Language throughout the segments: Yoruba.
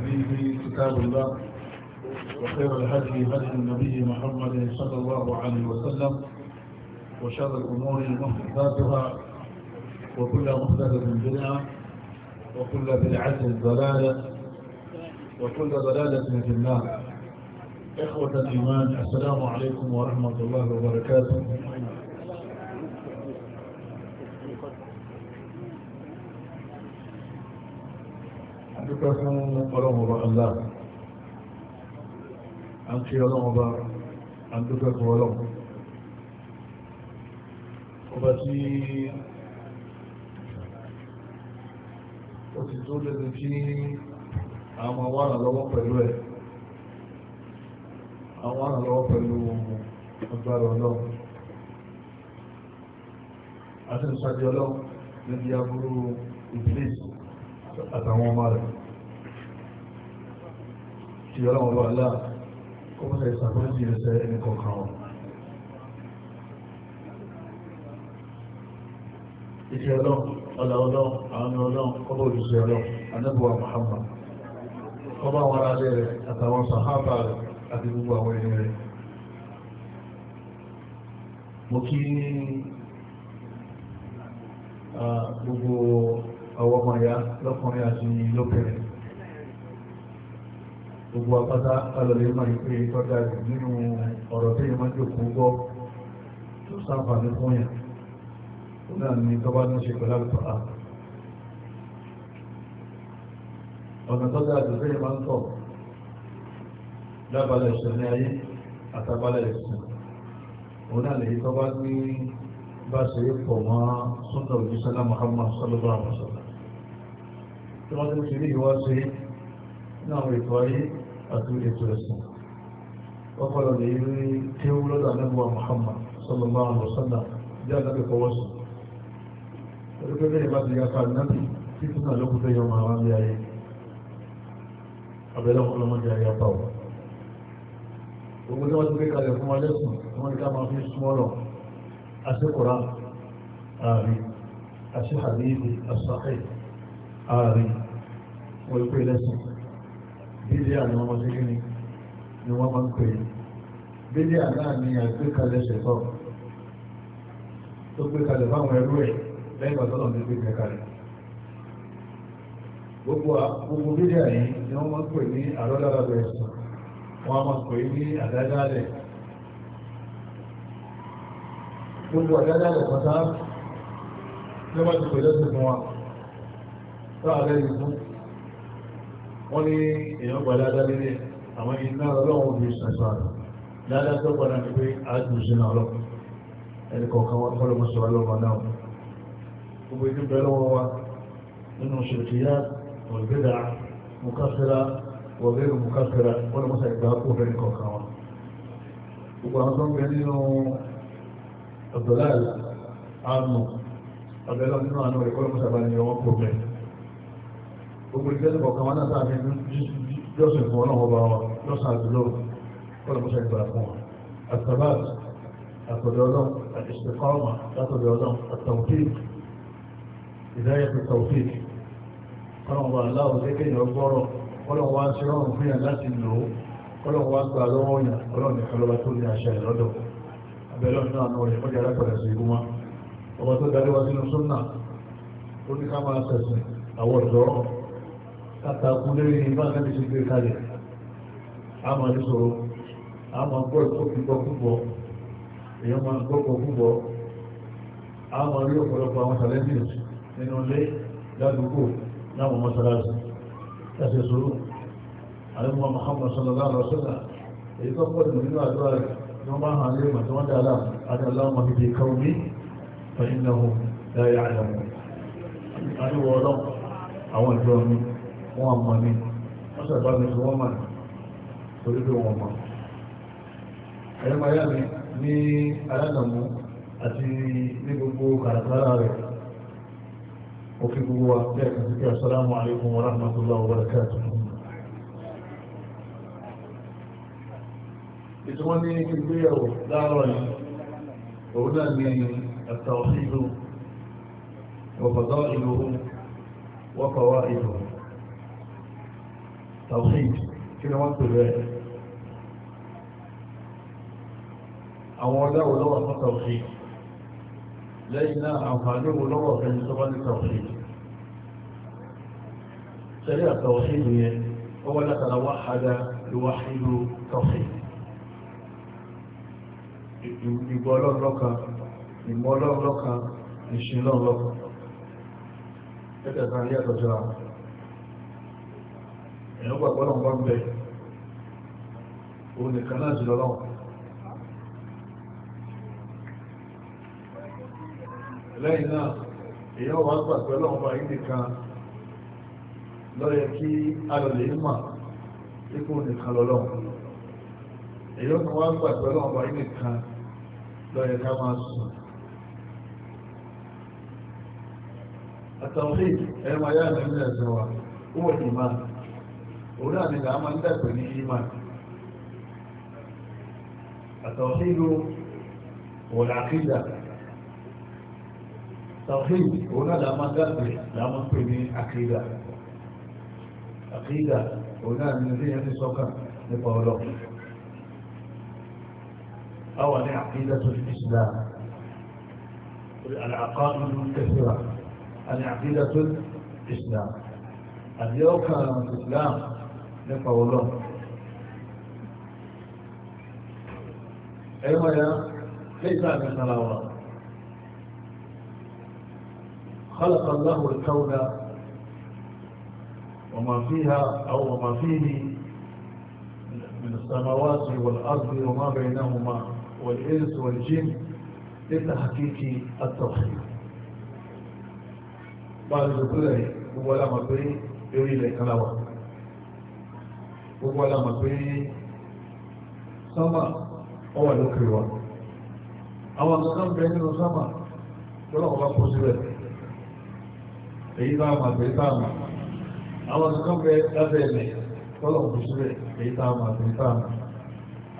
حبيبي كتاب الله وخير الهدي هدي النبي محمد صلى الله عليه وسلم وشر الأمور محدثاتها وكل محدثة بدعة وكل بدعة ضلالة وكل ضلالة في النار إخوة الإيمان السلام عليكم ورحمة الله وبركاته dúpẹ́ fún ọlọ́run ọba Allah a ń ṣe ọlọ́run ọba a ń dúpẹ́ fún ọlọ́run ọba tí ó ti tó lẹ́nu tí àwọn wà lọ́wọ́ pẹ̀lú ẹ̀ àwọn wà lọ́wọ́ pẹ̀lú agbára ọlọ́run a ti ń sáájú ọlọ́run níbi aburú ìfẹ́sì àtàwọn ọmọ rẹ̀ tí ọlọ́wọ́ bá aláà kó mọ́ lè sàkójì ẹsẹ̀ ẹni kọ̀ọ̀kan wọn ìṣẹ́ ọlọ́run ọlá ọlọ́run àwọn ọlọ́run ọba òṣìṣẹ́ ọlọ́run anábùwà Muhammad ọba àwọn aráalé rẹ̀ àtàwọn sàhábà rẹ̀ àti gbogbo àwọn ẹni rẹ̀ mo kí gbogbo àwọn ọmọ lọ́kùnrin àti lókèrè gbogbo apáta alọ́lẹ̀ máa ń pè tọ́jà jù nínú ọ̀rọ̀ tí ìmọ̀ jò kó gbọ́ tó sáfàní fún yà ó náà ní tọ́bá ní ṣe pẹ̀lú àlùfàá ọ̀nà tọ́jà jù tí ìmọ̀ ń tọ̀ lábàlẹ̀ ìṣẹ̀lẹ̀ ayé àtàbàlẹ̀ ìṣẹ̀lẹ̀ òun náà lè tọ́bá ní bá ṣe é pọ̀ mọ́ súnà òjísọ́lá Muhammad sallallahu alaihi wasallam tí wọ́n ti ń ṣe ní ìwọ́ ṣe ní àwọn ètò ayé àti ètò ẹ̀sìn wọ́n padà lè rí kéwú lọ́dọ̀ anábùwà Muhammad sallallahu alaihi wasallam bí anábì kọwọ́ sí ẹ̀rọ pé bẹ́ẹ̀ bá ti yá ká nábì tí tún náà lókùn tó yọ máa wá ní ayé abẹ́lẹ́ ọ̀pọ̀lọmọdé ayé apá wọn gbogbo tí wọ́n ti gbé kalẹ̀ fún wa lẹ́sùn tí wọ́n àṣàkẹ́ ààrin wọ́n ìpè lẹ́sùn bíbí àwọn ọmọ sí kíni ni wọ́n máa ń pè é bíbí àná ni àgbékalẹ̀ ṣẹ̀tọ́ tó gbé kalẹ̀ fáwọn ẹrú ẹ̀ lẹ́yìn ìgbàsọ́nà ní gbé kalẹ̀ gbogbo gbogbo bíbí àyí ni wọ́n máa ń pè ní àlọ́lára bẹ̀rẹ̀ sùn wọ́n máa ń pè ní àdájáàlẹ̀ gbogbo àdájáàlẹ̀ pátá ló máa ti pè lẹ́sìn fún wa tó àlẹ́ yìí fún wọ́n ní èèyàn gbà dáadáa lélẹ̀ àwọn iná ọlọ́run fi ṣàṣọ àrà dáadáa tó gbà náà pé àjùṣe náà lọ ẹni kọ̀ọ̀kan wọn kọ́lọ́ mọ́ṣọ́ wa lọ́wọ́ náà gbogbo ìdí bẹ́ẹ̀ lọ́wọ́ wa nínú ṣèkìyà òlùgbẹ́dà mùkáfẹ́ra wọ̀gẹ́rù mùkáfẹ́ra wọ́n lọ́mọ́ṣà ìgbà kó fẹ́ kọ̀ọ̀kan gbogbo ìtẹ́lẹ̀ kọ̀ọ̀kan wọn náà sáàfin jọ́sìn fún ọlọ́run ọba wa lọ́sàn àdúró kọ́lọ̀mọ́sà ìgbà fún wa àtàbàt àtọ̀dọ̀ ọlọ́run àtìsẹ̀kọ́ọ̀mà látọ̀dọ̀ ọlọ́run àtàwùfíìk ìdáyẹ̀tọ̀ tàwùfíìk kọ́lọ̀mọ́ wa aláwọ̀ lékè yẹn gbọ́rọ̀ kọ́lọ̀mọ́ wa ń ṣe rọrùn fún yàn láti lò ó kọ́lọ̀mọ́ wa gba lọ́wọ́ yàn ọlọ́run nìkan lọ́ba tó ní àṣà ìlọ́dọ̀ abẹ́lọ́ náà nù rẹ̀ mọ́jà àwọn ọ̀dọ́ kàtàkù lórí ìbá àgbẹ̀bí ṣe gbé kalẹ̀ a máa ní sọ̀rọ̀ a máa gbọ́ ìkókùgbọ́ púpọ̀ èèyàn máa gbọ́kọ̀ púpọ̀ a máa rí ọ̀pọ̀lọpọ̀ àwọn challenges nínú ilé ládùúgbò láwọn mọ́sálásí ẹsẹ̀ sọ̀rọ̀ àlẹ́mọ́ Muhammad sallallahu alaihi wasallam èyí tó pọ̀ nínú àdúrà rẹ̀ ni wọ́n bá hàn lé màtí wọ́n dá aláàmù adé aláàmù àti wọn mọ̀ ní wọ́n sọ ìbá mi tí wọ́n mọ̀ ní torí pé wọ́n mọ̀ ẹ̀rọ mayá mi ní aládàmú àti ní gbogbo kàràkàrà rẹ̀ òfin gbogbo wa bẹ́ẹ̀ kan sí pé assalamu alaikum wa rahmatullahi wa barakatuh ìtumọ̀ ní ìgbéyàwó láàárọ̀ yìí òun náà ní التوحيد وفضائله وفوائده tawhid kí ni wọ́n pè bẹ́ẹ̀ àwọn ọjọ́ wo lọ́wọ́ fún tawhid lẹ́yìn náà àǹfààní wo lọ́wọ́ fẹ́ni tó bá ní tawhid sẹ́rí àtawhid yẹn ó wọ́n látara wáhádá ìwáhídú tawhid ìgbọ́ ọlọ́run ìmọ̀ ọlọ́run lọ́kan ìṣìn ní ẹ̀tọ́jọ́ àwọn èèyàn gbàgbọ́ náà bá ń bẹ òun nìkan náà sì lọ́lọ́wọ́ lẹ́yìn náà èèyàn wà gbà pé ọlọ́run bá yìí nìkan lọ́yẹ kí alọ̀lẹ̀ mà ikú nìkan lọ́lọ́run èèyàn wà gbà pé ọlọ́run bá yìí nìkan lọ́yẹ ká máa sùn. àtàwọn èèyàn ẹ̀rọ ayé àmì ẹ̀sẹ̀ wa ó wọ̀ ní máa. هناك عمل ذات من التوحيد والعقيدة التوحيد هنا لا من ذات عقيدة هنا من ذي هذه السوكة لبولوك أولا عقيدة الإسلام العقائد المنكثرة العقيدة الإسلام اليوم كان الإسلام nípa ọlọ́ ẹ̀wọ̀n كيف léṣà ní خلق الله الكون وما فيها أو وما فيه من السماوات والأرض وما بينهما والإنس والجن لتحقيق التوحيد بعد ذكره هو لما تريد يريد الكلام gbogbo alamọ̀ pé sọ́mà ọwà lókè wa àwọn nǹkan bẹ nínú sọ́mà tó lọ́wọ́ bá kó sílẹ̀ èyí tá a mà pé tá a mà àwọn nǹkan bẹ lábẹ́ ẹ̀mẹ̀ tó lọ́wọ́ kó sílẹ̀ èyí tá a mà pé tá a mà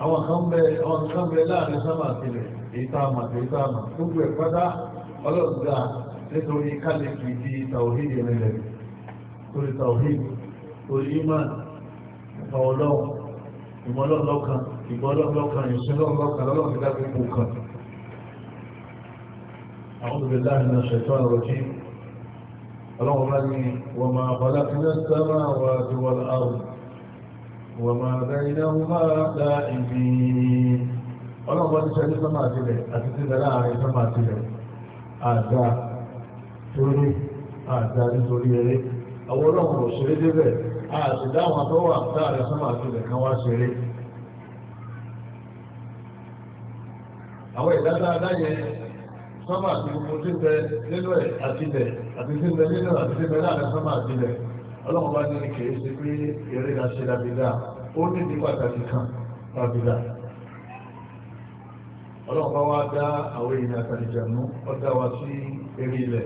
àwọn nǹkan bẹ láàrin sọ́mà sílẹ̀ èyí tá a mà pé tá gbogbo ẹ̀ pátá ọlọ́run nítorí kálíkì di tàwíìdì rẹ̀ torí tàwíìdì torí imáàni ìkan ọlọ́run ìmọ̀lọ́lọ́kan ìgbọ́lọ́lọ́kan ìṣẹ́lọ́lọ́kan lọ́lọ́run ti dágbé kó kan àwọn òbí láàrin náà ṣẹ̀tọ́ àrọ̀ jí ọlọ́run bá ní wọ́n máa bọ́lá fi náà sábà wà sí wọ́n láàrùn wọ́n máa bẹ́ẹ̀ iná máa dá ìbí ọlọ́run bá ti ṣe ní sọ́mà àtìlẹ̀ torí àdá nítorí eré àwọn ọlọ́run òṣèré débẹ̀ àṣìdáwọn tó wà láàrin sọ́mà àti ilẹ̀ kan wá ṣeré àwọn ìdájọ́ adáyẹ sọ́mà àti gbogbo tí ń bẹ nínú ẹ̀ àti ilẹ̀ àti tí ń bẹ nínú àti tí ń bẹ láàrin sọ́mà àti ilẹ̀ ọlọ́run bá ní kìí ṣe pé eré la ṣe lábìlá ó ní ní pàtàkì kan lábìlá ọlọ́run bá wá dá àwọn èèyàn àtàlìjànú ó dá wa sí eré ilẹ̀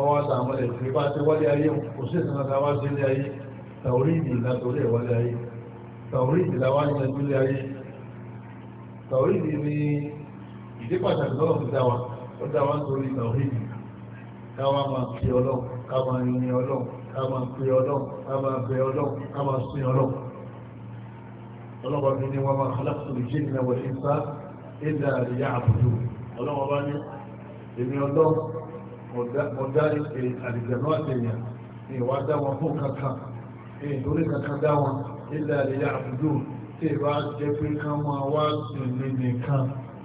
ọwọ́ àtàwọn ẹ̀fẹ́ bá ti wálé ayé kò sí ìsinmi àtàwọn sí ilé ayé tàwíìdì ìlàtòrí ìwálé ayé tàwíìdì làwọn ìyẹnjú ilé ayé tàwíìdì ni ìdí pàtàkì lọ́wọ́ fi dá wa ó dá wa nítorí tàwíìdì káwa máa fi ọlọ́run ká máa yin ọlọ́run ká máa pe ọlọ́run ká máa bẹ ọlọ́run ká máa sin ọlọ́run ọlọ́run mi ni wọ́n máa alákòóso ìjẹ́ni náà ìfá ìlà ìyá àbùdó ọlọ́run ọba ní èmi ọlọ́run ọ̀dá àdìjẹ̀nú àtẹ̀yàn ní ìwà dá wọn fún kankan ní ìtorí kankan dá wọn ilẹ̀ àdìyà àbúdó tí ìbá jẹ́ pé kán máa wá sìn nìkan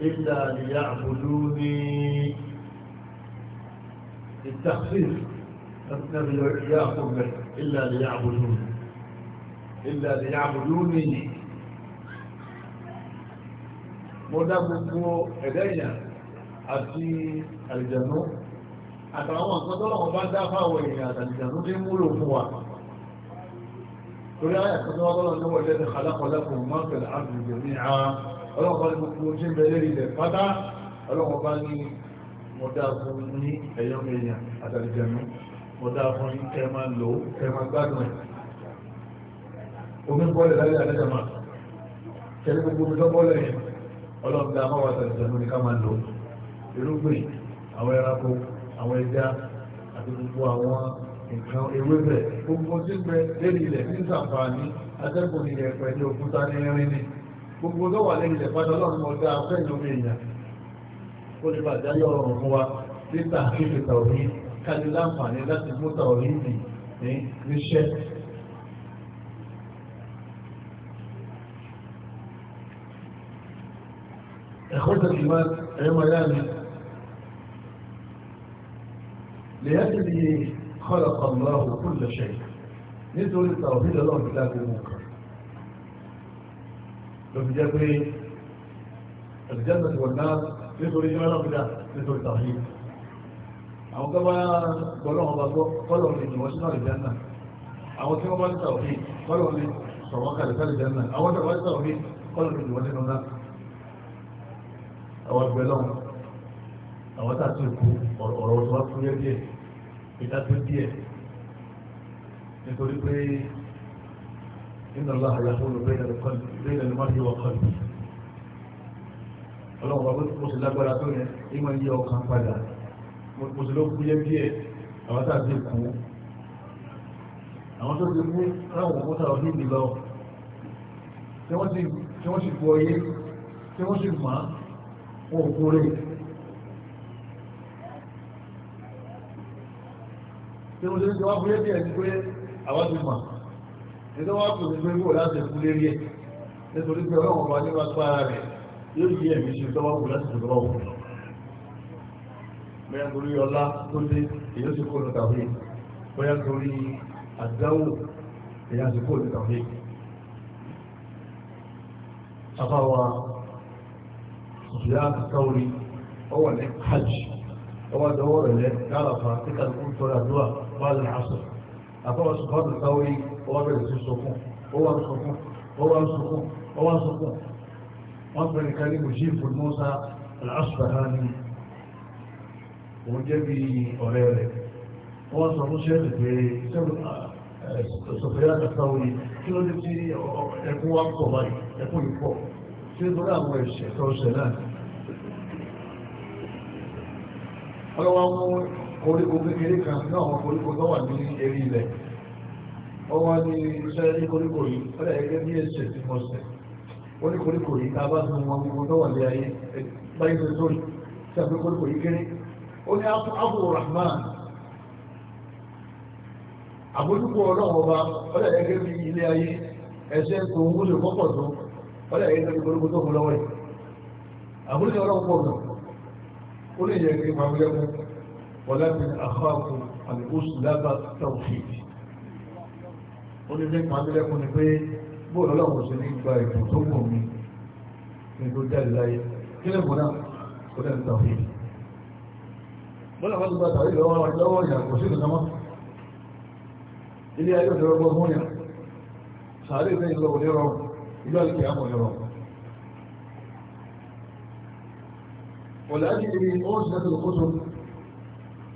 ilẹ̀ àdìyà àbúdó ní التخفيف النبي يأخذ إلا ليعبدوني إلا ليعبدوني mo dá gbogbo ẹ̀dẹ́yàn àti àlìjànú àtàwọn nǹkan tó lọ́wọ́ bá dá fáwọn èèyàn àtàlìjà tó dé múlò fún wa torí àyà kan tó wọ́n lọ́wọ́ lọ́wọ́ lẹ́nu alákọ̀ọ́lẹ́kùn mọ́tẹ̀lẹ̀ àbùjọ ní a ọlọ́wọ́ bá ní gbogbo tí ń bẹ ilẹ̀ pátá ọlọ́wọ́ bá ní mo fún ní ẹ̀yọ́ èèyàn àtàlìjà mi fún ní kẹ́ lò ó kẹ́ gbádùn ẹ̀ omi bọ́ọ̀lẹ̀ láyé àlẹ́jà máa àwọn ẹja àti gbogbo àwọn nǹkan ewébẹ̀ gbogbo tí gbẹ lẹ́yìn ilẹ̀ ní sàǹfààní atẹ́kùn ní ẹ̀pẹ̀ ní òkúta ní irin ni gbogbo tó wà lẹ́yìn ilẹ̀ padà ọlọ́run mọ̀ dá afẹ́ ìlómi èèyàn ó lè bàjá yọ ọrùn fún wa títà àkíkè tàwí kájí láǹfààní láti mú tàwí nì ní níṣẹ́ ẹ̀kọ́ tẹ̀síwájú ẹ̀yọ́ mọ̀ yá mi لأجله خلق الله كل شيء nítorí tàwọ̀fíìdì ọlọ́run ti dágbé mú kan ló fi jẹ́ pé ẹ̀sìjẹ́sẹ̀ ti wọ̀n náà nítorí ní ọlọ́run dá nítorí tàwọ̀fíìdì àwọn tó bá gbọ́lọ́ ọba gbọ́ kọ́lọ̀ ní ìwọ̀n sínú àlùjánà àwọn tí wọ́n bá ní tàwọ̀fíìdì kọ́lọ̀ ní sọ̀wọ́n kalẹ̀ sálùjánà àwọn tó bá ní tàwọ̀fíìdì kọ́lọ̀ ní ìwọ̀n sínú náà àwọn ìgbẹ́lọ́run àwọn tá a tún kú ọ̀rọ̀ tó wá fúyẹ́ díẹ̀ ìdájọ́ díẹ̀ nítorí pé nínú ọlá àyàfó ló bẹ́ẹ̀ lọ kọ́ni bẹ́ẹ̀ lọ má fi wọ kọ́ni ọlọ́run bàbá mo sì lágbára tó yẹn ìmọ̀ yí ọkàn padà mo sì ló fúyẹ́ díẹ̀ àwọn tá a tún kú àwọn tó ti mú ráwọ̀ mọ́ta ọdún ìdìbò tí wọ́n sì gbọ́ yé tí wọ́n sì mọ̀ ọ́ òkúrè. tí mo ṣe ń jọwọ́ fúlé díẹ̀ pé àwọn ti mọ̀ nítorí wọ́n kò ní pé kó láti fún lérí ẹ̀ nítorí pé ọlọ́run bá nípa tó ara rẹ̀ yóò yí ẹ̀mí ṣe tọ́wọ́ kù láti tọ́wọ́ kù bóyá torí ọlá tó dé èyí ti kó lọ́ta wí bóyá torí àdáwò èyí ti kó lọ́ta wí. Àbáwa Sùfìyà Káwọ́rì ọwọ́ ní Hajj ọwọ́ àdọ́wọ́ rẹ̀ lẹ́ Káàlàfà tí kàlùkù tọ́ra dúà. بعد العصر أقوى سبحان الثوري هو بلس السكون هو السكون هو السكون هو السكون مصدر الكريم يجيب في الموسى العصر هاني وجبي أوليري هو السكون شيخ سفيان الثوري كيلو نفسي يكون أقصى باي يكون يفوق سيد الله هو الشيخ هو الشيخ ọlọ́wọ́ mú koríko kékeré kan ní àwọn koríko tó wà ní eré ilẹ̀ ọwọ́ ní iṣẹ́ ní koríko yìí fẹ́rẹ̀ gẹ́gẹ́ bí ẹ̀ṣẹ̀ tí mo ṣẹ̀ ó ní koríko yìí tá a bá tún wọn koríko tó wà ní ayé báyìí tó sórí tí a fi koríko yìí kéré ó ní abu rahman àbójúkú ọlọ́run ọba ọlọ́ gẹ́gẹ́ bí ilé ayé ẹ̀ṣẹ̀ tó ń wúlò pọ́pọ̀ tó ọlọ́ gẹ́gẹ́ bí koríko tó mú lọ́wọ́ yìí àbójúkú ọlọ́run pọ̀ ó lè yẹ kí ولكن أخاكم الأسلب التوحيد onídé pàmílẹ̀ kún ní pé bóòlù ọlọ́run ṣe ní gba ìbò tó wù mí ní tó jáde láyé kí lè mọ̀ náà kó lè ń ta òfin bóòlù àwọn ìgbà tàbí lọ́wọ́ lọ́wọ́ ìyà kò sí ìdùnnà mọ́ ilé ayé òdòdó ọgbọ́n mú yà sàárè ìfẹ́ ìlọ òní rọrùn ilé àlùkè àmọ̀ ní rọrùn ọ̀làjì ni ó sì lẹ́tọ̀ọ́ kóso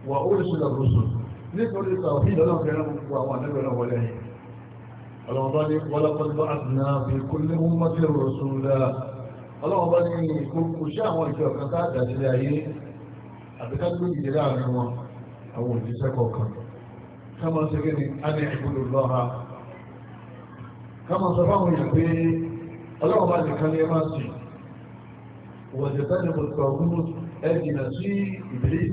wà ó sì lọ rọ̀sùn nítorí tàbí ìlọ́lọ́fẹ́ràn gbogbo àwọn àdẹ́gbẹ̀ náà wọlé yìí ọlọ́wọ́n bá ní wọ́lọ́pọ̀lọ́ bá àtìná fi kó lé mú mọ́tí rọ̀sùn dáa ọlọ́wọ́n bá ní kò sí àwọn ìjọ kan tá àdàdílé ayé àbíkájú ìdílé láàrin wọn àwọn òjíṣẹ́ kọ̀ọ̀kan kama sọ fáwọn èèyàn pé ọlọ́wọ́n bá nìkan ní ẹ máa sì wọ̀jẹ̀ tẹ́lẹ̀ mọ̀tò ọ̀gúnmọ̀ ẹ̀ sí ìbílẹ̀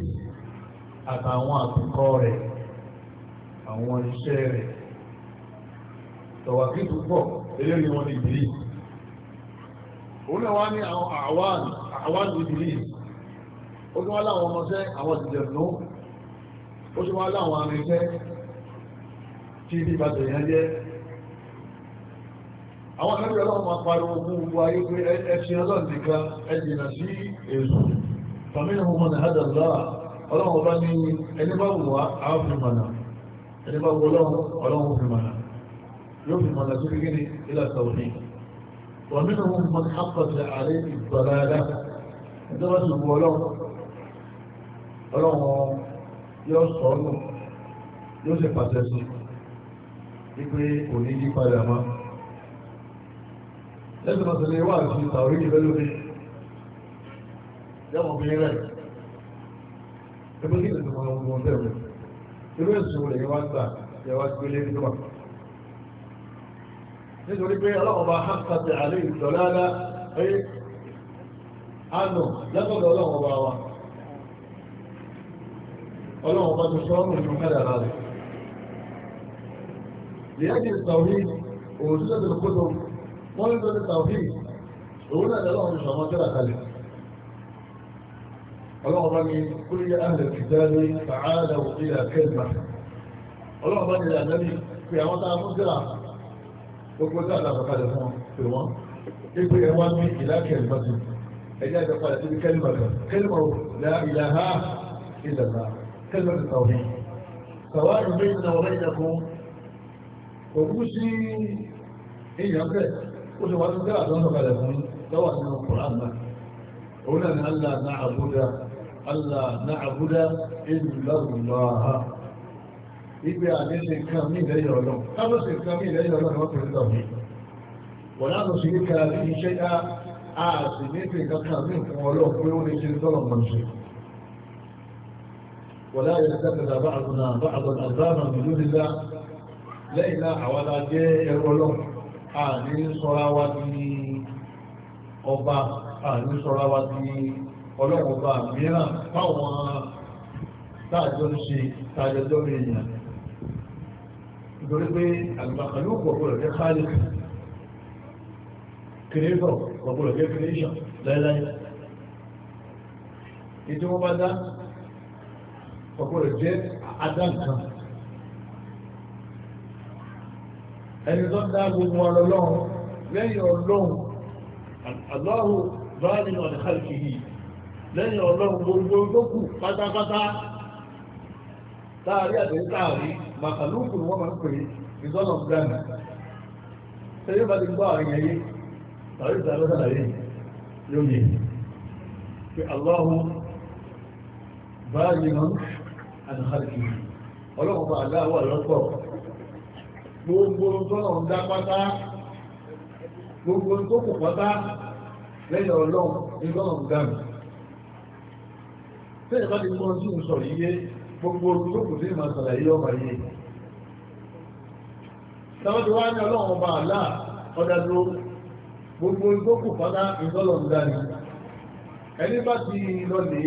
àtàwọn àtúkọ́ rẹ̀ àwọn iṣẹ́ rẹ̀ tọ̀wàkí púpọ̀ eléyìí wọn ni ìbílí òun náà wá ní àwọn àwọn ìbílí ó tún wá láwọn ọmọṣẹ́ àwọn ìjẹ̀bùnú ó tún wá láwọn arinṣẹ́ tí ibi ìbàdàn yẹn jẹ́ àwọn akẹ́kọ̀ọ́ ọlọ́run máa pariwo fún gbogbo ayé pé ẹṣin ọlọ́run nìkan ẹ̀jìnà sí èso tàmínà mọ́mọ́ ní hádàlá ọlọ́run ọba ní ẹni bá wù wá àwọn fi mọ̀nà ẹni bá wù ọlọ́run ọlọ́run fi mọ̀nà yóò fi mọ̀nà sí kíkí ní ilẹ̀ sọ̀rọ̀ wọ́n nínú wọn mọ̀ hápọ̀tẹ̀ ààrẹ ìgbàlára ẹjọ́ bá sì wù ọlọ́run ọlọ́run yóò sọ ọ́ yóò sì pàṣẹ sí wípé kò ní yí padà mọ́ lẹ́sìn ọ̀sẹ̀ ni wà á fi tàwí ìfẹ́ lómi yọ̀mọ̀ fi rẹ̀ ẹgbẹ́ nítorí pé ọlọ́run bá hàkà tẹ àlẹ́ ìtọ́lára ẹ àánú lẹ́kọ̀ọ́dọ̀ wa ọlọ́run bá sọ ọ́nà ìlú kádàrá rẹ̀. لأجل التوحيد ووجود الكتب ووجود التوحيد وقلنا لهم مش هما كده خلف ọlọ́ọ̀bá ni kúlé ààrẹ kìtàrí fàáàdà òkèlà kẹgbà ọlọ́ọ̀bá ni ànábì pé àwọn tàà mú síra gbogbo tí àdàbà kalẹ̀ fún pé wọ́n ipò ẹwà ní ìlà kẹgbà sí ẹjẹ́ àjọ padà síbi kẹlìmà kan kẹlìmà la ilaha illallah kẹlìmà ti tàwọn sàwọn ìgbé ìnà ọ̀rẹ́ ìdàkùn òkú sí èèyàn bẹ́ẹ̀ ó ti wà ní síra àdánù kalẹ̀ fún lọ́wọ́ nínú kùrán náà òun náà ni Allah náà àbúdá Allah na'budu illa Allah ibi àdéṣe nǹkan mí lẹ́yìn ọlọ́run tábọ́sì nǹkan mí lẹ́yìn ọlọ́run wọ́n pẹ̀lú ọ̀hún wọ́n láti sí ní kára fi iṣẹ́ á a sì ní fi nǹkan kan mí fún ọlọ́run pé ó lè ṣe tọ́lọ̀ mọ̀ sí wọ́n láyé ní sẹ́kẹ̀dà bá àgùn náà bá àgùn àgbàmà mi lórí la jẹ́ ẹrú ọlọ́run a ní sọ́ra wa ní ọba a ní sọ́ra wa ní ọlọ́wọ́ bá mìíràn fáwọn táàjọ́ ń ṣe táàjọ́ lórí èèyàn nítorí pé àgbàkan yóò pọ̀ gbọ́dọ̀ jẹ́ khalif kìrìtọ̀ ọ̀gbọ́dọ̀ jẹ́ kìrìtọ̀ láíláí ètò wọn bá dá ọ̀gbọ́dọ̀ jẹ́ adáǹkan ẹni tó dá gbogbo ọlọ́run lẹ́yìn ọlọ́run aláwọ̀ báyìí ọ̀dẹ̀ khalif yìí lẹ́yìn ọlọ́run gbogbo tó kù pátápátá láàrin àtẹ̀yí káàrí màkàlùkù ni wọ́n máa ń pè ìdọ́nà gánà tẹ́lẹ̀ bá ti gbọ́ àrin ẹyẹ tàbí ìsàlọ́sà láyé yóò yẹ pé aláhùn báyìí náà àdìhàdì ọlọ́run bá aláwọ̀ lọ́pọ̀ gbogbo tọ́nà ń dá pátá gbogbo tó kù pátá lẹ́yìn ọlọ́run ìdọ́nà gánà tí ẹ̀kọ́ ti gbọ́n sí ìsọ̀ yíyé gbogbo olùdókòó sí ìmọ̀ sàlàyé ọba yìí tọ́wọ́dé wá ní ọlọ́run ọba àlá ọ̀dà tó gbogbo olùdókòó fọ́nà ìtọ́lọ̀ ń dání ẹni bá ti lọlé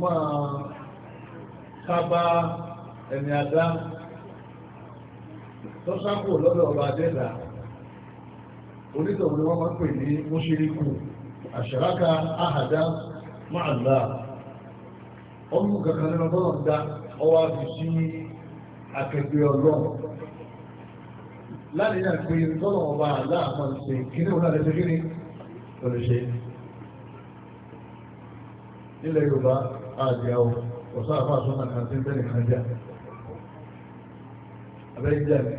máa sábà ẹ̀mí àdá tó lọ́dọ̀ ọba adẹ́dà onítọ̀wé wọn máa pè ní mọ́ṣíríkù àṣàrákà àhàdá máa láà ọmọ kankan nínú ọlọ́run dá ọwọ́ àfi sí akẹgbẹ́ ọlọ́run láti náà pé tọ́lọ̀ ọba aláàmọ́ ṣe kíní òun láti ṣe kíní lọ́dún ṣe nílẹ̀ yorùbá àti àwọ̀ ọ̀sán àfáà sọ́nà kan tí ń bẹ́ẹ̀ kan jà abẹ́rẹ́ jà ní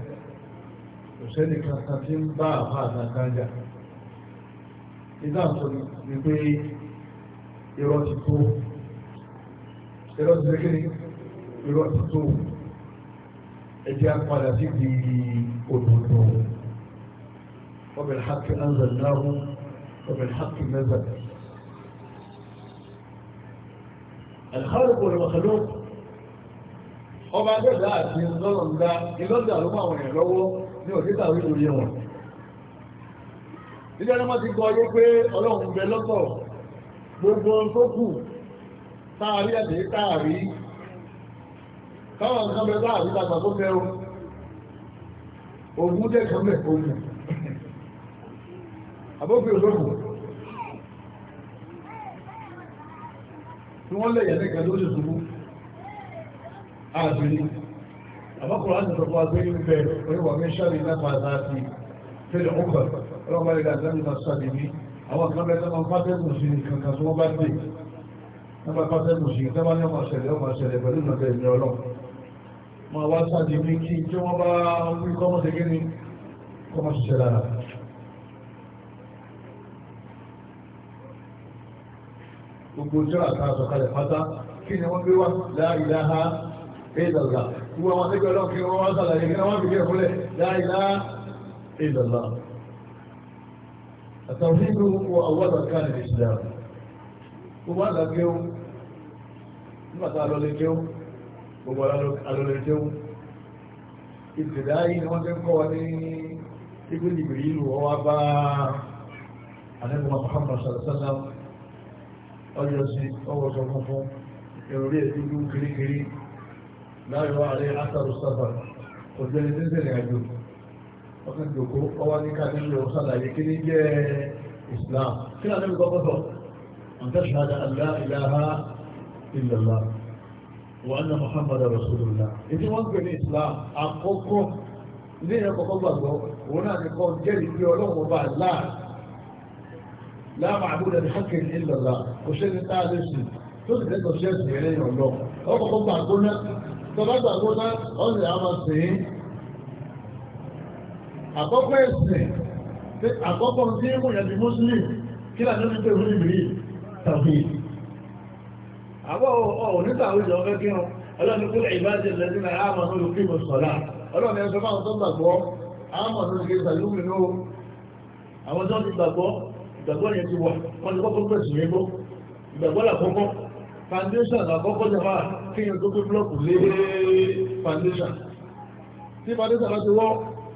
òṣèlú kankan tí ń bá àfáà kankan jà ìdáhùn sọ ni pé irọ́ ti tó ìrọ̀ ti lé kíni ìrọ̀ ti tó ẹjẹ́ apàdà sí di òdòdó ọbẹ̀ hàkì anzalnahu ọbẹ̀ hàkì mẹ́zà alhárùkù olùmọ̀kàlù ọba adẹ́gbà àti ìlọ́lọ́gbà ìlọ́gbà ló máa wọ̀nyẹ̀ lọ́wọ́ ní òdíkà orí orí wọn nígbà tí wọ́n ti gbọ́ ọdún pé ọlọ́run bẹ lọ́tọ̀ gbogbo tó kù táàrí ẹ̀dẹ̀ táàrí táwọn nǹkan bẹ láàrí tàgbà tó fẹ́ o ògùn jẹ́ kan bẹ̀ ògùn àbófin òṣòfò tí wọ́n lè yẹ̀ nìkan lóṣù ṣubú àbìrí àbọ́kùnrin láti sọ̀kọ́ àgbé ń bẹ̀ oníwà mí ṣáàrí lápá àti fẹ́lẹ̀ ọkọ̀ ọlọ́pàá ìgbà àti àwọn kan bẹ́ẹ̀ tó máa ń pàtẹ́kùn sí nǹkan kan tí wọ́n bá dé nígbà pàṣẹ kò sí ìjọba ní ọmọ ṣẹlẹ̀ ọmọ ṣẹlẹ̀ pẹ̀lú ìrìnàjò ìrìn ọlọ́ ma wá sáàdì ní kí tí wọ́n bá wí kọ́mọ̀ sí kíni kọ́mọ̀ sí ṣẹlẹ̀ rà gbogbo jẹ́ àtàrà sọ̀kalẹ̀ pátá kí ni wọ́n gbé wá láìláha ìdàlá gbogbo àwọn akẹ́kọ̀ọ́ lọ́wọ́ kí wọ́n wá sàlàyé kí wọ́n fi kí ẹ̀kúnlẹ̀ láìláha àtàwọn ìlú wọ àwọn àgbàkánì ìsìlẹ̀ gbogbo àgbàkẹ́ nígbàtà alọ́lẹ́kẹ́wó gbogbo alọ́lẹ́kẹ́wó ìgbèdáyé ni wọ́n tẹ́ ń kọ́ wa ní ibi ìgbèrè ìlú ọwá bá anẹ́gbọ́n Muhammad sàlẹ̀sàlẹ̀ ọjọ́ sí ọwọ́ sọ funfun ìròrí ìlú kirikiri láàrin wa àrẹ átàrù sábà òjẹ́lẹ̀ tí ń tẹ̀lé àjò ọkọ̀ ìjòkó ọwá ní káàkiri ọ̀sán àyè kí ní jẹ́ Islam kí ni àdébìkọ́ kọ́tọ̀ أن تشهد أن لا إله illallah wa anna muhammad rasulullah ìdí wọ́n gbé ní islam àkọ́kọ́ ilé ẹ̀kọ́ kọ́gbàgbọ́ òun náà ní kọ́ jẹ́rìí pé ọlọ́run ọba láà láàmà àbúrò ní haqqin illallah kò ṣe ní táà lè sùn tó sì lẹ́tọ̀ ṣe ẹ̀sìn ẹ̀rẹ́ yàn lọ ọkọ̀ gbàgbọ́ náà tọ́lá gbàgbọ́ náà ọ̀sẹ̀ àmà sìn àkọ́kọ́ ẹ̀sìn àkọ́kọ́ tí ó muslim kí lànà ní pẹ̀lú ìbìrí tàbí àbọ̀ onítà àwùjọ ọ̀fẹ́ kírun ọlọ́ni kúlẹ̀ ìbájẹ̀ lẹ́sìn náà àmọ́ ní olùkí mọ̀ sọ̀lá ọlọ́ni ẹ̀sọ́ máa tó gbàgbọ́ àmọ́ ní olùkí sàlúmi ní àwọn tó ti gbàgbọ́ ìgbàgbọ́ yẹn ti wà wọ́n ti kọ́kọ́ pẹ̀sì yẹn bó ìgbàgbọ́ làkọ́kọ́ foundation àkọ́kọ́ jẹ̀fà kí yẹn tó gbé blọ́ọ̀kù lé foundation tí foundation bá ti wọ́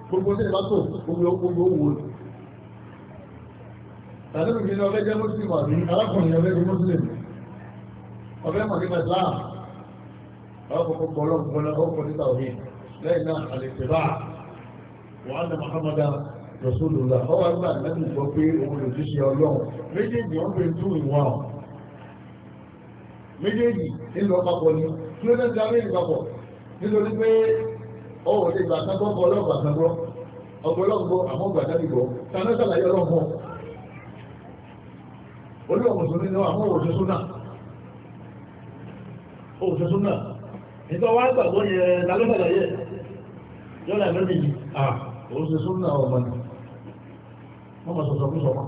gbogbo sí ìbátò gbogbo owó tàbí ìgbìyànjú ọlẹ́jẹ́ mọ́sílẹ̀ ọ̀fẹ́ mọ̀ nípa Islam ọkọ̀ gbọ́lọ́ gbọ́lọ́ ọkọ̀ nípa òní lẹ́yìn náà àlèkèbá wọ́n na Muhammadu Rasulullah ọwọ́ àgbà lẹ́nu gbọ́ pé òun lè ti ṣe ọlọ́run méjèèjì wọ́n pè tú ìwọ̀n méjèèjì nílò ọpapọ̀ ni kí ló dẹ́ta ní ìpapọ̀ nítorí pé ọwọ́ lè gbà sábọ́ ọgbọ́lọ́gbà sábọ́ ọgbọ́lọ́gbọ́ àmọ́gbà dábìbọ̀ sanásàlàyé ọlọ́gbọ́n olóòmùsùn nínú àmọ́wòsùn náà òṣè gbàgbọ́ yẹ lálọ́gbàgbà yẹ yọ́nà ìlọ́dì yìí à òṣè súnà ọmọ ni wọ́n mọ̀ sọ̀tọ̀ fún sọ̀mọ́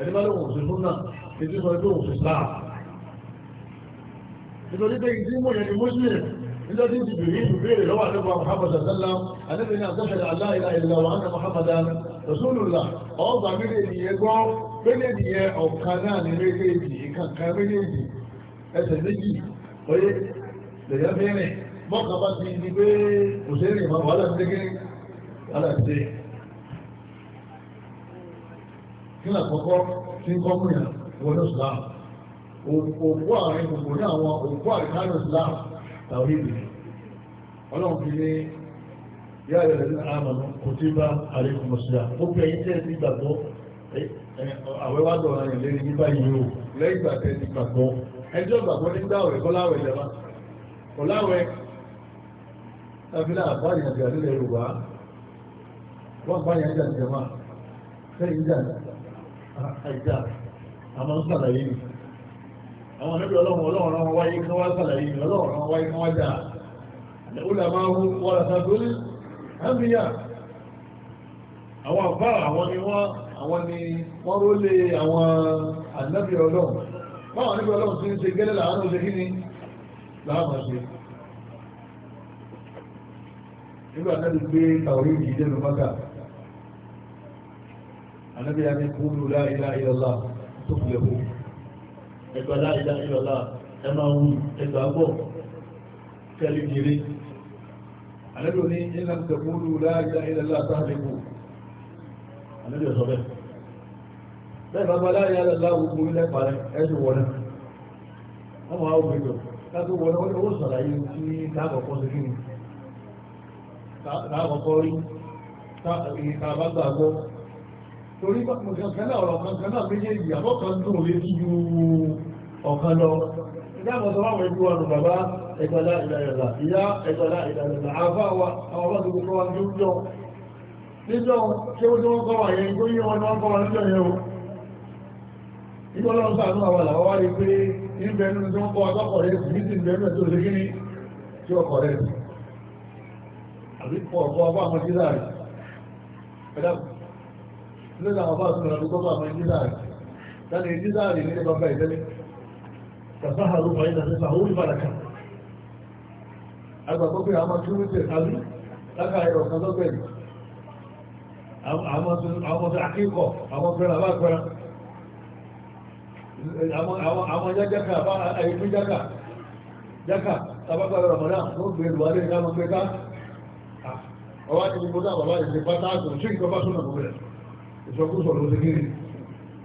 ẹni bá lóhùn òṣè súnà ètò sọ pé òṣè sáà nítorí pé ìdí mú yẹn ni muslim nítorí ti bèrè ìlú béèrè lọ́wọ́ àdébà muhammad sallá àdébà ní àtọ́ṣẹ̀lẹ̀ aláìlá ìlà wa ánà muhammadan rasulullah ọgbà méjèèjì yẹn gbọ́ méjèèjì yẹn ọ̀kan náà ní méjèèjì ìkàkà méjèèjì ẹsẹ̀ méjì oyé lèyàn fi rìn mọ́kà bá ti di pé kò sí rìn máa wàhálà ti kiri wàhálà ti kí ni àkọ́kọ́ tí ń kọ́ mú yàn wọnú Islam òkú àárín gbogbo ní àwọn òkú àríkánú Islam tàwọn ìbí ọlọ́run fi ní yá ẹ̀rẹ̀ ní àmàlú kò tí bá àríkù mọ̀sílá ó pẹ́ yí tẹ́ ti gbàgbọ́ àwẹ́wádọ̀ ọ̀rọ̀ yẹn lérí ní báyìí o lẹ́yìn ìgbà tẹ́ ti gbàgbọ́ ẹjọ́ gbàgbọ́ nígbà ọ̀rẹ́ kọ́láwẹ̀ ìjọba kọ́láwẹ̀ ẹfílà àbáyé àti àdílẹ̀ yorùbá wọ́n báyé ẹjà ìjọba fẹ́yìn ìjà àìjà àmọ́ ń sàlàyé ni àwọn ẹ̀mí ọlọ́run ọlọ́run ọmọ wáyé kí wọ́n sàlàyé ni ọlọ́run ọmọ wáyé kí wọ́n jà àdéhùlà máa ń wọ́n lọ́ta gbólé àmìyà àwọn àbá àwọn ni wọ́n rólé àwọn ànábì ọlọ́run báwọn níbi ọlọ́run ti ń ṣe gẹ́lẹ́ làwọn ọ̀sẹ̀ kí ni làwọn máa ṣe nígbà náà ti gbé tàwọ̀rí yìí dẹ́nu mọ́gà ànábì yà ní kúlù la ilaha illallah tó fi lẹ́kọ̀ọ́ ẹgbà la ilaha illallah ẹ máa wù ẹgbà bọ̀ kẹ́lí kiri ànábì yà ní ìlànà tẹ̀kúlù la ilaha illallah tó fi lẹ́kọ̀ọ́ ànábì yà sọ bẹ́ẹ̀ bẹ́ẹ̀ bá gbọ́dá yà lọ láwù kú ilẹ̀ parẹ́ ẹ̀sùn wọlé ọmọ àwọn òbíjọ káàkiri wọlé wọlé ó sàlàyé tí káàkọ̀kọ́ sí kí ni káàkọ̀kọ́ rí káàkiri káàbá gbàgbọ́ torí kankan náà ọ̀rọ̀ kankan náà méjèèjì àbọ̀ kan dùn lé sí ju ọ̀kan lọ ìyá àwọn ọ̀sán wáwọn ẹbí wa nù bàbá ẹgbẹ̀lá ìdàlẹ̀lá ìyá ẹgbẹ̀lá ìdàlẹ̀lá àfá wa àwọn ọmọdé gbogbo wa ní ó jọ níjọ tí ó jọ wọn kọ́ wà yẹn tó yí wọn ní wọn kọ́ wà níjọ yẹn o ìgbọ́ lọ́nà sáànú àwọn àwọn wáyé pé ìbẹ̀nú tó ń kọ́ ọkọ̀ rẹ̀ sí ní ti ìbẹ̀nú tó lè gíní tí ọkọ̀ rẹ̀ sí àríkọ̀ ọkọ̀ ọba àwọn jílá rẹ̀ ẹ̀dá lẹ́nà ọba àtúnra tó kọ́kọ́ àwọn jílá rẹ̀ láti jílá rẹ̀ ní bàbá ìtẹ́lẹ̀ kàtàhàrú fàyí nà sísà ó ìbàdà kan agbàgbọ́ pé àwọn kìlómítẹ̀ tàbí láka ẹ̀rọ kan lọ́gbẹ̀ẹ́ àwọn ọmọ akẹ́kọ̀ọ́ àwọn jájáka àìfún jáka jáka tàbátàrà ramadan ló gbé ìwádìí ìdámà pé ká ọwá ní gbogbo náà bàbá ìdí pátá àtùn sí ìjọba súnà gbogbo rẹ̀ ìṣọkúsọ̀ ló ti kiri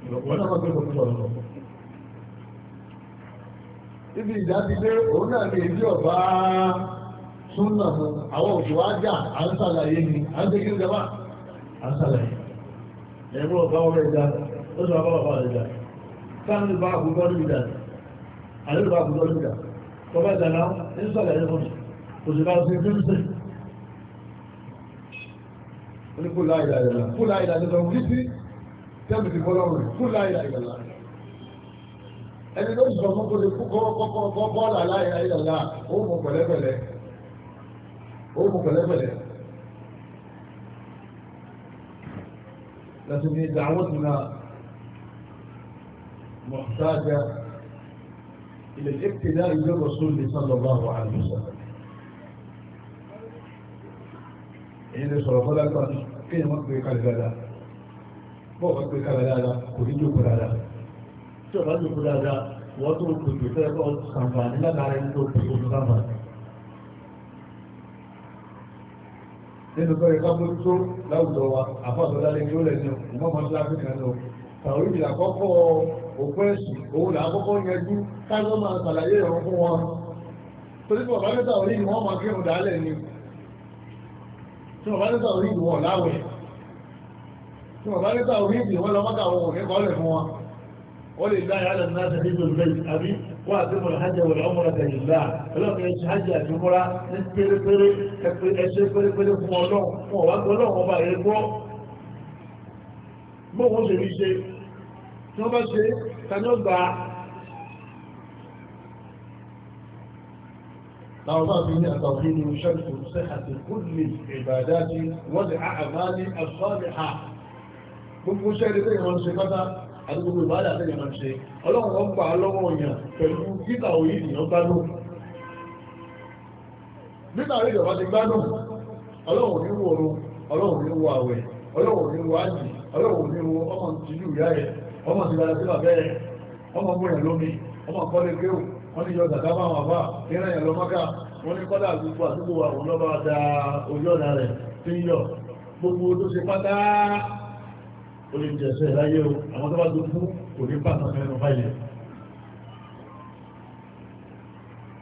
ìlọ̀pọ̀ náà máa gbé ìṣọkúsọ̀ lọ ibi ìdádídé òun náà ní èdè ọ̀bá súnà mu àwọn òṣù ájà à ń sàlàyé ni à ń tẹ́kí ìjọba à ó sọ bá bàbá ìjà káàkiri bá àbúrò lùdà àlejò bá àbúrò lùdà tọ́ba ìdàlá ń sọ̀rọ̀ ẹ̀yẹ fún mi kò sì bá ń sin fún mi. ó ní kó láì láì lọ kó láì láì lọ wí sí tẹ́lẹ̀ ti bọ́lá rẹ̀ kó láì láì lọ. ẹni tó sọ fún kó lè kó kọ́kọ́ bọ́ọ̀lù láì pẹ̀lẹ́pẹ̀lẹ́ ó pẹ̀lẹ́pẹ̀lẹ́. lọ́sibí dàwọn tún náà. محتاجة إلى الاقتداء بالرسول صلى الله عليه وسلم ìyẹn sọ̀rọ̀ fọ́lá kan kí ni wọ́n pè kalẹ̀ dáadáa bọ́ wọ́n pè kalẹ̀ dáadáa kò ní jókòó dáadáa tí ọ̀rọ̀ jókòó dáadáa wọ́n tó kò tó fẹ́ kọ́ sàǹfààní látara ẹni tó kò tó sàǹfààní. nínú pẹ́rẹ́ kábó tó láwùjọ wa àfọ́sọ̀dá lé ní ó lẹ́nu ìmọ̀ mọ́ṣáláṣí kan lọ tàwọn ìbìlà kọ́kọ́ òkú ẹ̀sùn òun là àkọ́kọ́ yẹjú kájọ́ máa ṣàlàyé ẹ̀rọ fún wọn torí pé ọ̀bá lẹ́tà orí ni wọ́n máa kírun dálẹ̀ ni tí ọ̀bá lẹ́tà orí ni wọ́n láwẹ̀ tí ọ̀bá lẹ́tà orí ni wọ́n lọ́mọ́ta àwọn òní kọ́lẹ̀ fún wọn wọ́n lè dá ìyálẹ̀ náà tẹ̀lé ìlú lẹ́yìn àbí wọ́n àti mọ̀lá hajj wọ̀lá ọmọlá tẹ̀lé ìlà ọlọ́run ẹ̀ṣẹ̀ hajj àti múra ní pérépéré ẹ̀ṣẹ̀ pérépéré fún ọlọ́run fún ọ̀wá gbọ́lọ́run ọba ẹ̀gbọ́ bóun ṣe rí ṣe tí wọ́n bá ṣe tani ó gba láwọn bá fi ní àtàkùn ní ṣẹ́kù sí àti kúlì ìbàdájí wọ́n ti àmà ní àṣọ́lẹ̀ à gbogbo ṣẹ́rí tẹ́yìn wọn ṣe pátá àti gbogbo ìbádà tẹ́yìn wọn ṣe ọlọ́run wọn gbà lọ́wọ́ òyìn pẹ̀lú títà òyìn ìyàn gbádùn nígbà rí ìjọba ti gbádùn ọlọ́run ní wo ọrùn ní wo àwẹ̀ ọlọ́run ní wo ọmọ ìgbàlá sí bàbá ẹ̀ ọmọ múyàn lómi ọmọ kọ́lé géwù wọ́n ní yọ gàgá máa wà ìrìn àyàn lọ́mọ́ká wọ́n ní kọ́lá àgbègbè àdúgbò àwọn lọ́ba da ojú ọ̀nà rẹ̀ tí ń yọ gbogbo tó ṣe pátá ó lè jẹ́ ẹ̀ṣẹ́ láyé o àwọn tó bá tó fún kò ní pàtàkì mẹ́rin báyìí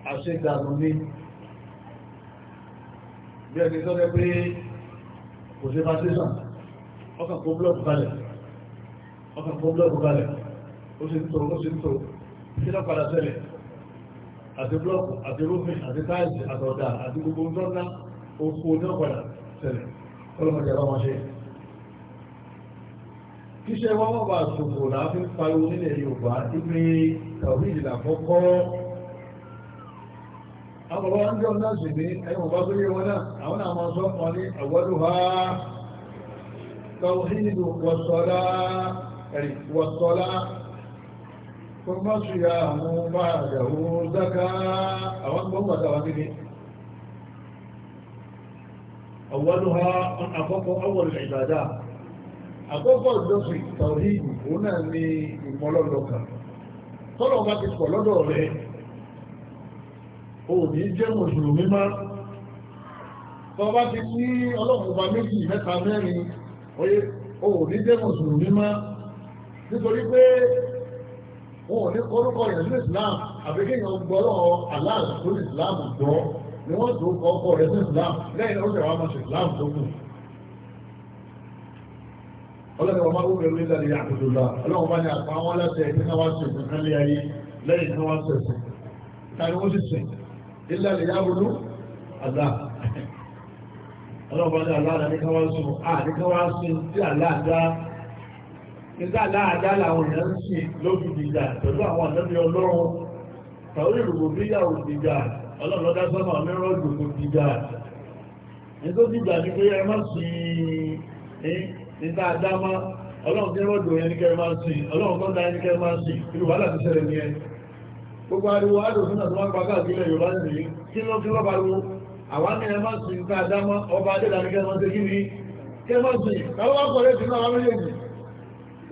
àṣẹ́dàmù ní bí ẹni tọ́lẹ́ pé kò ṣe bá tẹ́sàn ọkàn kó búlọ̀kù kalẹ̀ ọkàn tó blọ́ọ̀kù balẹ̀ ó sì ń tò ó sì ń tò kí lọ padà sẹ́lẹ̀ àti blọ́ọ̀kù àti rúfin àti táìsì àtọ̀dà àti gbogbo ńlọ́nà òkú ní ọ̀padà sẹ́lẹ̀ ọlọ́mọdé àbá wọn ṣe kíṣẹ́ wọn wọ́n bá ṣòfò láti ń pariwo nílẹ̀ Yorùbá ibi tàwíìlì làkọ́kọ́ àwọn ọba ń jọ náà sì ní ẹ̀yìn ọba tó yé wọn náà àwọn náà máa sọ wọn ní àwọ́dù ha tàwíìlì wọ̀sọ̀rá ẹ̀rì wọ̀tọ́lá tó mọ́ sí àwọn bá àjàwó zaka àwọn gbọ́gbà tàwà nílé àwọ́lúha àkọ́kọ́ awọ̀lù ìbàdá àkọ́kọ́ ìjọsìn tàwíìdì òun náà ni ìmọ́lọ́lọ́kà tọ́lọ̀ bá ti pọ̀ lọ́dọ̀ rẹ̀ o ní jẹ́ mùsùlùmí má tọ́ bá ti ní ọlọ́pùpá méjì mẹ́ta mẹ́rin oye o ní jẹ́ mùsùlùmí má nítorí pé wọn ò ní orúkọ yẹn ní islam àbíkéyàn gbọ́rọ̀ aláàlá tó ní islam gbọ́ ni wọ́n tó kọ́ ọkọ rẹ̀ sí islam lẹ́yìn oúnjẹ wa máa ṣe islam tó kù ọlọ́dẹ̀ wọn máa wúlò lórí ìlànà àtòdòlà ọlọ́wọ́n bá ní àpá wọn láti ẹ̀kí náà wá sí ìpínlẹ̀ ilé ayé lẹ́yìn náà wá sẹ̀sẹ̀ tàbí wọ́n sì sìn ilẹ̀ ìyá ronú àdá ọlọ́wọ́n bá ní àlá nígbà dáadáa làwọn èèyàn ń sìn lójú dìjà pẹ̀lú àwọn ànábì ọlọ́run tàwọn ìrùbò bíyà ò dìjà ọlọ́run lọ́dá sọ́mà mẹ́rọ̀ ìgbòkò dìjà nítorí dìjà ni pé ẹ má sìn ní dáadáa má ọlọ́run tí rọ́dò yẹn ní kẹrẹ máa sìn ọlọ́run tó dáa ní kẹrẹ máa sìn irú wàhálà ti ṣẹlẹ̀ ní ẹ gbogbo ariwo adòfin àti wọn pàkà sílẹ̀ yorùbá nìyí kí ló kí lọ́ba ariwo àwọn ní ẹ máa ká dámọ́ ọba adéla ní kẹrẹ kí ni kẹrẹ máa sìn káwọn wá náà wọ́n méjèèjì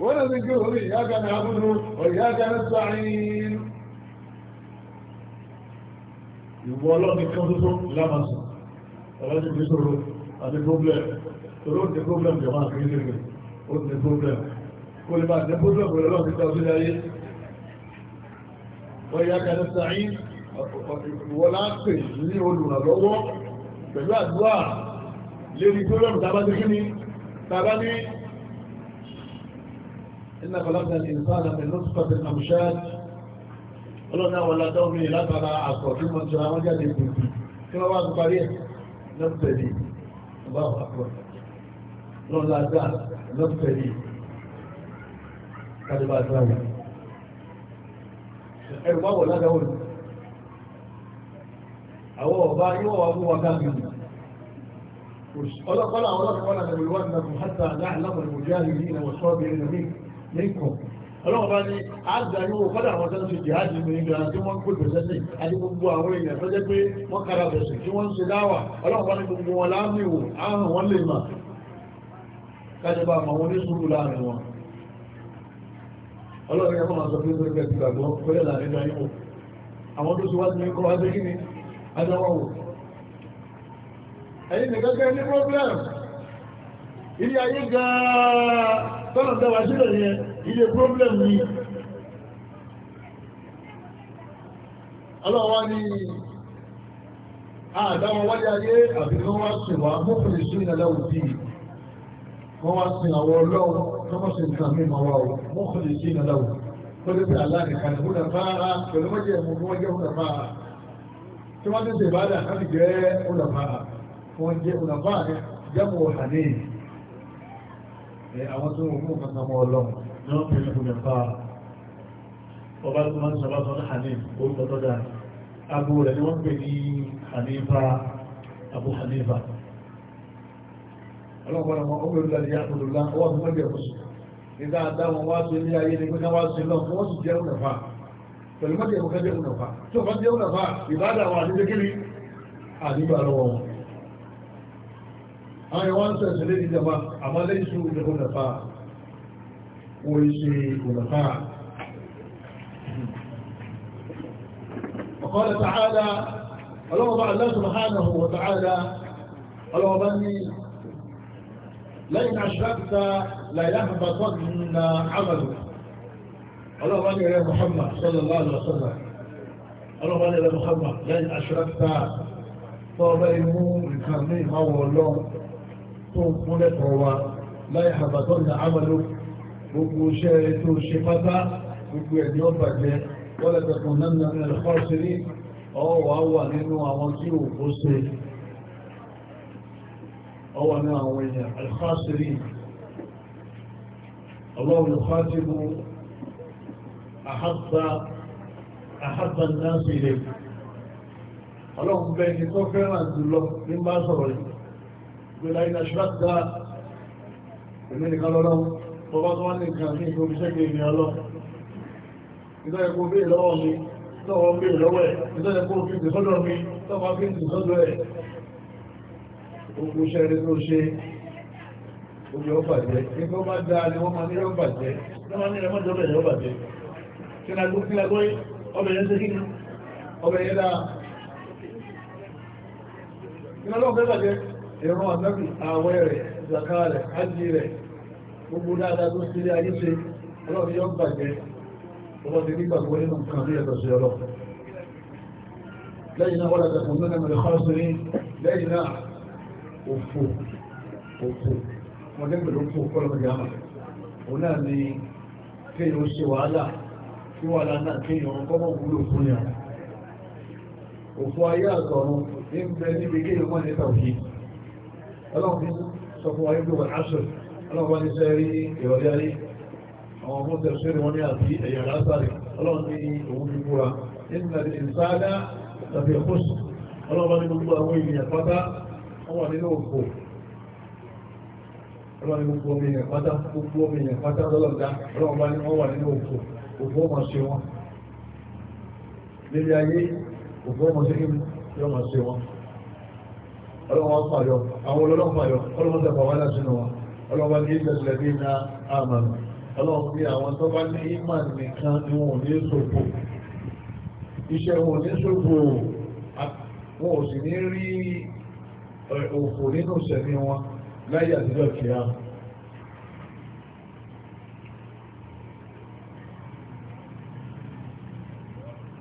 ونذكره إياك نعبد وإياك نستعين ìwọ ọlọ́pìn kan tó tó lámàsù ọlọ́jú bí sọ́rọ̀ àti problem tọ́rọ ní problem jọ máa kìí lèrè ó ní problem kò lè máa ní problem rẹ̀ lọ́wọ́ títà sí ayé wọ́n yá kàdé sàáyín ìwọ láàpẹ̀ ní olùrànlọ́wọ́ pẹ̀lú àdúrà lérí problem tàbá ní iná kọlọ́pàá ti nǹkan àmì lóṣùpọ̀ ti àmúṣáàd ọlọ́nà àwọn ọlọ́dọ́ mi látara àkọ́ tí mo jọ àwọn jáde gbòógì tí wọ́n wá ti parí ẹ̀ lọ́pẹ̀lì ọba àpọ̀ lọ́nà àdá lọ́pẹ̀lì kàdébà àdáwà ẹ̀rù bá wọ̀ ládàá wọ̀lú àwọn ọba yóò wà fún wa káàkiri ọlọ́pàá àwọn ọlọ́pàá náà ni wọ́n náà fún hàtà náà lámọ̀ ìmọ̀jáde yìí ni wọ́n sọ́ọ́ nìkan ọlọ́wọ́ bá ní àgbàríwò kọ́dà àwọn tẹ́lẹ̀ ṣe jihadi ní ìgbà tí wọ́n kó ìpẹ̀sẹ̀ sí àti gbogbo àwọn èèyàn tó jẹ́ pé wọ́n kára bẹ̀sẹ̀ tí wọ́n ń ṣe ọlọ́wọ́ bá ní gbogbo wọn láàmìwò ààrùn wọn lè mà kájọba àmà wọn láàrin wọn tọ́nà dáwà sílẹ̀ yẹn ilé problem ni ọlọ́wọ́ ni àdáwọn wáyé ayé àbí wọ́n wá sí wá mọ́kùnrin sí ìrìnàlẹ́ òbí wọ́n wá sí àwọn ọlọ́run tọ́mọ́sí nǹkan mímọ̀ wá o mọ́kùnrin sí ìrìnàlẹ́ òbí tó lè fi aláàrẹ̀kan ìmúdà fáárá pẹ̀lú mọ́jẹ̀ mú wọ́n jẹ́ múdà fáárá tí wọ́n ti ṣe ìbádà láti jẹ́ múdà fáárá wọ́n jẹ́ múdà fáárá jẹ́mù ọ̀hánẹ́yìn àwọn tó ń fún kankan mọ́ ọlọ́run ní wọ́n pèlú fún mẹ́fà ọba tó máa ń sọba sọ ní hanif orúkọ tó dáa agbo rẹ̀ ni wọ́n pè ní hanifa abu hanifa ọlọ́pàá ọmọ ọgbẹ̀rún láti yàtọ̀lù ọwọ́ tó mọ́jẹ̀ fún sí ní dáadáa wọn wá sí ilé ayé ní pé wọ́n sí lọ wọ́n sì jẹ́ ònàfà pẹ̀lú mọ́jẹ̀ fún kẹ́jẹ́ ònàfà tí ò bá jẹ́ ònàfà ìbádà wọn àti àwọn ẹ̀wọ́n ń sẹ̀sẹ̀ lé níjọba àmọ́ lẹ́sù ìdẹ̀kùnlẹ̀fà wọ́n ṣe ìkùnlẹ̀fà ọ̀kọ́lẹ̀ tààdà ọlọ́wọ́bá aláṣùmọ̀hánàwò tààdà ọlọ́wọ́bá ní lẹ́yìn àṣírákìta láyáhàbà tọ́jú na àmàlù ọlọ́wọ́bá ní ẹ̀rẹ́ Muhammad sallallahu alaihi wasallam ọlọ́wọ́bá ní ẹ̀rẹ́ Muhammad lẹ́yìn àṣírákìta tọ́ọ̀bẹ́ imú nǹkan ní ìmáwọ̀ ọlọ́run tó ń fún lẹ́tọ̀ọ́ wa láyé àbàtọ́ ní àmàlò gbogbo iṣẹ́ tó ṣe pátá gbogbo ẹ̀ ní ó bàjẹ́ wọ́n lẹ́tọ̀ kan náà ní ẹ̀rọ fọ́ọ̀sì rí ọwọ́ wà nínú àwọn tí ò kó ṣe ọwọ́ ní àwọn èèyàn alfáàsì rí ọlọ́run fásitì mú àhábà náà sí ilé ọlọ́run bẹ́ẹ̀ ni tó fẹ́ràn jùlọ ní bá sọ̀rọ̀ yìí ولئن أشركت إنني قال له وبطوا أني كان فيك بشكل يا الله إذا يكون به لوامي تقوم به لوامي إذا يكون فيك صدرمي تقوم فيك صدرمي gbogbo iṣẹ́ rẹ̀ tó ṣe ojú ọbàjẹ́ nígbà ó bá dá ní wọ́n máa ní ọbàjẹ́ lọ́wọ́ ní ẹmọ́ jọ bẹ̀rẹ̀ ọbàjẹ́ kí lágbó kí lágbó ọbẹ̀rẹ̀ ṣe kí ọbẹ̀rẹ̀ dáa kí lọ́wọ́ bẹ́ẹ̀ bàjẹ́ ìran ànábì àwẹ̀ rẹ̀ zaka rẹ̀ ájì rẹ̀ gbogbo dáadáa tó sílé ayé ṣe ọlọ́run yọ gbàgbé ọlọ́run ti nígbàgbọ́ nínú nǹkan bí ẹ̀tọ́ sí ọlọ́run lẹ́yìn náà wọ́n láti ẹ̀kùn lọ́nà mẹ́rin kọ́ sí ní lẹ́yìn náà òfò òfò wọ́n lé pẹ̀lú òfò kọ́lọ̀ gàmà òun náà ni kéèyàn ayé àtọ̀run ń bẹ níbi kéèyàn mọ́ nípa òfin ọlọ́run fi sọ fún wa yóò wọ̀n aṣọ ọlọ́run wọ́n ní sẹ́ rí ìrọ̀lẹ́ ayé àwọn ọmọ tẹ̀síwẹ́rì wọn ní àti ẹ̀yà lásàrì ọlọ́run ní òun fi múra nínú ìsáadá tàbí ẹ̀kọ́sù ọlọ́run ní gbogbo àwọn ènìyàn pátá wọ́n wà nínú òkò ọlọ́run gbogbo ọmọ ènìyàn pátá gbogbo ọmọ ènìyàn pátá lọ́lọ́dá ọlọ́run bá ní wọ́n wà nínú òkò òkò ọmọ ṣe wọn nílé ayé òkò ọmọ ṣe kí wọ́n ṣe wọn ọlọ́run wọn pààyọ àwọn olólọ́pàá yọ ọlọ́mọdé bàbá lásìnà wọn ọlọ́mọ ní ìgbẹ̀lẹ̀dé na àmàlù ọlọ́mọ bí àwọn tó bá ní ìmà nìkan ni wọn ò ní ṣòfò iṣẹ́ wọn ò ní ṣòfò wọn ò sì ní rí òfò nínú sẹ̀mí wọn láyé àtijọ́ kìá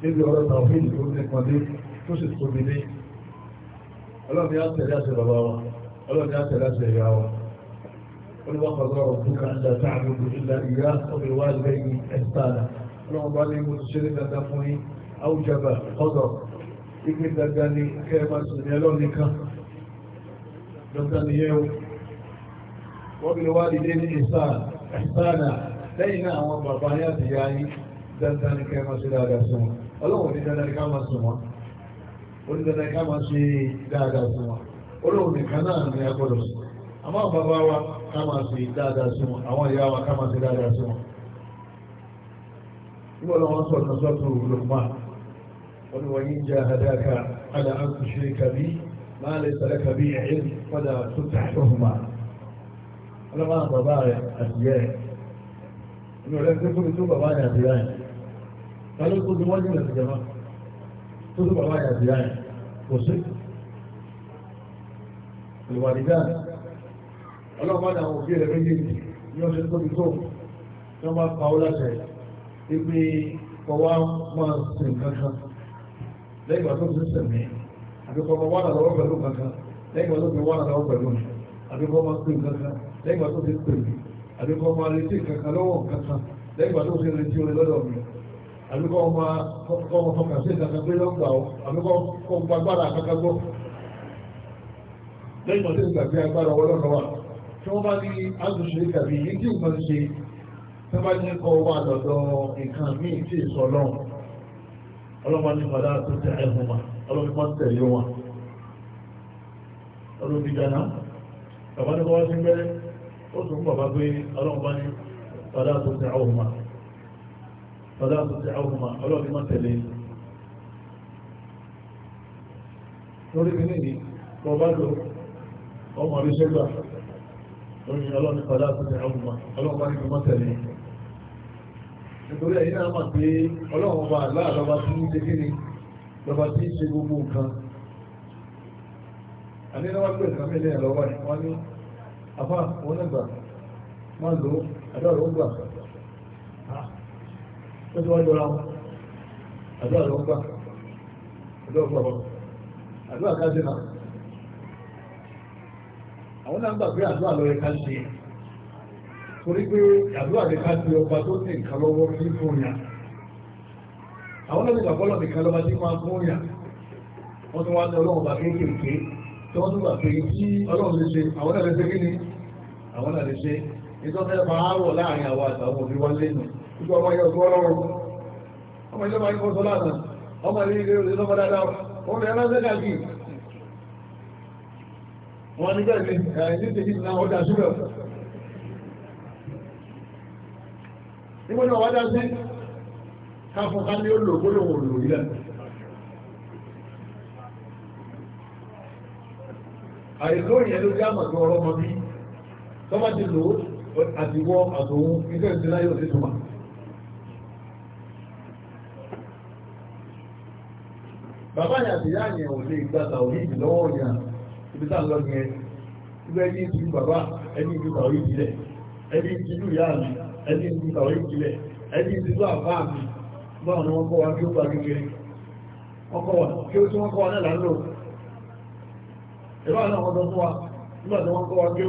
níbi ọ̀rọ̀ tàwọn fíìlì tó ní pàdé tó sì tóbi ní ọlọ́mọ yá tẹ̀lé àti bàbá wa ọlọ́dẹ àtẹ̀láṣẹ̀ ìyá wa olùwàkọ̀dọ̀ ọ̀túnkà ńlá táàbùkù ìlà ìyá ọ̀bẹ̀wá lẹ́yìn ẹ̀sítàlá ọlọ́run bá ní mo ti ṣeré dandan fún yín àwùjọba ọ̀dọ̀ igi dandan ni kẹ́ ẹ máa sùn ní ẹlọ́run nìkan dandan ni yẹ́wò wọ́n bí wá lílé ní ìsáàlá lẹ́yìn náà àwọn bàbá ní àtìyá yín dandan ni kẹ́ ẹ máa ṣe dáadáa sí wọn ọlọ́run ní dandan ni ká máa sùn wọn ó ní dandan ni ká máa ṣe dáadáa sí wọn olóhùn nìkan náà ni a gbọ́dọ̀ sí àmọ́ bàbá wa ká máa ṣe dáadáa sí wọn àwọn ìyá wa ká máa ṣe dáadáa sí wọn nígbàdàn wọn sọ ọ̀nà sọ́tù lùmá wọn ni wọ́n yí ń jẹ́ àdáka ala an tushrika bi ma laysa laka bihi ilm fala tuta'huma ọlọ́mọ bàbá rẹ̀ àtìyẹ́ rẹ̀ inú rẹ̀ tó kúrò tó bàbá rẹ̀ àtìyá rẹ̀ ta ló tó wọ́n jìnà sí tó tó bàbá rẹ̀ àtìyá rẹ̀ kò sí ìwàdìdá ọlọ́pàá àwọn òbí rẹ̀ méjèèjì ní ọ̀sẹ̀ tó ti tó tí wọ́n bá pa ó láṣẹ ibi kọwa máa sìn kankan lẹ́yìn ìgbà tó ti sẹ̀mí àbíkọ́ ọmọ wàdà lọ́wọ́ pẹ̀lú kankan lẹ́yìn ìgbà tó ti wàdà lọ́wọ́ pẹ̀lú àbíkọ́ ọmọ sìn kankan lẹ́yìn ìgbà tó ti pèmí àbíkọ́ ọmọ retí kankan lọ́wọ́ kankan lẹ́yìn ìgbà tó ti retí orí lọ́dọ̀ mi àbíkọ́ ọmọ fọkàn sí kankan pé lọ́gbà ó àbíkọ́ ọmọ gbàgbára kankan gbọ́ lẹ́yìn ọdún ìgbàgbé agbára ọlọ́rọ̀ wà tí wọ́n bá ní àtúnṣe tàbí èyí tí nǹkan ṣe tí wọ́n bá ní kọ́ wà lọ́dọ̀ nǹkan míì tí ì sọ lọ́hùn ọlọ́pàá ní padà tó tẹ ẹ̀hùn mà ọlọ́pàá tẹ̀lé wọn ọlọ́bí dáná bàbá ní kọ́wá sí gbẹ́rẹ́ ó tún ọlọ́pàá ní padà tó tẹ ẹ̀hùn mà lórí bí nìyí bọ́ bá lò ọmọ rí ṣẹ́gbà orí ọlọ́ni padà tó ní ọmọ ọlọ́pàá nínú mọ́tẹ̀lé nítorí ẹ̀yìn náà mà pé ọlọ́run bá láàlọ́ba tí ń ṣe kí ni lọ́ba tí ń ṣe gbogbo nǹkan àní náà wọ́n pè nǹkan lọ́wọ́ ni wọ́n ní afá wọn náà máa lò àdúrà ló ń gbà ó jọra wọn àdúrà ló ń gbà wọn àdúrà ká àwọn náà gbà pé àdúrà lọ ẹ̀ka ṣe torí pé àdúrà lè ká ṣe ọba tó ní nǹkan lọ́wọ́ sí fún yà àwọn náà gbà bọ́lọ̀ nìkan lọ́ba tí máa fún yà wọ́n tún wá ní ọlọ́run bá kéékèèké tí wọ́n tún gbà pé kí ọlọ́run lè ṣe àwọn náà lè ṣe kí ni àwọn náà lè ṣe ìtọ́fẹ́ máa wọ̀ láàrin àwọn àtàwọn òbí wá lẹ́nu gbogbo ọmọ yẹ ọgbọ́n lọ́rùn ọmọ ilé máa ń kọ́ sọ́lá náà ọmọ ilé ilé ìlú lọ́mọ dáadáa ó lè ránṣẹ́ káàkiri wọ́n ní bẹ́ẹ̀ ni ẹ̀yìn tèjì náà ọjà ṣúgbẹ̀ nígbónà wájá sí káfọ́ká ní ó lò gbólóhùn olò ilẹ̀ àìlò ìyẹn ló jẹ́ àmàtí ọ̀rọ̀ ọmọ bí tọ́bá ti lò àtiwọ́ àtòun iṣẹ́ ìsinmi láyé òsì túnmà bàbá yàtìyà yẹn ò lè gbàtà òyìnbí lọ́wọ́ yàtì ibi tá lọ yẹn ibẹ̀ ní bàbá ẹni ìlú kàwé ìjìlẹ̀ ẹni ìjìlú ìyá mi ẹni ìlú kàwé ìjìlẹ̀ ẹni ìjìlú àbá mi báwọn ni wọ́n kọ́ wa kí ó wa kí ó tí wọ́n kọ́ wa náà fún wa nígbà tí wọ́n kọ́ wa kí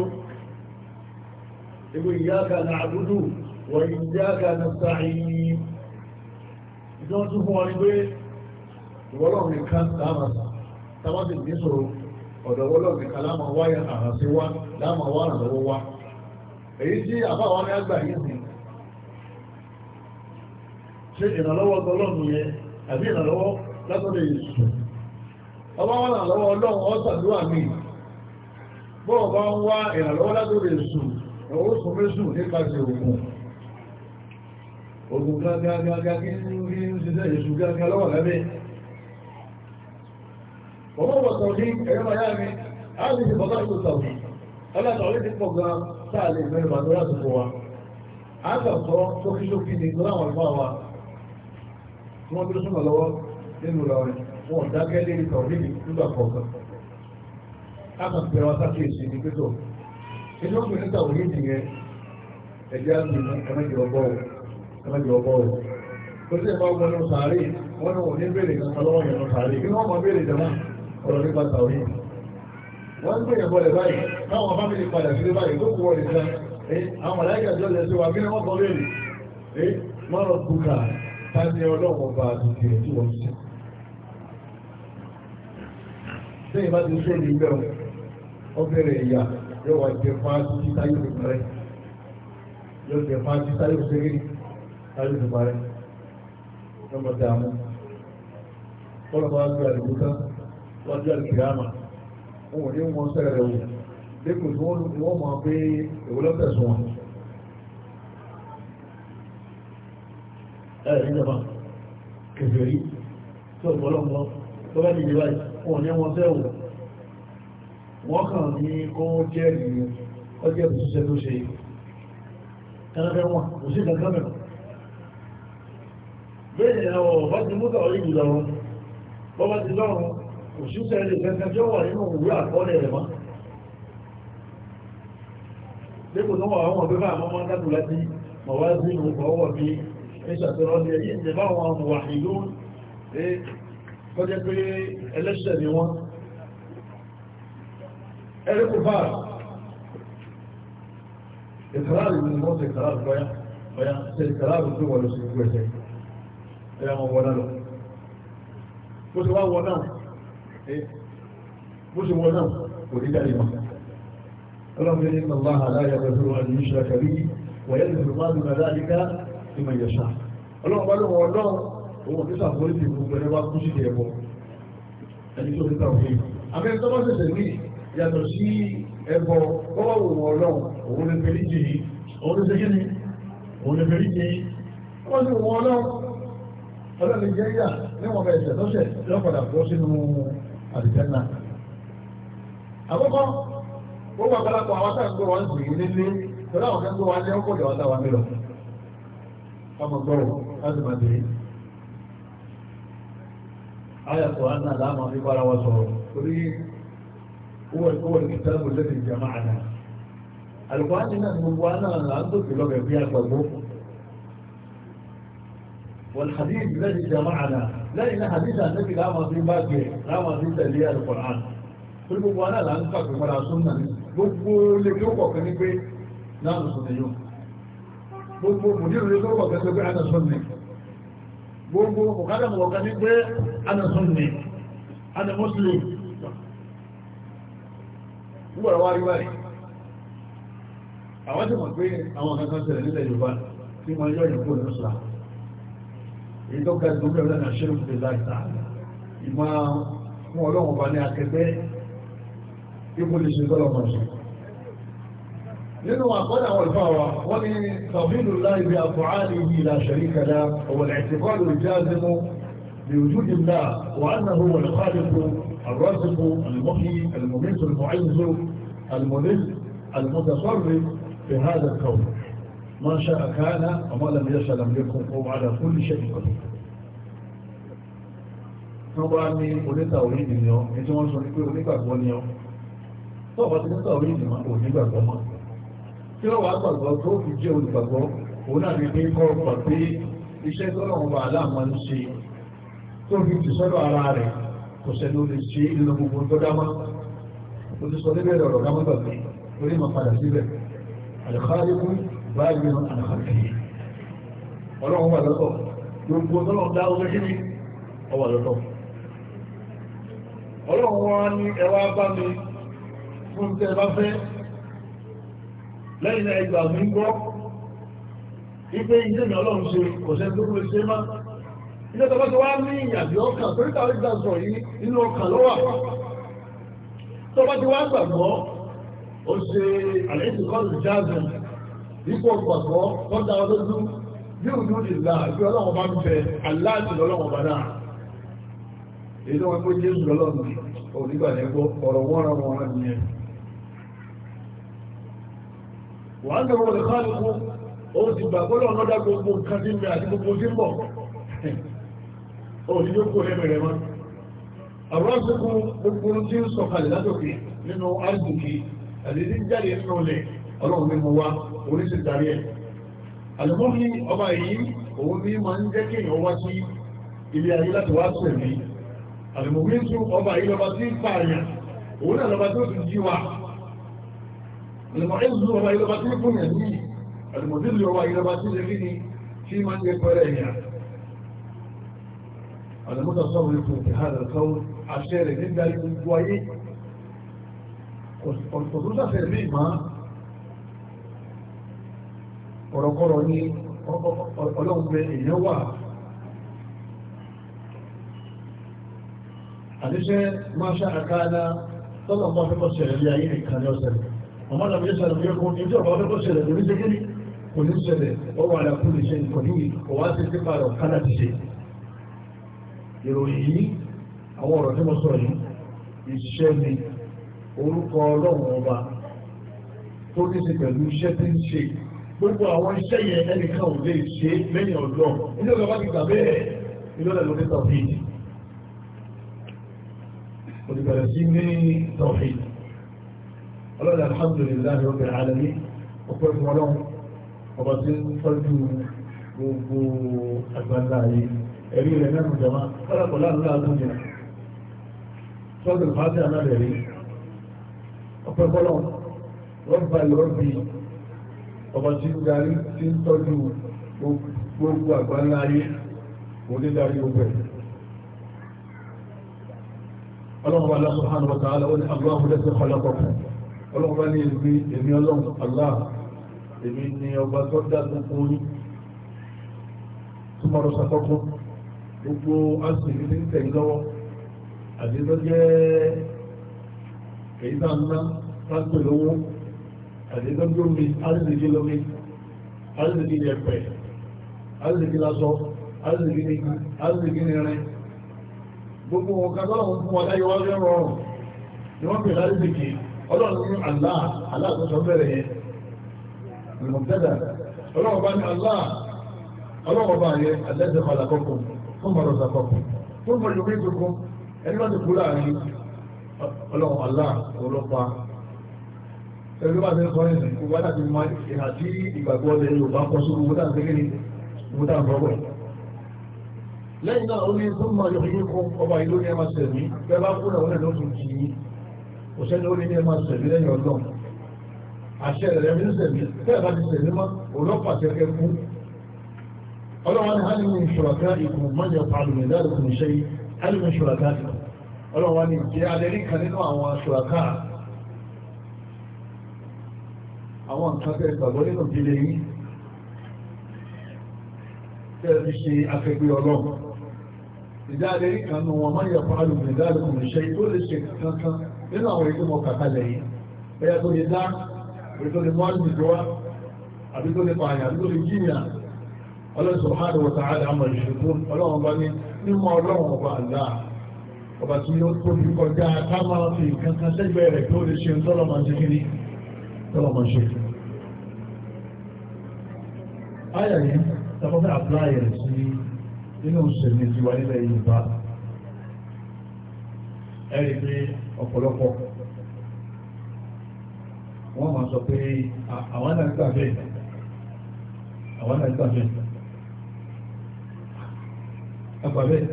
ó ọ̀dọ̀ wọ́lọ́ nìkan láàmà wáyà àràn sí wá láàmà wá lọ́wọ́ wá èyí tí àbáwọn ní àgbà yìí sìn ṣe ìrànlọ́wọ́ ọlọ́run àbí ìrànlọ́wọ́ lọ́wọ́ ọlọ́run ọ̀sàdúrà mi bọ́ọ̀ bá ń wá ìrànlọ́wọ́ látọ̀dọ̀ nípasẹ̀ gágágágá kí ń ṣiṣẹ́ gágá lọ́wọ́ lábẹ́ Bàbá wọ sọ̀rí ẹ̀rọ ayá mi, a lè ṣe bàbá ìlú sọ̀rí. Ọlọ́dọ̀ orí ti pọ̀ gan táà lè mẹ́rin bàbá lásìkò wa. A kà sọ sókísókí ni gbọ́n àwọn ìfọ̀ wa. Wọ́n bí lọ́sùn lọ́wọ́ nínú Ìlọrin, wọn ò dákẹ́ lé ìtọ̀rí nígbà kọ̀ọ̀kan. A kà pẹ̀rọ sákèsì ní pẹ́tọ̀. Inú ọ̀gbìn níta òní ìdìyẹn ẹ̀jẹ̀ á gbìn ẹ̀mẹ́jì ọgbọ́ ẹ̀mẹ́jì ọgbọ́ rẹ̀. Kò sí ẹ̀fọ́ ọgbọ́n ọ̀rọ̀ nípa tàwí wọ́n ń gbìyànjú ọ̀rẹ́ báyìí táwọn bá mi lè padà sílé báyìí tó kú ọ̀rẹ́ sá àwọn màláìkà jọ lẹ sí wa bí wọ́n kọ́ lórí wọ́n lọ bùkà ta ni ọlọ́wọ́ bá a ti tí wọ́n sí. lẹ́yìn bá ti ṣe ìgbẹ́ o ó bẹ̀rẹ̀ ìyá yóò wá jẹ fún àtúntí táyé ti parẹ́ yóò jẹ fún àtúntí táyé ti ṣeré táyé ti parẹ́ yóò mọ̀ dààmú. Bọ́lá bá gbé àdìgbò tán lọ́jọ́ ìkìyàmà wọn ò ní wọn sẹ́rẹ̀ rẹ̀ wò lẹ́kùn tí wọ́n ní wọ́n máa pé èwo lọ́tẹ̀sùn wọn. ẹ ẹ níjọba kẹfẹ́rí tí ọ̀pọ̀ ọlọ́mọ tó bá ti di báyìí wọn ò ní wọn sẹ́rẹ̀ wò wọ́n kàn ní kó jẹ́rìí ọjọ́ ìṣiṣẹ́ tó ṣe kẹ́lẹ́fẹ́ wọn kò sí ìdájọ́ mẹ́rin bẹ́ẹ̀ ni àwọn ọ̀bá ti mú tàwọn ìgbìlọ̀ wọn bọ́bá ti lọ́rùn òṣìṣẹ́ ilé kẹta jọ wà nínú òwú àkọọ́lẹ̀ rẹ̀ mọ́ lẹ́kọ̀ọ́ tó wà àwọn ọ̀gbẹ́fà àmọ́mọ́ dákù láti mọ̀wá sí ìrùkọ̀ ọwọ́ bí ní ṣàtọ́rọ́ ní ẹ̀yí ìjẹba àwọn ọmọwà ìlú kọjẹ́ pé ẹlẹ́ṣẹ̀ ni wọ́n ẹlẹ́kùnfà ìkàràrù ni wọ́n ti kàràrù bọ́yá bọ́yá ti kàràrù tó wọ́n lọ sí ìgbẹ̀ẹ́sẹ̀ ẹ̀yà wọn wọ́n náà lọ Eh, bó ṣe wọ́n náà kò ní jáde mọ́ ọlọ́run ní ìlànà aláyà pẹ̀lú àdìyíṣẹ́ àkàrí wọ̀nyẹ́ ní ìlú máa dùn àdáyíká ní mà yẹ̀ṣà ọlọ́run bá lọ́wọ́ ọlọ́run òun ò ní sàkóyè ti gbogbo ẹni wá kú sí ìdí ẹ̀bọ ẹni tó ní tàwọn yìí àmẹ́rin tó bá ṣẹ̀ṣẹ̀ ní yàtọ̀ sí ẹbọ kọ́wọ́ ọlọ́run òun lè fẹ́rí yìí òun lè ṣẹ́gí ni òun lè fẹ́rí yìí wọ́n sì wọ́n ọlọ́run ọlọ́run àdìjẹ́nà. Àkọ́kọ́, gbogbo àgbàlagbà àwọn tá à ń gbé wọn sìn nílé pẹ̀lú àwọn kan gbé wọn lé ọkọ̀ ìjọba táwa nílò. Ọmọ gbọ́rọ̀ láti máa dèrè. Ayàtọ̀ àná láàmú ní bára wa sọ̀rọ̀ torí owó ìkówó ní kìtàbù lẹ́nu ìjàmá àná. Àlùkò àti náà gbogbo àná là ń dòkè lọ́bẹ̀ bí àgbàgbó. Wal hadith lẹ́nu ìjàmá àná lẹ́yìn náà àdíṣà níbi láwọn fi bá gbé láwọn fi tẹ̀lé Al-Qur'an tó gbogbo aná là ń pàpẹ padà súnmọ̀ ní gbogbo lè tó kọ̀ọ̀kan ní pé náà mùsùlùmí yóò gbogbo mùdírù lè tó kọ̀ọ̀kan tó pé ana sunni gbogbo bùkátà mọ̀ọ̀kan ní pé ana sunni ana muslim gbọ́rọ̀ wá rí báyìí àwọn tí mọ̀ pé àwọn kankan ṣẹlẹ̀ nílẹ̀ Yorùbá tí wọ́n yọ́ ìyẹ̀kú ní Islam èyí tó kẹ́sì lórí ọ̀rẹ́ náà ṣeré fún ìlàìta ìmọ̀ fún ọlọ́run bá ní akẹgbẹ́ ipò lè ṣe tọ́lọ̀ mọ̀ sí nínú àkọ́dà àwọn ìfà wa wọ́n ní tàbílù láì bí àfọ̀hánì yìí ìlà ṣẹ̀rí kẹlá ọ̀wọ̀n ẹ̀tìkọ́lù ìjáàzínú بوجود الله وأنه هو الخالق الرازق المحيي المميت المعز المذل المتصرف في هذا الكون ما شاء كان وما لم يشاء لم يكن وهو على كل شيء قدير wọ́n bá ní onítàwòrí ìdìyàn ní tí wọ́n sọ ní pé onígbàgbọ́ ni ọ́ tó bá ti nítàwòrí ìdìyàn ò nígbàgbọ́ mọ́ tí ó wà gbàgbọ́ tó fi jẹ́ olùgbàgbọ́ òun náà ní pé kọ́ ọ̀pọ̀ pé iṣẹ́ tọ́lọ̀ ọba aláàmọ́ ń ṣe tó fi ti sọ́dọ̀ ara rẹ̀ kò sẹ́ni ó lè ṣe nínú gbogbo tó dámọ́ ó ti sọ níbẹ̀ ọ̀rọ̀ dámọ́ gbàgbé orí padà síbẹ̀ àlùkárí fún báyìí wọn àlàkàkì ọlọ́run wà lọ́tọ̀ gbogbo ọlọ́run dá ọjọ́ kí ni ọwà lọ́tọ̀ ọlọ́run wọn ní ẹwà bá mi fún tẹ́ bá fẹ́ lẹ́yìn ẹgbà mi gbọ́ ipé iṣẹ́ mi ọlọ́run ṣe kò sẹ́ tó lè ṣe má ilé tọ́lá tó wá ní ìyàbí ọkàn torí tàbí ìgbà sọ yìí nínú ọkàn lọ́wà tọ́lá tó wá gbàgbọ́ ó ṣe àlẹ́ ìsìnkọ́ ìjáàzẹ̀ dípò gbàgbọ́ lọ́dà olójú yóò ní ìlà ìgbé ọlọ́wọ́ bá ń bẹ aláàtì lọ́lọ́wọ́ bá náà èyí tó wọ́n pé jésù lọ́lọ́run onígbà lẹ́gbọ́ ọ̀rọ̀ wọ́nra wọn rán nìyẹn wà á gbẹ̀rọ lè káàlù kú ó ti gbà gbọ́dọ̀ lọ́dà gbogbo nǹkan tí ń bẹ àti gbogbo tí ń bọ̀ ó ní yóò kó lẹ́mẹ̀rẹ̀ mọ́ àwọn àgbẹ̀kú gbogbo tí ń sọ̀kalẹ̀ látòkè nínú àdùkì àti tí ń jáde nínú ilẹ̀ ọlọ́run mímú wá oníṣẹ́ ìdarí ẹ̀ àlùmọ́ni ọba yìí òun ní máa ń jẹ́ kí èèyàn wá sí ilé ayé láti wá sẹ̀ mí àlùmọ́ni tún ọba yìí lọ́ba tí ń pààyàn òun náà lọ́ba tó ti jí wa àlùmọ́ni tún ọba yìí lọ́ba tí ń fún yàn ní àlùmọ́ni tún ọba yìí lọ́ba tí ń lérí ni tí máa ń jẹ pẹ́rẹ́ yàn àlùmọ́ta sọ̀rọ̀ ikú ti hàn lọ́kọ́ àṣẹ rẹ̀ nígbà ikú ayé kò tó sàfẹ́ máa ọ̀rọ̀kọ́rọ̀ ní ọlọ́gbẹ́ èèyàn wà àdíṣẹ́ máa ṣe àkáàlá tọ́lọ̀ bá fẹ́kọ́ ṣẹlẹ̀ ní ayé nìkan ní ọ̀sẹ̀ ọmọ ìlànà ìṣẹ́ àlùmí ẹkùn ní ìjọba fẹ́kọ́ ṣẹlẹ̀ lórí ṣe kéré kò ní ṣẹlẹ̀ ó wà lápú lè ṣe nǹkan ní ọwá sí sí pààrọ̀ kánà ti ṣe ìròyìn yìí àwọn ọ̀rọ̀ tí mo sọ yìí iṣẹ́ mi orúkọ ọlọ́run ọba tó ní ṣe pẹ̀lú iṣẹ́ tí ń ṣe gbogbo àwọn iṣẹ́ yẹn ẹnìkan ò lè ṣe lẹ́yìn ọ̀dọ́ ilé ọ̀gá bá ti gbà bẹ́ẹ̀ ìlọ́lẹ̀ ló ní tọ̀fíì mo ti bẹ̀rẹ̀ sí ní tọ̀fíì ọlọ́dà alhamdulillahi rabbil alamin ọ̀pọ̀ ẹ̀fọ́ ọlọ́run ọba tí ń tọ́jú gbogbo àgbàlá yìí ẹ̀rí rẹ̀ náà jọba kọ́lákọ̀ láàrín láàrín jẹ tọ́jú fàájì alárẹ̀ rí ọ̀pọ̀ ẹ̀fọ́ ọlọ́run rọ́bà ìrọ́bì ọba tí ń darí tí ń tọ́jú gbogbo àgbáńlá ayé onídarí ogun ẹ̀ ọlọ́run Allah subhanahu wa ta'ala ó ní aláwọ̀ lẹ́sẹ̀ ọlọ́pọ̀ ọlọ́run bá ní èmi èmi ọlọ́run Allah èmi ni ọba tó dá gbogbo yín túmọ̀rọ̀ sàkọ́kọ́ gbogbo asìnkú ní tẹ̀yí lọ́wọ́ àti jẹ́ èyí tá ń ná pásítọ̀ lówó àdìgbẹ́gbẹ́ omi alìsìkí lómi alìsìkí ní ẹ̀pẹ̀ alìsìkí lásọ alìsìkí ní alìsìkí ní rẹ gbogbo ọ̀kan lọ́wọ́ fún wọn láyé wáyé rọrùn ni wọ́n pè lálìsìkí ọlọ́run ní àlá aláàtọ̀sọ bẹ̀rẹ̀ yẹn ìmọ̀tẹ́dà ọlọ́run bá ní àlá ọlọ́run bá yẹ àlẹ́sẹ̀ falakọ́kọ́ fún mọ̀rọ̀ sàkọ́kọ́ fún mọ̀rọ̀ yóò gbé gbogbo ẹni wọ́n ti kú ẹ̀rọ bá fẹ́ sọ ẹ̀sìn kò wádà ti máa ìhà tí ìgbàgbọ́ ọ̀lẹ́ yóò bá kọ́ sórí wọ́n tàbí kékeré wọ́n tàbí ọgbọ̀ lẹ́yìn náà ó ní tó máa yọ yín kún ọba ìlú ní ẹmà sẹ̀mí bẹ́ẹ̀ bá kúrò àwọn ẹ̀dọ́ tún ti yín kò sẹ́ni ó ní ní ẹmà sẹ̀mí lẹ́yìn ọdún àṣẹ rẹ̀ ní sẹ̀mí bẹ́ẹ̀ ti sẹ̀mí mọ́ ọlọ́pàá tẹ́kẹ́ kú ọlọ́wọ́n ni hálì min ṣùràká ikùn mọ́jọ pàlùmí láàrùkùn ṣe hálì min ṣùràká ikùn ọlọ́wọ́n ni jẹ́ adẹ́rí kan nínú àwọn ṣùràká àwọn nǹkan tẹ́ ìgbàgbọ́ nínú ìdílé yìí tẹ́ fi ṣe afẹ́gbé ọlọ́run ìdáre ìkànnù wọn máa yẹ fún alùpùpù ìdáre kò ní ṣe tó lè ṣe kankan nínú àwọn èdè mọ kàkálẹ̀ yìí ẹ̀yà tó lè dá èyí tó lè mọ́ àlùjọ wa àbí tó lè pààyàn àbí tó lè jíyàn ọlọ́run subhanahu wa ta'ala àmọ̀ ìṣòro ọlọ́run bá ní mímọ́ ọlọ́run ọba àlá tí ó tóbi kọjá ká máa fi kankan sẹ́gbẹ̀ẹ́ rẹ̀ tó lè ṣe ń tọ́lọ́mọ Ayà yìí tàbọ́fẹ́ àpláyè rẹ̀ sí nínú ìṣẹ̀lẹ̀ ti wà nílẹ̀ Yorùbá. Ẹ rí pé ọ̀pọ̀lọpọ̀ wọ́n máa sọ pé àwọn náà gbà bẹ́ẹ̀. Àwọn náà gbà bẹ́ẹ̀. Àgbà bẹ́ẹ̀.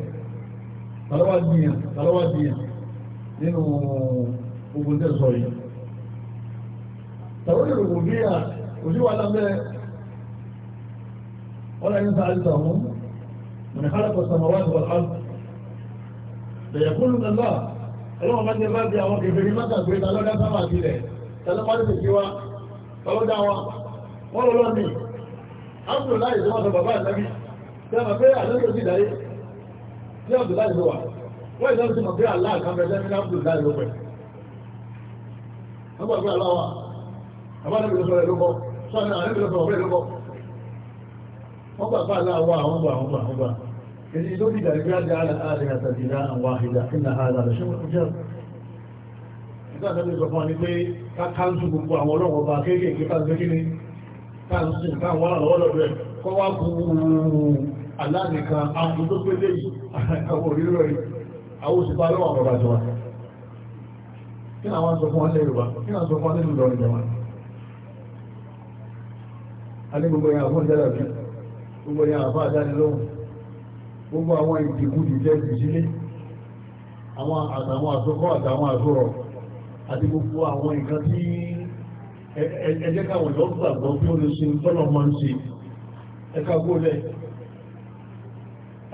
Tàlọ́wà dìyàn, tàlọ́wà dìyàn nínú gbogbo tẹ̀sọ̀ yìí. Tàwọn èrò wò bí i à, òṣìwà lábẹ́ ولئن سألتهم من خلق السماوات والأرض ليقولون الله ọlọ́wọ́n bá ti bá bí àwọn kèfèrè mọ́ta pé tàlọ́dá sábà sílẹ̀ tàlọ́pàá ti fi wá tàlọ́dá wa wọ́n lọ́lọ́ ní abdullahi tó wọ́n sọ bàbá ìsẹ́bí tí a mọ̀ pé àlọ́dọ̀ sí ìdáyé tí abdullahi ló wà wọ́n ìsẹ́bí ti mọ̀ pé aláà kan bẹ̀ sẹ́mi ní abdullahi ló pẹ̀ wọ́n gbà pé aláwa àbá níbi ló sọ̀rọ̀ ló kọ́ sọ́ni àníbi ló sọ̀rọ̀ ló kọ́ wọ́n bàbá aláwọ̀ àwọn bà àwọn bà àwọn bà kìí tó ti dàrí gbájá aláàrin àtàdìrá àwọn àhìdà kí nà hàrà lè ṣẹ́wọ́n jẹ́ nígbà tó lè sọ fún wa ní pé ká káńsù gbogbo àwọn ọlọ́wọ́ bá kéékèèké ká gbé kíní káńsù káwọn wà lọ́wọ́ lọ́dọ̀ ẹ̀ kọ́ wá kú aláàrinkan àwọn tó pé lè gbogbo ìyàwó ń jẹ́ gbogbo ẹ̀yà àbá àdáni lóhùn gbogbo àwọn ìdìkú jíjẹ́ àwọn àtàwọn àtàwọn àti gbogbo àwọn nǹkan tí ẹjẹ́ káwọn ìlọ́ gbàgbọ́ bí ó lè ṣe máa ń ṣe ẹka gbólẹ̀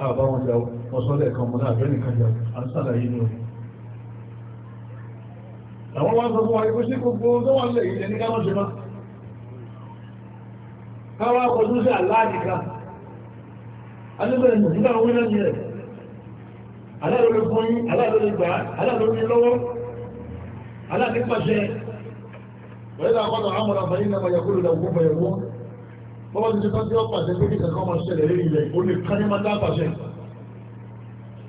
àbá wọn jà wọn sọ́lẹ̀ kan mọ́ láàbẹ́ nìkan jà à ń sàlàyé ní ọ̀rọ̀ àwọn wá sọ fún wa ikú sí gbogbo tó lè ẹni alẹ́bẹ̀rẹ̀ nàìjíríà wọn náà yẹ aláàrẹ fún yín aláàrẹ gbà aláàrẹ yín lọ́wọ́ aláàrẹ pàṣẹ wọ́n yẹ kọ́ àwọn ọmọdé àbáyé náà bàyà kúrò làwọn bàyà wọ́n bọ́bá ti tán tí wọ́n pàṣẹ pé kí kankan máa ṣẹlẹ̀ lórí ilẹ̀ ó lè kán ní máa dá pàṣẹ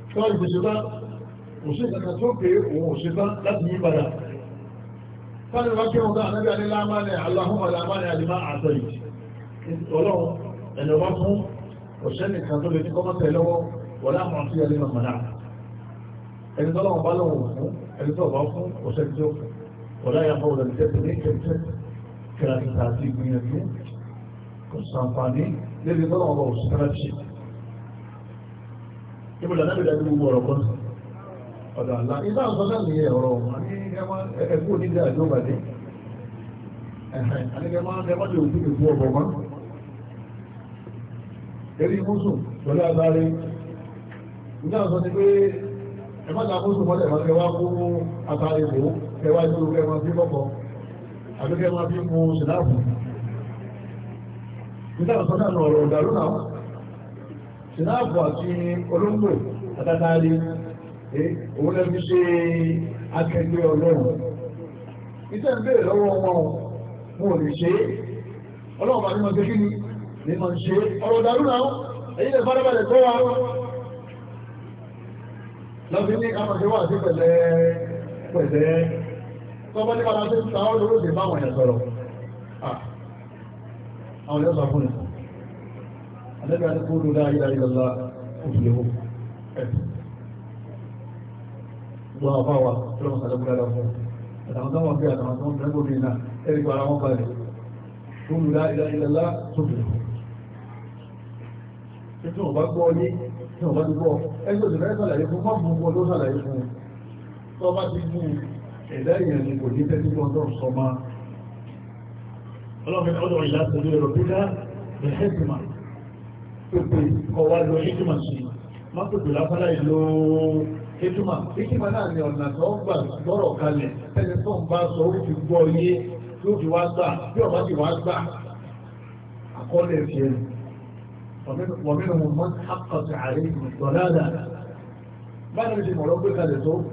tí wọ́n ìgbésẹ̀ bá kò sí kankan tó pé òun ò ṣe tán láti yí padà fáwọn ìwà kí wọn dá ànábì àdélámánì aláhùn òṣèlú kan tó lè ní kọ́mọ́tẹ̀ lọ́wọ́ wọlé àwọn àti ẹlẹ́ màmá náà ẹni tó lọ́wọ́ bá lọ́wọ́ fún ẹni tó bá fún òṣèlú tó fún wọlé àyàfọ́ wọlé tẹ́tẹ́ ní kẹ́kẹ́ kẹ́lákìtà àti ìgbìyànjú kò sàǹfààní lébi tó lọ́wọ́ bá òṣèlú ṣe ibùdó náà bìí dájú gbogbo ọ̀rọ̀ kan ọ̀dọ̀ àlá ilé àwọn sọ́jà nìyẹn ọ̀rọ̀ ẹ̀kú onídàájọ́ bàdé ẹ̀hẹ̀ àníkẹ́ máa ń dẹ́mọ́dé Kẹ̀rí Mùsù pẹ̀lú àgbáre. Nígbà sọ ni pé ẹ má mọ́lẹ̀ wọn kẹwàá kú àtàrí ìbò kẹwàá ní orúkẹ wọn bí fi mú náà ìdàrú náà. àti olóńgbò àtàtàrí òun ṣe akẹgbẹ́ ọlọ́run. Iṣẹ́ ń bèèrè lọ́wọ́ wọn, lè ṣe é. ní ma ń ṣe ọ̀rọ̀ dàrú náà èyí lè farabalẹ̀ tó wa lọ́bí ní kàmàṣe wà sí pẹ̀lẹ́ pẹ̀lẹ́ tọ́bọ́ ní padà sí ta ọ́ lórí ìbá àwọn ẹ̀sọ̀rọ̀ àwọn ẹ̀sọ̀ fún ẹ̀ a ti kúrò láà ilẹ̀ ìlọ́lá òfìlẹ̀wò gbọ́ àbá wa tó lọ́mọ sàlẹ́kùnrin àdá fún àtàwọn tó wọn bí àtàwọn tó wọn bí náà ẹ̀rí pa ara wọn balẹ̀ kúrò láà ilẹ̀ títí wọn bá gbọ́ ọyé tí wọn bá ti gbọ́ ẹgbẹ́ òṣèlú ṣàlàyé fún fáwọn ọmọ ló ṣàlàyé fún un tó bá ti fún ẹ̀dá èèyàn ni kò ní tẹ́tí wọn tó sọ máa ọlọ́run ọdọ̀ ìlà pẹ̀lú ẹ̀rọ pípa the hekima pèpè ọwá lọ hekima sí má pèpè lápálá ìlò hekima hekima náà ni ọ̀nà tó gbà lọ́rọ̀ kalẹ̀ ẹni tó ń bá sọ ó ti gbọ́ yé tó ti wá gbà bí ọba ti wá gbà àkọọ́lẹ̀ fi ẹnu ومنهم من حقت عليه الضلالة ما نجي مربي خالته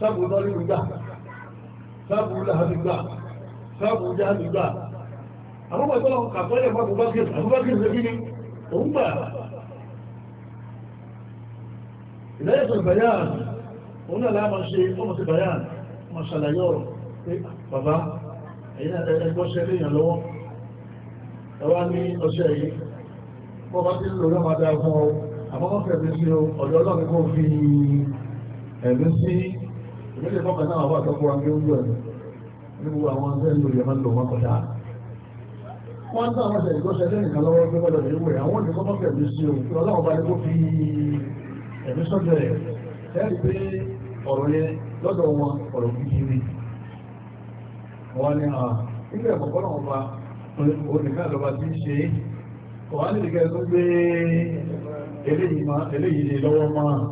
سابوا ظالم الله سابوا لها بالله سابوا جهل الله أما ما يقول لهم قطايا ما أبو بكر أبو بكر زميلي هم إذا يصل بيان هنا لا من شيء هم في بيان ما شاء الله يور بابا هنا أشياء لي لو أواني أشياء bọ́ bá ti lò lọ́wọ́ dáa fún ọ wọ́n fẹ̀mí àwọn ọ̀sẹ̀ náà bá onìkan lọ́ba ń ṣe é wọ́n ní ìgbẹ́ tó gbé eléyìí lọ́wọ́ máa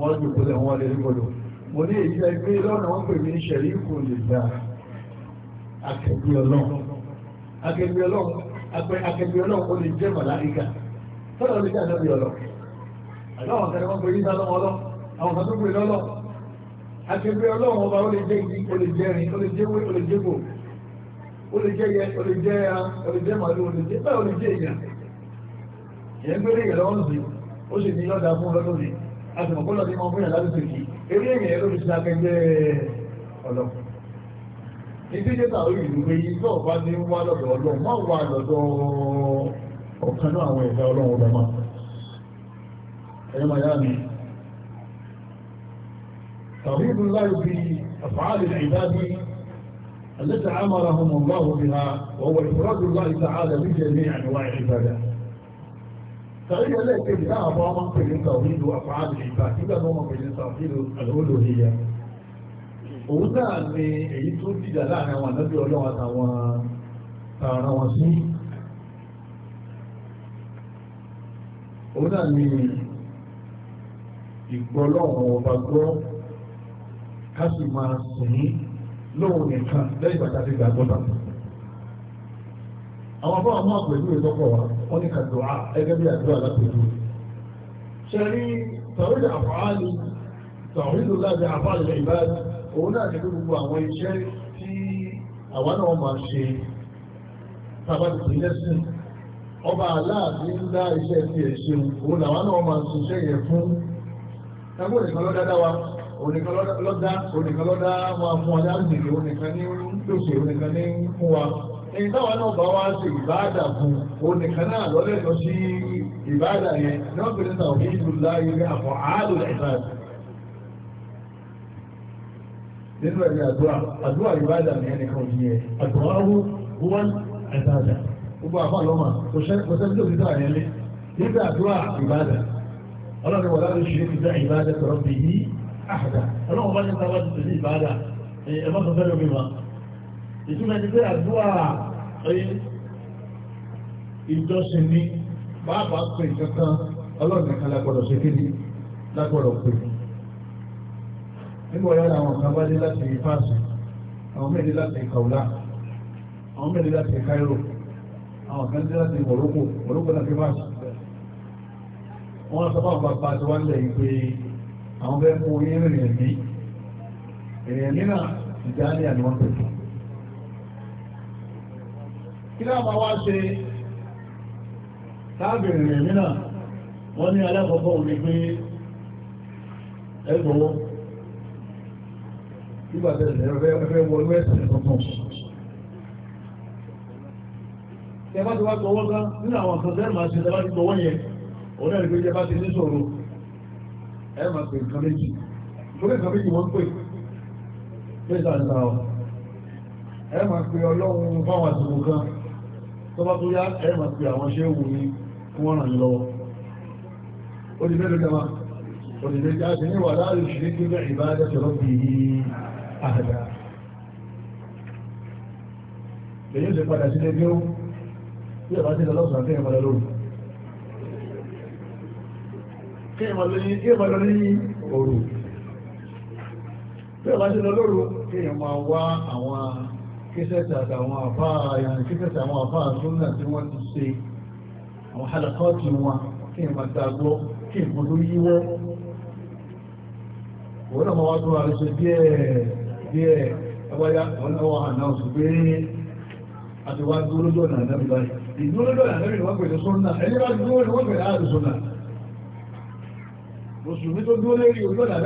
wọ́n jù kó lẹ̀ wọ́n lè rí gbọ́dọ̀ mo ní èyí ẹ gbé lọ́nà wọ́n pè mí ṣẹ̀rí kò lè dá akẹgbẹ́ ọlọ́run akẹgbẹ́ ọlọ́run ó lè jẹ́ màláríkà tọ́lọ̀ lè jẹ́ ànábì ọlọ́run àláwọn kan wọ́n pè yí sálọ́mọ ọlọ́run àwọn kan tó pè lọ́lọ́ akẹgbẹ́ ọlọ́run ọba ó lè jẹ́ igi ó lè jẹ́ rin ó lè jẹ́ wé ó lè jẹ́ bò ó lè jẹ́ yẹ ó lè jẹ́ ya ó lè jẹ́ màlúù ó lè jẹ́ bẹ́ẹ̀ ó lè jẹ́ èèyàn ìyẹn gbé léèrè lọ́wọ́ sí ó sì ní lọ́dà fún lọ́dún ni a e mọ̀ kó lọ́dún máa ń bóyá láti sèkì eré èèyàn ló fi sí akẹgbẹ́ ọ̀lọ́ ibi orí ìlú pé iṣẹ́ ọ̀bá ní wá lọ́dọ̀ ọlọ́run wọ́n wà lọ́dọ̀ ọ̀kan àwọn ọlọ́run sàríyà lẹ́ẹ̀kejì náà àwọn ọmọ pèlè tàwílù àfáàlì ìgbà nígbà tó wọ́n pèlè tàwílù alólòhìyà òun náà ni èyí tó dìjà láàrin àwọn ànábì ọlọ́run àtàwọn tààrà wọn sí òun náà ni ìgbọ́lọ́run ọba gbọ́ ká sì máa sìn lóhun nìkan lẹ́yìn pàtàkì gbàgbọ́ tàbí àwọn afọ́ àwọn àpèjú ìtọ́kọ̀ wa wọ́n ní kàdùá ẹgẹ́ bí àdúrà lápẹ̀lú. ṣẹ́rí tàwílì àfààní tàwílì láti àfààní ìbáàdì òun náà ní gbogbo àwọn iṣẹ́ tí àwa náà máa ṣe tábàdì sí lẹ́sìn ọba aláàbí ń dá iṣẹ́ tí ẹ̀ ṣe òun làwa náà máa ṣiṣẹ́ yẹn fún ẹgbẹ́ ònìkan ló dáadáa wa ònìkan ló dá ònìkan ló dá máa fún ọjà ní táwọn náà bá wá ṣe ìbáàdà fún onìkan náà lọ́lẹ́tọ̀ sí ìbáàdà yẹn ní wọ́n pèrè náà ní ìlú láyé ní àpò àádọ́ ìbáàdà nínú ẹ̀rí àdúrà àdúrà ìbáàdà ní ẹnìkan òjì yẹn àdúrà ọ̀hún wọ́n ìbáàdà gbogbo àfà lọ́mà kò sẹ́ni tó ti tà yẹn lé nígbà àdúrà ìbáàdà ọlọ́run wọ̀lá ìtumọ̀ ti pé àdúrà ìjọsìn ni bàbá pè kankan ọlọ́run nìkan lágbọ́dọ̀ ṣe kéde lágbọ́dọ̀ pè nígbà yára àwọn kan bá dé láti fásitì àwọn mẹ́rin láti kàwùlá àwọn mẹ́rin láti Cairo àwọn kan dé láti Morocco Morocco láti fásitì wọ́n sọ fún àpapà tí wọ́n lẹ̀ pé àwọn bẹ́ẹ̀ mú orí rìnrìn ẹ̀mí èèyàn nínà ìjà ní àníwọ̀n pẹ̀lú kí láàmà wá ṣe tábìrì rẹ̀ mìíràn wọ́n ní alákọ̀ọ́kọ́ òní pé ẹgbọ́wọ́ nígbàtẹ̀lẹ̀ ẹgbẹ́ wọlú ẹ̀sìn tuntun tí a bá ti wá gbọ́wọ́ gan nínú àwọn kan tẹ́rù máa ṣe tẹ́bá ti gbọ́wọ́ yẹn òun náà nígbé jẹba ti níṣòro ẹ máa pè nǹkan méjì tó lè nǹkan méjì tọ́bá tó yá ẹ̀mà pé àwọn ṣe wù ní wọ́n ràn lọ́wọ́ ó di mẹ́lú jama ó di mẹ́lú jáde ní wà láàrin ṣe ní kí ní ìbájá tọ́rọ bí i àdá lèyí lè padà sí lẹ́gbẹ́ ó bí ẹ̀bá sí lọ́sàn àti ẹ̀mà lọ́rùn kí ẹ̀mà lọ́rí òru bí ẹ̀bá sí kí ẹ̀mà wá àwọn kíṣẹ́tì àtàwọn àfáà yàní kíṣẹ́tì àwọn àfáà súnà tí wọ́n ti ṣe àwọn halakọ́ọ̀tì wọn kí n máa gbàgbọ́ kí n kúrú yíwọ́ òun náà wá tó wà lóṣe díẹ̀ díẹ̀ abáyá wọn náà wà náà sùn pé àti wá dúró lójó náà náà báyìí ìdúró lójó náà náà wọ́n pèlè ọ̀nà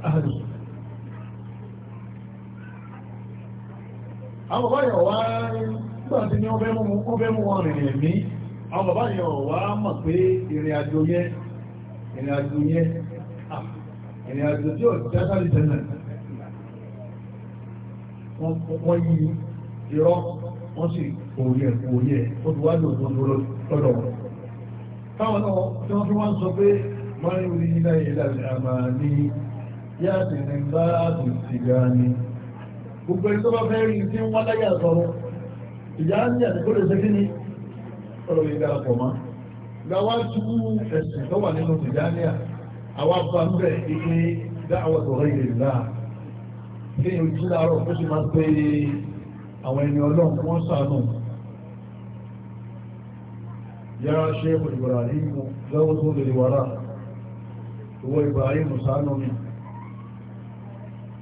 náà àwọn bàbá yọ̀ wá nígbà tí ní ọbẹ̀ mú wọn rìnrìn ẹ̀mí àwọn bàbá yọ̀ wá mọ̀ pé ìrìn àjò yẹn ìrìn àjò yẹn ìrìn àjò tí ò tí átàlì tẹ́lẹ̀ wọ́n yí irọ́ wọ́n sì òye òye ó ti wá lòdò lọ́dọ̀ wọn táwọn náà tí wọ́n fi wá ń sọ pé wọ́n rí ilé ìlànà àmà ní yáàdì nígbà tó ti ga ni gbogbo ẹni tó bá fẹ́ rí tí wọ́n láyé àtọrọ ìyá ń yà tó lè sẹ́kí ní ọ̀rọ̀ ìgbà àpọ̀ mọ́ gbàwá tú ẹ̀sìn tó wà nínú tìjáníà àwa bá ń bẹ̀ ike dáhàwọ̀ tọ̀rọ̀ ìrè ńlá kí ni ojú láàárọ̀ tó sì máa ń pè àwọn ẹni ọlọ́run wọ́n sànù yára ṣe ìbòdìbòrà nínú lọ́wọ́ tó lè wàrà owó ìbáyé mùsànù mi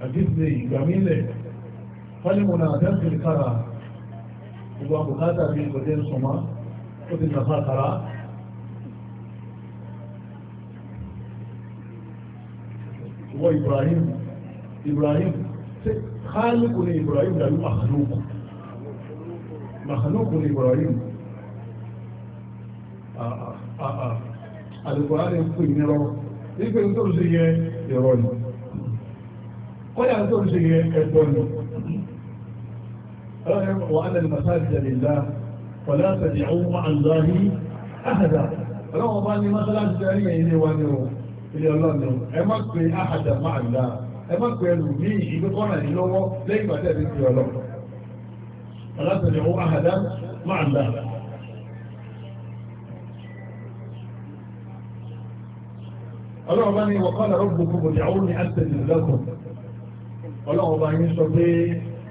àdìsí ìgbàmílẹ̀ fọ́límùnà àdẹ́sìn kára gbogbo àbùkátà bí kò dé sọmọ́ ó ti nàfà kára ìwọ Ibrahim Ibrahim tí kálùkù ní Ibrahim dàbí mahalúkù mahalúkù ní Ibrahim àlùkùránì ń pè ní rọrùn nígbè tó ń ṣe yẹ ìrọ̀lù kọ́yà tó ń ṣe yẹ ẹ̀bọ̀lù وأن المساجد لله فلا تدعوا مع الله أحدا ọlọ́wọ́ bá ní mọ́sálásí tẹ́rí ilé wa ní ohun ilé ọlọ́ni ẹ má pé àhàdà máa là ẹ má pé ẹlù ní ìlú kọ́nà ní lọ́wọ́ lẹ́yìn ìgbà tẹ́rí ti ọlọ́ ọlọ́tẹ̀lẹ̀wọ́ àhàdà máa là ọlọ́wọ́ bá ní wọ̀kọ́nà rọ́gbùkú bọ̀dẹ̀ àwọn ní àtẹ̀lẹ̀ lọ́kùn ọlọ́wọ́ bá ní sọ pé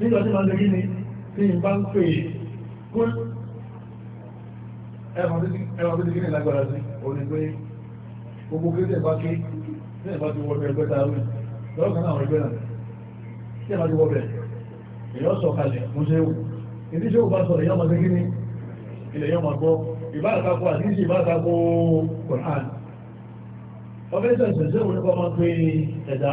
nígbà tí máa dẹ̀rí ni tí n bá ń pè é kó ẹwà tó ti kí ní lágbára sí òní pé gbogbo kéde bá ké ní ìbá ti wọlé ẹgbẹ́ tá a wí lọ́wọ́ kan àwọn ẹgbẹ́ náà tí ìbá ti wọlé èyàn sọ kalẹ̀ mo ṣe wù ìdí ṣe òbá sọ̀rọ̀ èyàn máa dẹ̀rí ni ilẹ̀ yọ máa gbọ́ ìbá àtakọ àti ìṣe ìbá àtakọ kọ̀ọ̀án ọ̀fẹ́ sẹ̀sẹ̀ sẹ́wọ̀n nípa máa pé ẹ̀dá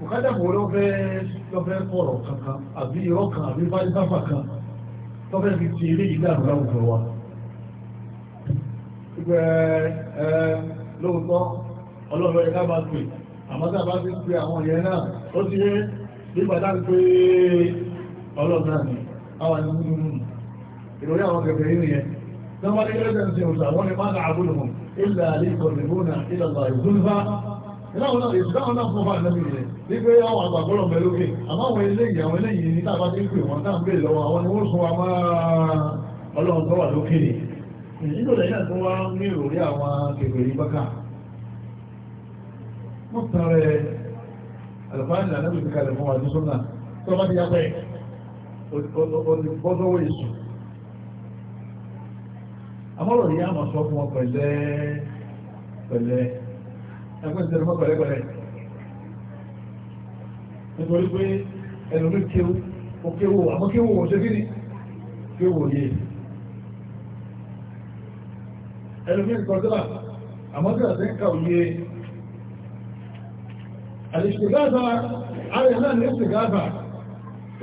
mùkádàmù lọ́fẹ́ fọ̀rọ̀ kankan àbí irọ́ kan àbí fáìsáfà kan lọ́fẹ́ fi ti ilé ìdá àrùn láwùjọ wa ìgbẹ́ ẹ lóòótọ́ ọlọ́rọ̀ a bá ti pe a pé ọlọ́run náà ni àwọn ẹni nínú nínú ìròyìn àwọn kẹfẹ́ yìí ìlànà náà èsì táwọn náà fún wa lẹ́nu yẹn wípé àwọn àgbàgbọ́rọ̀ mẹ́lú pé àmọ́ àwọn eléyìí àwọn eléyìí ní tàbá tí ń pè wọ́n náà ń bè lọ́wọ́ àwọn ni wọ́n sún wa máa ọlọ́run tó wà lókè ní ìlú lẹ́yìn tó wá ní ìròrí àwọn kèfèrè bákà wọ́n tààrẹ àlùfáàní àlẹ́bí ti kalẹ̀ fún wa ní sọ́nà tó bá ti yàgbẹ́ ọdúnbọ́sọ́wọ́ èsù àmọ́rọ̀ ni sọ fún wọn pẹ̀lẹ́ pẹ̀lẹ́ ẹgbẹ́ ìṣẹ́lẹ̀ mọ́ pẹ̀lẹ́pẹ̀lẹ́ nítorí pé ẹnu ní kéwú ó kéwú àmọ́ kéwú wọ́n ṣe kíni kéwú yé ẹnu ní kọjọ́lá àmọ́ tí àti ń ka òye àlìṣègáàbà ààrẹ náà ní ìṣègáàbà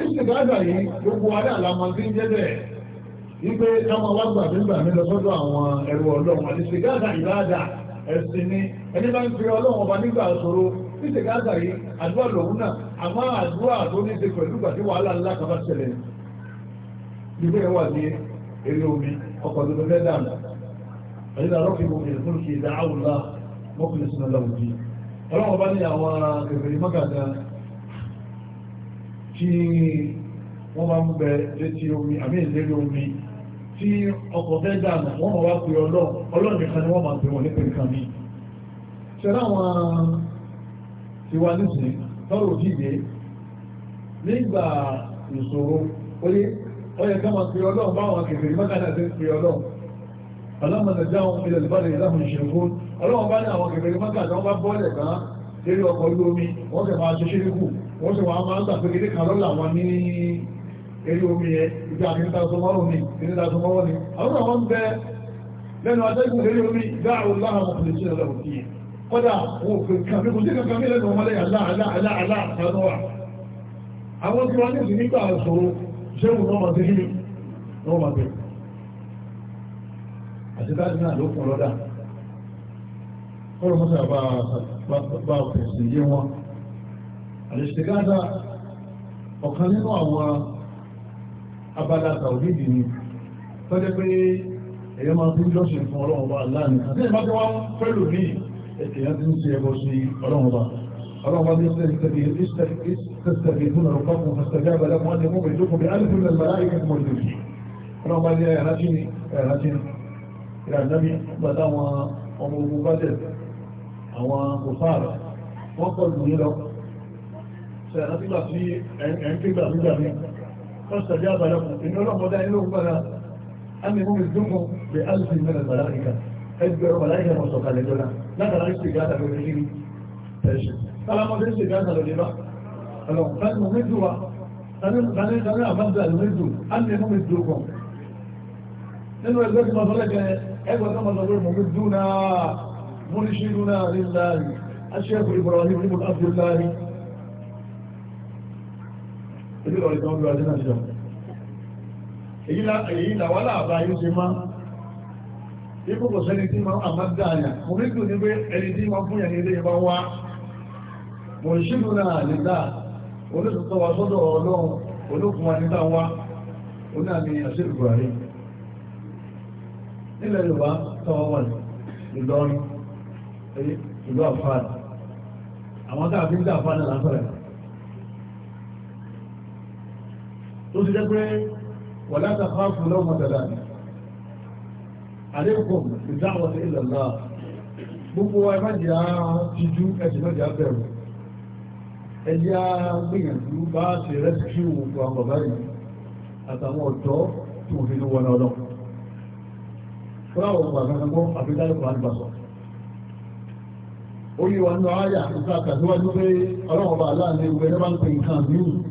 ìṣègáàbà yìí gbogbo adé àlàmọ́ sí ń jẹ́ bẹ́ẹ̀ wípé táwọn wá gbàgbé lọ sọ́dọ̀ àwọn ẹrù ọlọ́run àlìṣègáàbà ìbáàdà ẹ̀sìn ni ẹni bá ń fi ọlọ́run ọba nígbà ṣòro títí gáàsà yìí àdúrà lòun náà àmọ́ àdúrà tó ní ṣe pẹ̀lú wàhálà ńlá kan bá ṣẹlẹ̀ wà omi ọkọ̀ tuntun ọba ní àwọn tí ọkọ̀ fẹ́ dànù wọ́n máa wá pè ọlọ́ ọlọ́run nìkan ni wọ́n máa pè wọ́n nípa nǹkan mi. ṣẹlẹ àwọn tiwa nísìnyí tọrọ dìde nígbà ìṣòro oyé ọyẹ ká máa pè ọlọ́run báwọn kèfèrè mọ́kànlá ti ń pè ọlọ́run alámọ̀nà dáhùn ilẹ̀ ìbálẹ̀ ìlàhùn ìṣẹ̀kún ọlọ́run bá ní àwọn kèfèrè mọ́kànlá wọn bá bọ́ọ̀lẹ̀ kan lérí ọkọ̀ olómi wọ́n sì máa ṣe ṣíríkù wọ́n sì wọ́n máa ń tàbí kékeré kan lọ́la wọn ní eré omi ẹ ìgbà àmì níta sọmọ́rọ̀ ni ìníta sọmọ́rọ̀ ni àwọn àwọn ń bẹ lẹ́nu atẹ́gùn eré omi ìgbà àwọn àwọn ọmọdé sí ọlọ́run sí i kọ́dà wọn ò fẹ́ kàmí kò sí kankan lẹ́nu ọmọdé aláàláàláà sanúwà àwọn tí wọ́n ní sí nígbà àṣòro ṣéwù náà máa ti rí náà máa bẹ̀rẹ̀ àti láti náà ló pọ̀ lọ́dà kọ́rọ̀ mọ́sà bá fẹ̀sì yé wọn àlèṣègáta ọ̀kan nínú àwọn abala tàwídì ni tọ́jẹ́ pé èyàn máa fi jọ́sìn fún ọlọ́run bá láàrin àti ìbá tí wọ́n pẹ̀lú ní èyàn ti ń ṣe ẹbọ sí ọlọ́run bá ọlọ́run bá díẹ̀ sẹ́yìn tẹ̀lé ìtẹ̀sẹ̀lẹ̀ fún ọ̀rọ̀ pápọ̀ fẹsẹ̀lẹ̀ abala wọn ni wọ́n pẹ̀lú kòmí alifun lẹ́gbàrá ìkẹ́ mọ̀ ìlú ọlọ́run bá díẹ̀ ẹ̀rájí ni ẹ̀rájí ni ìrànlẹ́bí gbàdá àwọn ọmọ ogun bá dẹ̀ àwọn kòfààrà wọ́n pọ̀ lù ní lọ sẹ̀rájí gbà sí ẹ̀ńkígbà nígbà ní فاستجاب لكم إن رب دائلهم بنا أنهم يزدنكم بألف من الملائكة اجبروا ملائكة مصدقة لدنا لكن الاستجابة بالرجيم فلما الاستجابة لدنا فلو كانوا مدوا فنحن مبدأ المد أنهم يزدنكم لأنه يزدنك ما فلك أيوة كما نقول ممدونا منشدنا لله الشيخ إبراهيم ابن عبد الله ìbí ọ̀rẹ́ tó ń gbọ́ ọdún náà jọ èyí làwálà àbá yóò ṣe máa ikú kò sẹ́ni tí máa àmá dáàyà mo rí kò ní pé ẹni tí máa fún yẹn ilé ìbá wá mo ṣínú náà lè dá olóòtútọ́ wa sọ́dọ̀ ọlọ́run olókun wa nígbà wá oní àmì àṣírí buhari nílẹ̀ yorùbá táwọn ìlú àfáà àwọn tá a fi ń dá àfáà náà tó ti jẹ́ pé wà láta ká fún lọ́wọ́ dada ni àlékún ìdáwọ̀ sí ìlàlá gbogbo wa ìmájìá ti jú ẹ̀jẹ̀ mẹ́jẹ̀ abẹ́rù ẹ̀yà gbìyànjú bá ṣe rẹ́síkú gbogbo àwọn bàbá àtàwọn ọ̀dọ́ tó fi ní wọn lọ́wọ́ fúláwọ̀ bàbá kan gbọ́ àbídálẹ́kọ̀ọ́ àdìbàsọ̀ ó yí wa nínú àyà nípa àtàdúwájú pé ọlọ́wọ́ bàbá aláàlẹ́ ìwé ẹ̀rọ bá ń pè nǹkan mìíràn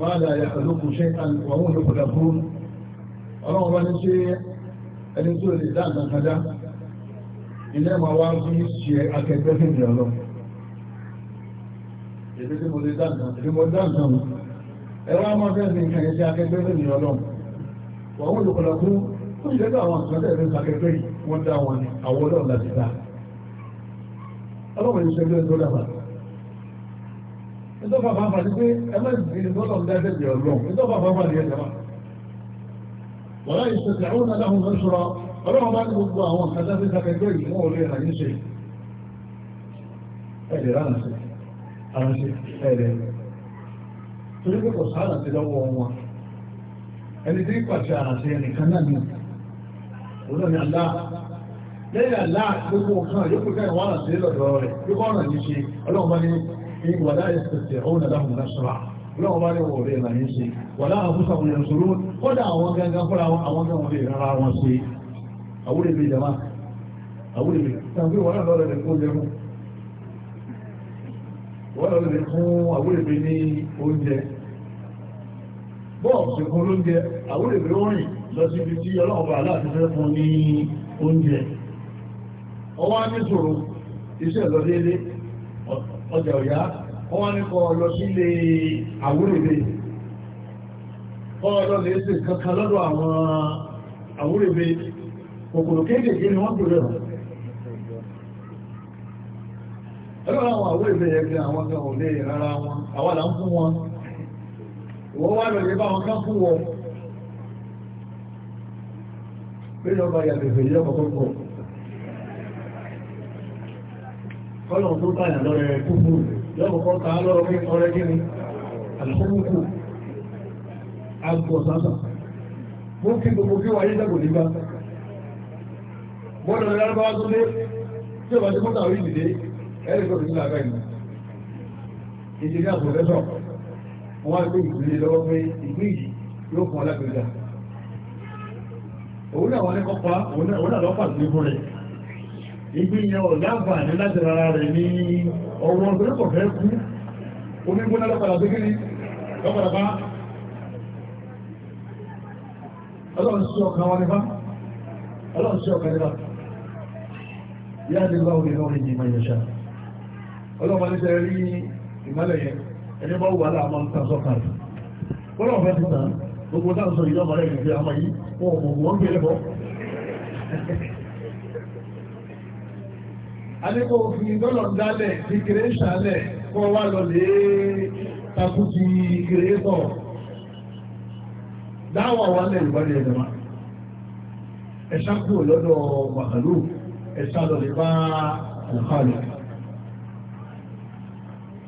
ما لا yà lókun ṣe àwọn olùkọ̀dà fún ọlọ́run bá ní ṣe ẹni tó lè dá àtàkàdá ilé ma wá fi ṣe akẹgbẹ́ fèdè ọlọ́ èdè tí mo lè dá àtàkàdá èdè mo dá àtàkàdá ẹwà máa fẹ́ ní ìkànnì ṣe akẹgbẹ́ fèdè ọlọ́ àwọn olùkọ̀dà fún ó ṣe dá àwọn àtàkàdá ẹ̀rẹ́ sàkẹgbẹ́ wọ́n dá wọn ni àwọn ọlọ́run láti dá nítorí bàbá bàbá ni pé ẹgbẹ́ ìgbìyànjú lọ́dọ̀ ń dájẹ́ ìyọ̀ lọ nítorí bàbá bàbá ni ẹ̀jẹ̀ wọ́n láì ṣẹ̀ṣẹ̀ àwọn aláhùn ló ṣọ́ra ọlọ́run bá ní gbogbo àwọn kàtà sí sàkẹgbẹ́ ìwọ̀n orí ẹ̀ràyìn ṣe ẹ̀dẹ̀ ránṣẹ́ ránṣẹ́ ẹ̀dẹ̀ torí pé kò sáàrà sí lọ́wọ́ wọn ẹni tí pàṣẹ àràṣẹ ẹnìkan náà ni òun fi wàlá ìsẹ̀sẹ̀ ọ̀nà láhùn náṣọ́rà lọ́wọ́ bá lẹ́wọ̀ rẹ̀ là ń ṣe wàlá àbúṣà wọn ìrìnṣòro kọ́dà àwọn gangan fúnra wọn àwọn gangan lè rárá wọn ṣe àwúrẹ̀ mi jama àwúrẹ̀ mi tàbí wọ́n náà lọ́rẹ̀ rẹ̀ kó jẹun wọ́n lọ́rẹ̀ rẹ̀ fún àwúrẹ̀ mi ní oúnjẹ bọ́ọ̀ ṣe fún lóúnjẹ àwúrẹ̀ mi rìn lọ sí ibi tí ọlọ́run bá aláàfin fẹ́ fún ní oúnjẹ ọwọ́ á ní sọ̀rọ̀ iṣẹ́ lọ déédéé ọjà ọ̀yá wọ́n wá nípa ọ̀lọ́ sílé àwúrèbè ọ̀lọ́ lè ṣe kankan lọ́dọ̀ àwọn àwúrèbè kòkòrò kéékèèké ni wọ́n tó rẹ̀ pé wọn wọn kọ́lọ̀ tó báyà lọ́rẹ̀ kúkú lọ́kọ̀ọ́ ta lọ́rọ̀ pé ọrẹ́ gíní alùpùpù agbọ̀sánsà mú kí gbogbo kí wáyé dàgbò nígbà bọ́ọ̀lù rẹ̀ lárúbáwá tó dé tí ó bá ti mọ́ta orí ìdílé ẹ̀rí kò nílò ìgbìyàn ọ̀láàbà ní láti rárá rẹ̀ ní ọwọ́ ọ̀fẹ́kọ̀fẹ́ kú onígbóná lọ́pàá tó gírí lọ́pàá bá ọlọ́run sí ọkàn wọn nípa ọlọ́run sí ọkàn nípa yá ní bá orí náà ní ìmọ̀ ìyẹ̀ṣà ọlọ́run ní sẹ́rí ìmọ̀lẹ̀ yẹn ẹni bá wà láàmọ́ ń tàn sọ́kàn rẹ̀ kọ́lọ̀ fẹ́ ti tàn gbogbo táwọn sọ ìjọba rẹ̀ nígbà àmọ́ yìí wọ́n mọ̀ wọ́n gbé lẹ́bọ̀ọ́ alẹ́kọ̀ọ́ òfin tọ́lọ̀ dálẹ̀ ti kéré ṣàlẹ̀ kọ́ wá lọ lè takùtì kéré tọ̀ dáwọ̀ wà lẹ́yìn wá lẹ́yìn lọ́wọ́ ẹ̀ṣá kúrò lọ́dọ̀ màkàlù ẹ̀ṣá lọ lè bá àlùfáàlù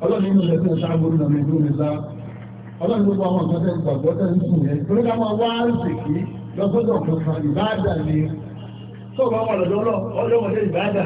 ọlọ́run ní ìlẹ̀ tó ṣáàbù nà mí ló ní sá ọlọ́run gbogbo àwọn nǹkan tẹ́ ń gbàgbọ́ tẹ́ ń sùn yẹn torí ká máa wá ìsìnkí lọ́sọ́dọ̀ kan ìbáàdà ni tó bá wà lọ́dọ̀ ọlọ́mọdé ìbáàdà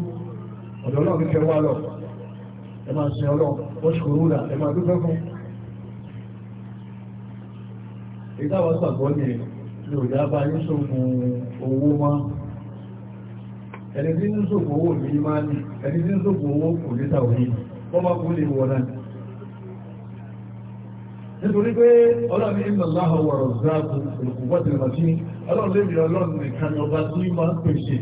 ọ̀dọ̀ náà fífẹ́ wá lọ ẹ máa sin ọlọ́ wọ́n ṣe kòrúnà ẹ máa dúpẹ́ fún ìdáwọ́ sàgbọ́ ní ní òjá bá yí sóògùn owó mọ́ ẹni tí ń sóògùn owó ní máa ní ẹni tí ń sóògùn owó kò ní tàwí wọ́n máa kún lè wọ náà nítorí pé ọlọ́run ní ìlàláhọ̀wọ̀rọ̀ záàkù òkùnkùn wọ́n ti rọ̀ sí ọlọ́run lè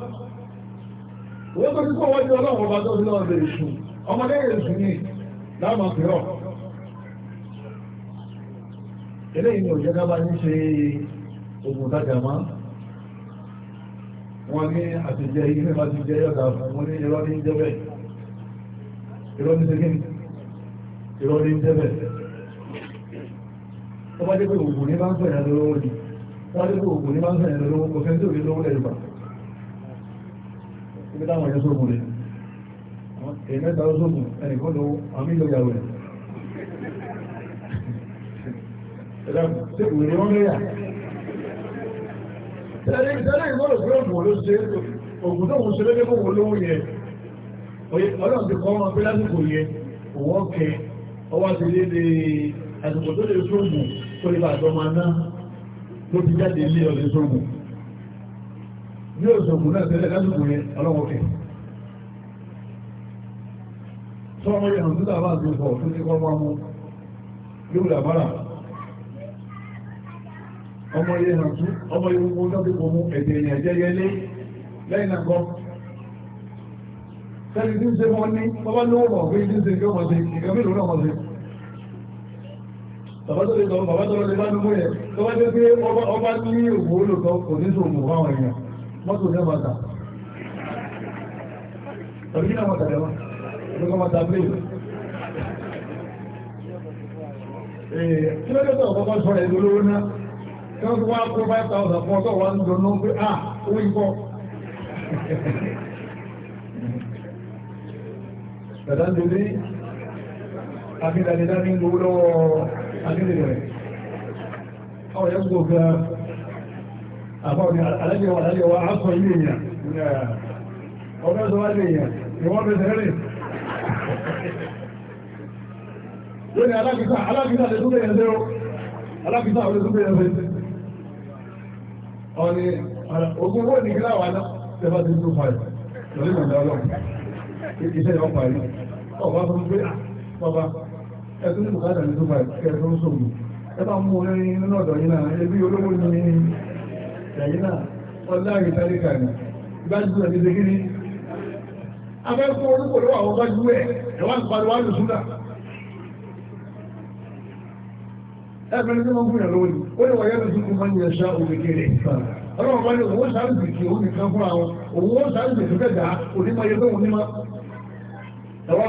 wọ́n ogun tájà máa wọ́n ní àtijẹ́ ilé máa ti jẹ́ yọ̀dà fún wọn ní irọ́ ní jẹ́bẹ̀ irọ́ ní sẹ́kìn irọ́ ní jẹ́bẹ̀ tó bá dé pé ògùn ní bá ń sọ̀yà lọ́wọ́ ni tó bá dé pé ògùn ní bá ń sọ̀yà lọ́wọ́ pé táwọn ẹ̀yọ́ sóògùn rẹ̀ èyí mẹ́ta ló sóògùn ẹnì kan ló àmì ìlú ìyàwó rẹ̀ ṣe ìwé wọn lè yà tẹ́lẹ̀ ìtẹ́lẹ̀ ìgbọ́dọ̀ pé ògùn ló ṣe ògùn tó ń ṣe lé lébò wọn lówó yẹ ọlọ́run ti kọ́ ọmọ pé lásìkò yẹ òwò ọkẹ ọwọ́ ti lé lè àsìkò tó lè sóògùn tó lè bàtọ́ máa ná ló ti jáde lé ọ̀lẹ́ sóògùn ní òṣògùn náà tẹ́lẹ̀ lásìkò yẹn ọlọ́wọ́ kẹ́ sọ́mọ́ ìrìn tó dàbà tó sọ tó ní mú yóò làbára ọmọ ilé hàn tú ọmọ ilé gbogbo tọ́bí kò mú ẹ̀jẹ̀ ìyẹn jẹ́ yẹlé lẹ́yìn náà kọ́ sẹ́ni tí ń ṣe wọ́n ní bọ́bá lówó mọ̀ pé tí ń ṣe ọmọ ṣe ìgbà mélòó bàbá tó lè sọ bàbá tó lè bá nínú yẹ tó bá jẹ́ pé ọba ní òwò olùkọ́ kò ní sòmù fáwọn èèyàn mọ́tò ní ọmọ ta ọ̀rí náà mọ́tà lẹ́wọ́n ọ̀rí mọ́tà bíi kí ló dé tó ọ̀kọ́kọ́ sọ ẹ̀ lólówó ná kí wọ́n wá kó five thousand fún ọ̀tọ̀ wọn lọ náà pé ah owó ìbọ̀ dàdá ń dèlé àbí dàdé dání ń gbowó lọ́wọ́ àdílé rẹ̀ ọ̀rẹ́ gbogbo gan àbáwọn alájẹwà alájẹwà àkọ ilé èèyàn ọgbẹ́ tó wá lè èèyàn ni wọ́n bẹ̀ tẹ́lẹ̀ lónìí alágbèsà alágbèsà lè túnbẹ̀ yẹn lẹ́rọ alágbèsà lè túnbẹ̀ yẹn lẹ́rọ ọ̀ni ogun owó ní kíláwà náà tẹ́fà ti tún fa ẹ̀ lórí mọ̀lẹ́ ọlọ́run iṣẹ́ ìwọ̀n parí ọba tó ń gbé ọba ẹ̀tún ní bùkátà ní tún ẹ̀yìn náà ọláàrin tàríkà ní gbájú ẹ̀ nílé gírí afẹ́kún orúkọ lọ́wọ́ àwọn gbájú ẹ̀ ẹ̀wà ń parí wájú súnà ẹgbẹ̀rẹ̀ tí wọ́n fún ìrànlọ́wọ́ ni ó lè wáyé kí òun nìkan fún àwọn owó tó fẹ́dà onímọ̀ yẹ lóhun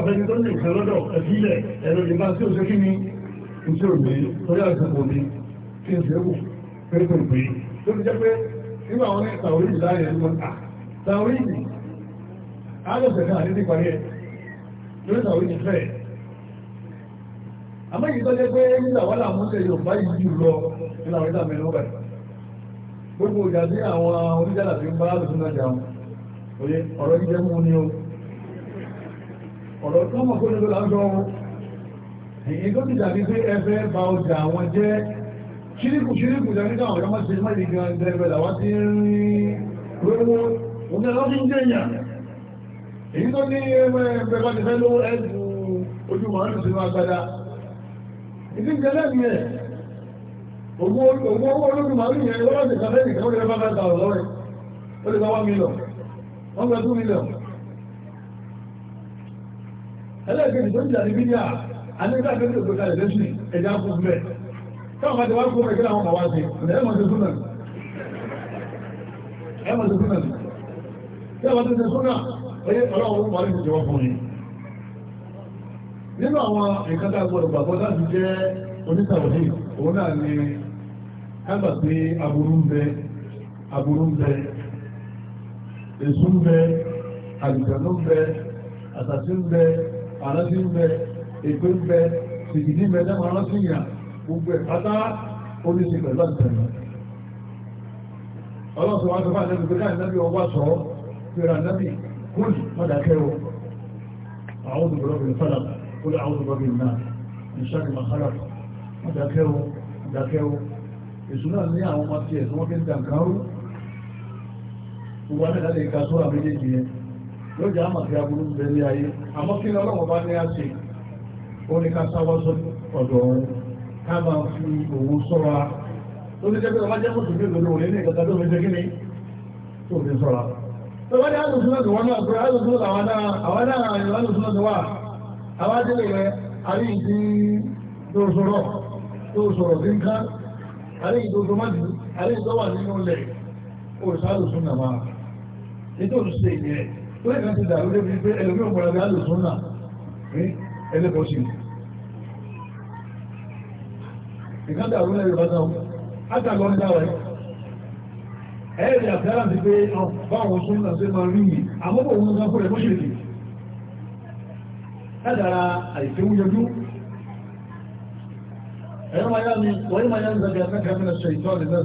fẹ́ni tó ní ìkan lọ́dọ̀ ẹ̀fílẹ̀ ẹ̀rọ ìbá tí ó ni iṣẹ́ òní torí àìsàn òní kí n ṣe é wò pé pé pé tó ti jẹ́ pé nígbà wọn ní tàwíìdì láàrin ẹ̀lú wọn tàwíìdì alọ́sẹ̀ náà nílé parí ẹ̀ lórí tàwíìdì fẹ́ àmọ́ tó jẹ́ pé nígbà wọn ọ̀rọ̀ tó mọ̀ kó ní lọ́jọ́ wọn èyí tó ti dàbí pé ẹfẹ́ ba ọjà àwọn jẹ́ ṣíríkù ṣíríkù jẹ́ríkà àwọn ọmọ ṣe máa ìgbà ìdẹ̀rẹ̀bẹ̀lá wá ti rí gbogbo oúnjẹ lọ́fí ń jẹ́yà èyí tó ní ẹgbẹ̀bá ti fẹ́ ló ẹ̀dù ojú màálù sí máa gbada ìdí jẹ́lẹ̀ ní ẹ̀ owó olóògùn màálù yẹn lọ́wọ́ ti kàfẹ́ nìkan ó lè bá bá ta ọ̀rọ̀ rẹ̀ ó lè bá wá mílọ̀ wọ́n gbà tún mílọ̀ ẹlẹ́gbẹ̀ẹ́ tó ń jà ní bídíà a ní ká táwọn bá ti wá kúrò ìgbéra àwọn kàwá sí ẹ̀ ẹ̀ máa ti súnà ẹ̀ máa ti súnà tí a bá ti ti súnà ẹ̀ ọlọ́run wà ní ìjọba fún yìí nínú àwọn nǹkan tá a gbọdọ̀ gbàgbọ́ láti jẹ́ onítàwọ̀dì òun náà ni kágbà pé aburú ń bẹ aburú ń bẹ èso ń bẹ àgbẹ̀dẹ̀ ń bẹ àtàtì ń bẹ àrántí ń bẹ ègbé ń bẹ sìgìdì ń bẹ dáhùn arántí yàn gbogbo ẹ̀ pátá ó ní sí pẹ̀lú àtẹ̀yìn ọlọ́sọ̀ wá sọ́fà lẹ́nu pé káà nábì ọwá sọ fẹ́ra nábì kúlì padà kẹwọ́ àwọn olùgbọ́lọ́bì fẹ́lá kúlì àwọn olùgbọ́bì náà ìṣàkì màkàrà kẹwọ́ ní àwọn ọmọ tí ká máa fi òun sọ́ra tó ní jẹ́ pé ọmọ jẹ́ mùsùlùmí lórí òun ní ìkàtà tó fi jẹ́ kíni tó fi sọ́ra tó wọ́n ní alùsùn náà wọ́n náà pé alùsùn náà àwọn náà àwọn náà àwọn alùsùn náà wà àwọn adélé rẹ̀ àrí ìdí tó sọ̀rọ̀ tó sọ̀rọ̀ sí nǹkan àrí ìdí tó má jù àrí ìdí tó wà nínú ilẹ̀ òrìṣà alùsùn náà máa ètò òṣìṣẹ́ ìyẹn tó lè kàn ti dàrú débi pé ìkádà àwọn ẹ̀rọ bá náà átàlọ́ ń dáwà ẹ̀rì àtàrà ti pé báwọn súnmọ́ sí máa rí yìí àmọ́bọ̀ wọn sá fúrẹ̀ mọ́ṣẹ̀lì ẹ̀dàrà àìkéwúyọjú ẹ̀rọ máa yá ni wọ́n máa yá ń zàgbé àtàkàmìnà ṣe ìtọ́ àdìsẹ́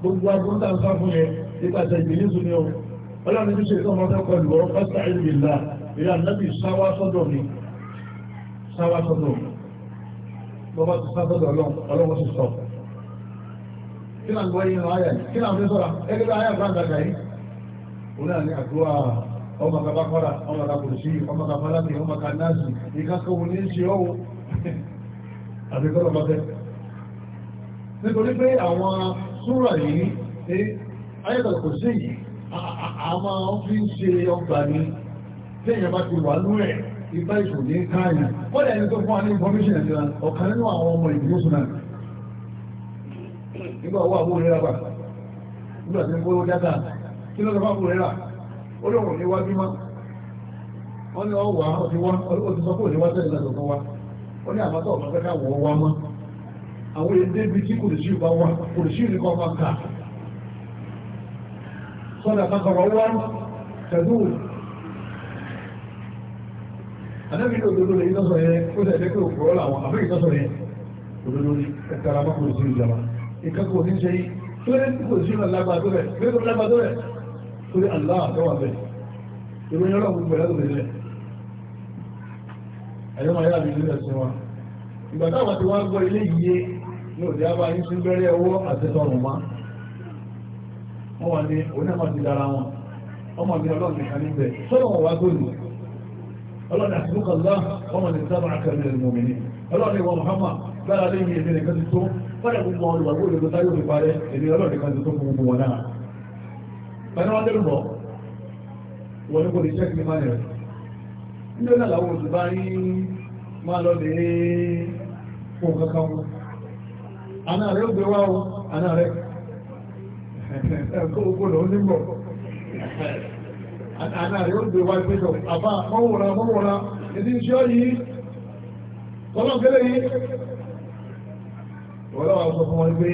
gbogbo agbóńtà ń sá fún yẹ nípasẹ̀ ìgbìlẹ̀ sùn ní ọ ọlọ́run ní ṣe ìtọ́ máa fẹ́ kọlu ọ bọ́bá ti sá sọ́dọ̀ ọlọ́run ọlọ́run sì sọ. kí náà ń gbọ́ yín ayà yìí kí náà ń fi sọ́ra ẹgbẹ́ bá ayà bá ń dàgbà yìí. òun náà ní àdúrà ọmọ kaba kọ́ra ọmọ kaba kùrùsí ọmọ kaba lábì ọmọ kaba náàsì ìkákọ̀wò ní í ṣe ọ̀wọ̀ àti kọ́lọ̀ bá bẹ́ẹ̀. nítorí pé àwọn súrà yìí ní ayẹ́tọ̀ kò sí yìí àwọn fi ń ṣe ọgbà ni tí èèyàn bá ti wà lóòrẹ̀ ìgbà ìṣò ní káàyàn ó lè ẹni tó fún wa ní information ẹ̀sìn ọ̀kan nínú àwọn ọmọ ìdúró sùn náà nígbà owó àbúrò rẹ̀ rà nígbà tí ó dáta kí ló lọ́pàá àbúrò rẹ̀ rà ó lóun ní wá bímọ wọ́n ní ọwọ́ wa ó ti wá ó ti sọ pé òní wá sẹ́yìn láti ọ̀kan wá ó ní àbátọ̀ ọ̀kan fẹ́ káwọ̀ wá mọ́ àwọn èdè bíi tí kò lè sí ìbá wá kò lè sí ìrìkọ́ ọmọ kà sọ́dà kankan wọ́n tẹ̀dúrù anábì òdodo lè iná sọ yẹ kó lè lẹ́kọ̀ọ́ òkúrọ́ làwọn àbí ìtọ́ sọ yẹ òdodo ní ẹ̀tara mọ́ kò sí ìjọba ìkan kò ní ṣe yí tó lè kò sí ìrìn lágbàdo rẹ̀ lè kò lágbàdo rẹ̀ tó lè àlá àtọwà bẹ̀ ìròyìn ọlọ́run gbogbo ẹ̀rọ lè lẹ̀ ẹ̀yọ́ máa yára ìlú ẹ̀sìn wa ìgbà táwọn ti wá gbọ́ ilé yìí ní òde àbá yín sí bẹ́rẹ̀ ọwọ́ àtẹ́tọ̀rùn má wọ́n wà ní onímọ̀ ti dára wọn ọmọ mi ọlọ́run nìkan níbẹ̀ sọ́dọ̀ wọn wá gbòòlù ọlọ́dà àtúkọ̀ lọ́wọ́ ọmọ ní sábà akẹ́rẹ́ ní mọ̀mìnì ọlọ́dà ìwọ Muhammad lára lẹ́yìn èdè nìkan ti tó fọ́dà gbogbo àwọn olùwàgbò olùkọ́ táyọ̀ ti parẹ́ èdè ọlọ́dà kan ti tó fún gbogbo wọn náà. pẹ̀lú wọn dẹ́rù bọ̀ wọn ní kò ní sẹ́kì máa yẹn. ilé náà làwọn oṣù bá rí máa lọ lè fún kankan wọn. àná rẹ̀ ó gbé wá o àná rẹ̀ kó o kó lọ ó ní bọ̀ àná rẹ̀ ó gbé wá ìpéjọ àbá mọ́wòrán mọ́wòrán ìdí iṣẹ́ yìí tọ́lọ́gẹ́lẹ́ yìí wọ́n lọ́wọ́ sọ fún wọn pé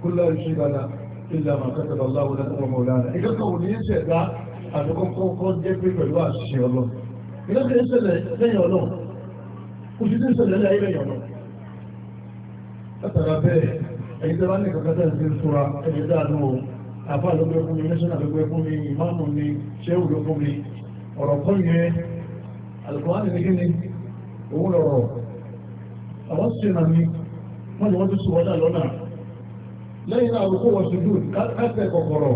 kúlọ̀ ìṣẹ́ dada ilẹ̀ àmà kẹtàlá láwọn lẹ́kọ̀ọ́ mọ̀lára ìkẹ́kọ̀ọ́ òní ìṣẹ̀dá àtọ́kọ́kọ́ jẹ́ pé pẹ̀lú àṣìṣe ọlọ́ ìlọ́sẹ̀ ìṣẹ̀lẹ̀ lẹ́yìn ọlọ́ oṣù tí ìṣẹ̀lẹ̀ lẹ́yìn ọlọ́ látara bẹ́ẹ̀ ẹ̀yìn tẹ́lá ní kàkàtà ìṣẹ́ ìṣúra ẹ̀yìn dáadọ́ àfà ló gbé fún mi mẹ́sàn-án ló gbé fún mi ìmáàmù ni ṣéwù ló fún mi ọ̀rọ̀ kọ́ yẹn alùpùpù ní kí ni òun lọ̀rọ̀ àwọn sì nà ní wọ́n ni wọ́n ti sùn wọ́dà lọ́nà lẹ́yìn náà àrùkú wọ̀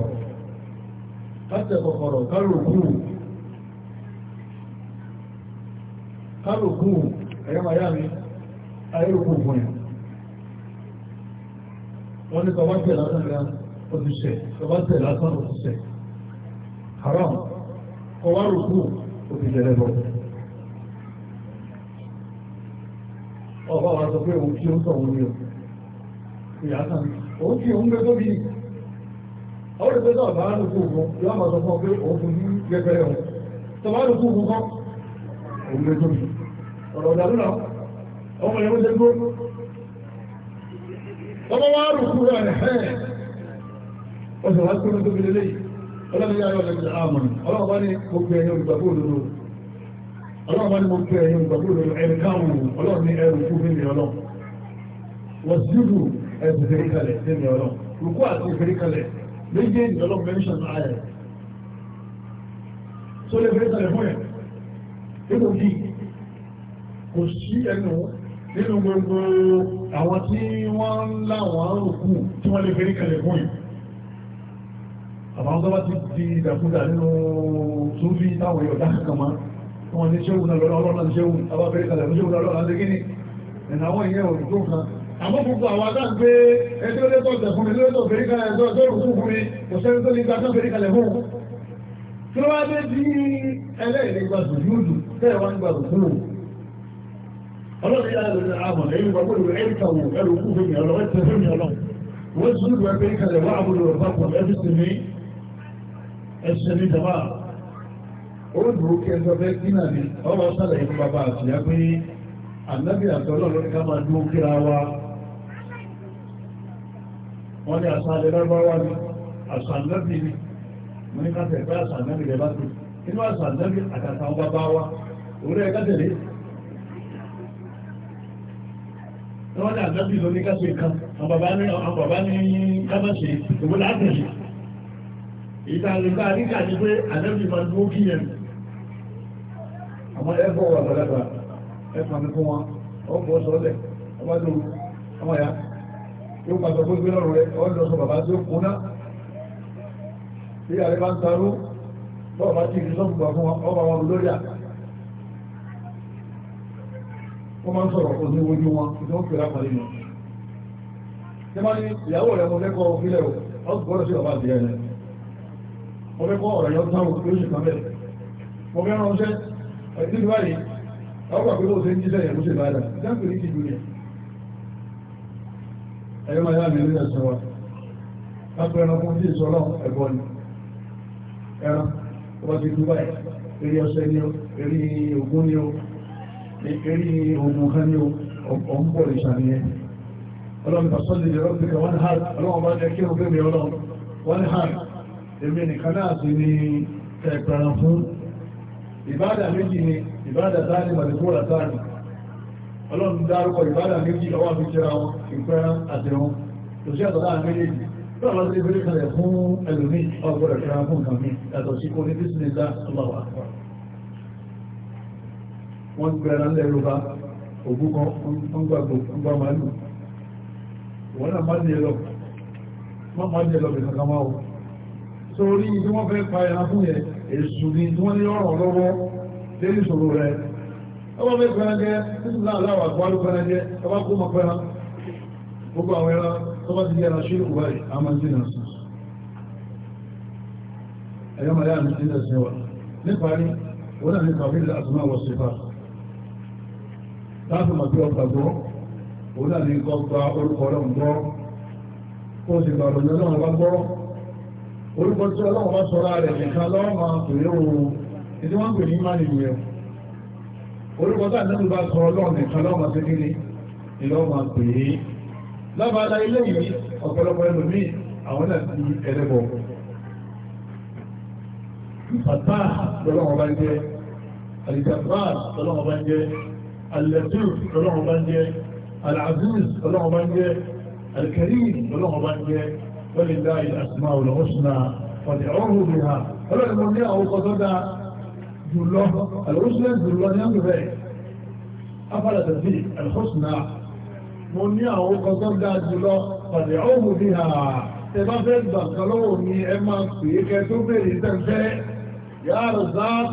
òṣìṣẹ́ ọba tẹ̀ lásán òṣìṣẹ́ haram ọwá rùkú òṣìṣẹ́ lẹ́bọ̀ ọba wa sọ pé òun kí ó ń sọ̀rọ̀ ní o ìyá kan òun kí òun gbé tó bí ọ̀rẹ́ pé náà bá rùkú òun yóò máa sọ fún ọ pé òun fún ní gẹ́gẹ́ òun tó bá rùkú òun kọ́ òun gbé tó bí ọ̀rọ̀ ọ̀dàlú náà ọmọ ìyẹn ó ṣe gbó ọmọ wa rùkú rẹ̀ ọ̀sẹ̀ wá sí ọdún tó fi lélẹ̀ yìí ọlọ́run yára ọ̀lẹ́gbẹ̀ àmọ̀nà ọlọ́run bá ní gbogbo ẹ̀yẹ olùgbàgbọ́ òdodo ọlọ́run bá ní gbogbo ẹ̀yẹ olùgbàgbọ́ òdodo ẹ̀rù káwọn ọlọ́run ní ẹrù fún mi ọlọ́run wọ́n sí jù ẹ̀sì fèrè kalẹ̀ sí mi ọlọ́run rúkú àti fèrè kalẹ̀ méjèèjì ọlọ́run mẹ́ńṣọ̀n ayẹ̀ tó lè fèrè kalẹ̀ fún ẹ̀ nínú bí kò sí ẹnu nínú gbogbo àwọn tí wọ́n láwọn rúkú tí wọ́n lè fèrè fún ẹ̀ àwọn tó bá ti di ìdàkúdà nínú sófí táwọn yọ̀dá kankan ma wọ́n ní ṣéhùn náà lọ́nà ọlọ́nà ṣéhùn abábẹ́rẹ́ kalẹ̀ ní ṣéhùn náà lọ́nà ṣe gíní ẹ̀nà àwọn ìyẹn òdúgbò kan àmọ́ gbogbo àwọn adá gbé ẹjọ́ lẹ́tọ̀ ọ̀tẹ̀ fún mi lẹ́tọ̀ fẹ́rí kalẹ̀ ẹjọ́ ọjọ́ òkú fún mi kò sẹ́ni tó ní gba tán fẹ́rí kalẹ̀ fún kí ló wá dé bí ẹlẹ́ẹ̀lẹ́ gba sùjúdù tẹ́ẹ̀ wá ń gba sùjúdù ọlọ́run yára lórí àwọn ẹ̀yìn gbogbo ẹ̀ríkà wò ẹ̀rù kú fún mi ọlọ́run ẹ̀tẹ̀ fún wọ́n sùjúdù ẹgbẹ́ kalẹ̀ wá àbúrò ẹsẹ̀ ní jọba ó dúró kí ẹjọ́ fẹ́ kí náà ni ọlọ́ sálẹ̀ ìlú bàbá àti ya pé ànábì àtọ́lọ́ lórí ká máa dúró kíra wa wọ́n ní àṣà alẹ́ lọ́wọ́ ni àṣà ànábì ni mo ní káfẹ́ pé àṣà ànábì rẹ̀ bá tó inú àṣà ànábì àtàtà ọba bá wa òwúrọ̀ ẹ̀ kájẹ̀lé wọ́n ní ànábì lórí káfẹ́ kan àwọn bàbá ní kábàṣe òwúrọ̀ àtẹ̀lé ìtàlùkà àríkà ní pé àlẹ́bì máa dúó kí yẹn àwọn ẹgbọ́ wà lọ́lẹ́gbà ẹfà mi fún wọn ọgbọ́ sọ́lẹ̀ ọmọdé ọmọ ya yóò pàtó fún gbé lọ́rùn rẹ ọdún sọ bàbá tí ó kúnná bí àrẹ bá ń tarú bọ́ọ̀ bá ti rí sọ́gbùgbà fún ọba wọn lórí à wọ́n máa ń sọ̀rọ̀ òní ojú wọn ìjọ ń pèrà pàdé nù. Ṣé máa ní ìyàwó rẹ̀ mo lẹ́kọ̀ọ́ fílẹ̀ ọgbọ́n sí ọba àti ẹ̀rẹ̀ mo fẹ́ kọ́ ọ̀rọ̀ yọ tán òkú lóṣù kan bẹ́ẹ̀ mo fẹ́ ràn ṣẹ́ ẹ̀dí ìlú báyìí ọgbà pé ni ẹran ọba ti dùn báyìí eré ọṣẹ ni ó eré ògùn ni ó eré ògùn kan ni ó ọ̀n bọ̀ ìṣàníyẹn ọlọ́run ìfàsọ́lẹ̀ ìrọ́pẹ̀kẹ̀ wọ́n hàn ọlọ́run bá jẹ́ kí ó bẹ̀rẹ̀ ọlọ́run wọ́n èmi nìkan náà sí ní ẹ̀pẹ̀ràn fún ìbádà méjì ni ìbádà sáàdì màlìkúrà sáàdì ọlọ́run dárúkọ ìbádà méjì ọwọ́ fi jẹ́ wọn ìpẹ́ràn àti wọn tó sí àtọ́lá méjèèjì tó àwọn tí ìbílẹ̀ kalẹ̀ fún ẹlòmí ọgbọ̀rọ̀ ìpẹ́ràn fún nǹkan mi yàtọ̀ sí kó ní bísínílá ọlọ́wà wọ́n gbẹ̀rẹ̀ lẹ́ yorùbá ògùn kan ń gbàgbọ́ ń gbà màálù wọ́n náà má dé lọ má má dé lọ bẹ̀rẹ̀ kan máa wọ̀ sórí tí wọ́n fẹ́ pa ẹran fún yẹ èṣù ni tí wọ́n ní ọ̀rọ̀ lọ́wọ́ lórí ìṣòro rẹ̀ ọwọ́ fẹ́ pẹran jẹ́ títí láàláwà gbọ́lú pẹran jẹ́ ọba kó mọ pẹran gbogbo àwọn ẹran tó bá ti yẹra ṣe ìwà rẹ̀ a máa ń dínà sí ẹ̀yọ́ màá yà mí sí ẹ̀sìn wa níparí wọ́n náà nípa bí àtúnmá wọ sí fa láti mọ̀ pé ọgbà gbọ́ òun náà ní kọ́ gba orúkọ ọlọ́run gbọ́ kó o sì gbàgbọ́ ọlọ́run bá gbọ́ orúkọ tí ọlọ́run bá sọ́ra rẹ̀ nìkan lọ́wọ́ máa pèrè ohun ìdí wọ́n pè ní mánìlú ẹ̀ orúkọ tí àdánù bá sọ ọlọ́run nìkan lọ́wọ́ máa pèrè ìlọ́wọ́ máa pèrè lábàdá ilé yìí ọ̀pọ̀lọpọ̀ ẹlòmíì àwọn náà ti ẹlẹ́bọ̀ ìfàtà lọ́lọ́run bá ń jẹ́ àlìjàmbá lọ́lọ́run bá ń jẹ́ àlẹ́tù lọ́lọ́run bá ń jẹ́ àlàzíz lọ́lọ́run bá ń jẹ́ àlìkẹ́rì lọ́lọ́run bá ń jẹ́ ولله الأسماء الحسنى فدعوه بها فلا المرنية أو قصد جله الحسنى جله ينبغي أفلا تزيد الحسنى مرنية أو قصد جله فادعوه بها تبا فيك بقلوني إما فيك تبري تنفي يا رزاق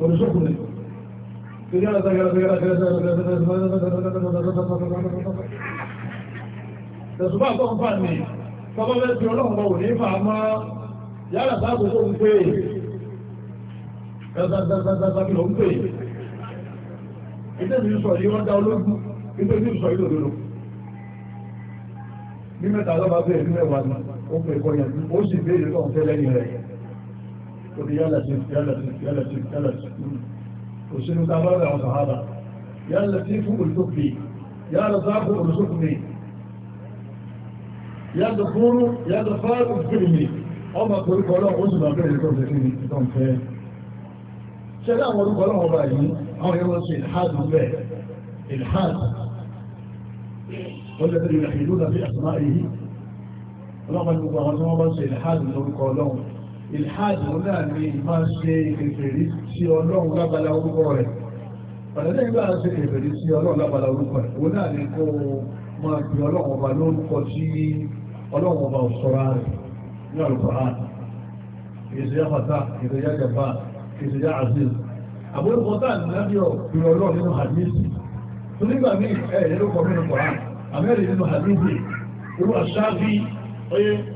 ورزقني تجارة تجارة تجارة تجارة تجارة تجارة تجارة تجارة تجارة تجارة تجارة tọ́bọ́ bẹ́ẹ̀ tí ọlọ́run bọ̀ ní fà má yàrá sáàbù tó ń pè é ẹ̀sàtàtàtàbí ń pè é ilé sọ yìí dá ológun ilé mi sọ yìí lòdòdò ní mẹ́ta lọ́ba bẹ́ẹ̀ ní mẹ́wàá ni ó pè kọ́ yẹn ó sì béèrè lọ́wọ́ fẹ́ lẹ́yìn rẹ̀ ó di yálà sí yálà sí yálà sí yálà sí kò sínú ká bá rẹ̀ àwọn sàhábà yálà sí fún olùsókè yálà sáàbù olùsókè yàtọ̀kúrú yàtọ̀kọ́rù fìlìmì ọmọ orúkọ ọlọ́run oṣù bàbá ẹ̀rẹ́ tó fẹ́ kí ni tó ń fẹ́ ṣẹlẹ̀ àwọn orúkọ ọlọ́run ọba yìí àwọn ẹ̀rọ ṣe ìlhàdù bẹ́ẹ̀ ìlhàdù wọ́n lẹ́tẹ̀lẹ̀ ìlú nàbí àtúmá èyí ọlọ́pàá ní gbogbo àwọn tí wọ́n bá ṣe ìlhàdù lórúkọ ọlọ́run ìlhàdù náà ni máa ṣe kèfèrí sí ọlọ́run lábala orúkọ rẹ̀ pàtàkì nígbà ṣe kèfèrí sí ọlọ́run lábala orúkọ rẹ̀ òun náà ni kó máa fi ọlọ́run ọba lórúkọ sí ولو مضى الصرار يا القرآن في زيافة في زيا جبا في زيا عزيز أبو الغطان من أبيو في الولوح لنو حديث تريد أمين أي يلوك من القرآن أميري من حديث هو الشافي إيه،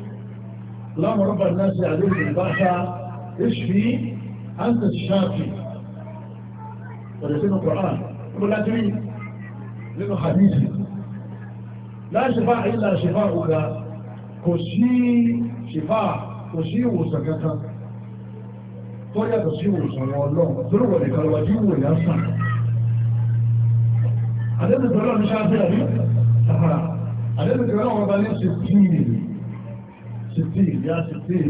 لا لما الناس يعدون في الباشا إيش فيه أنت الشافي فلسين القرآن ولا تريد لنو حديث لا شفاء إلا شفاءك kò sí ṣìfà kò sí ìwòsàn kẹta tó yàtọ̀ sí ìwòsàn wọn ọlọ́run tó lọ́wọ́ nìkan lọ́wọ́ tí wò yá sàn àdébì tó lọ́wọ́ ní ṣáájú àbí sàfàrà àdébì tó lọ́wọ́ bá ní ṣe tíì ṣe tíì yá ṣe tíì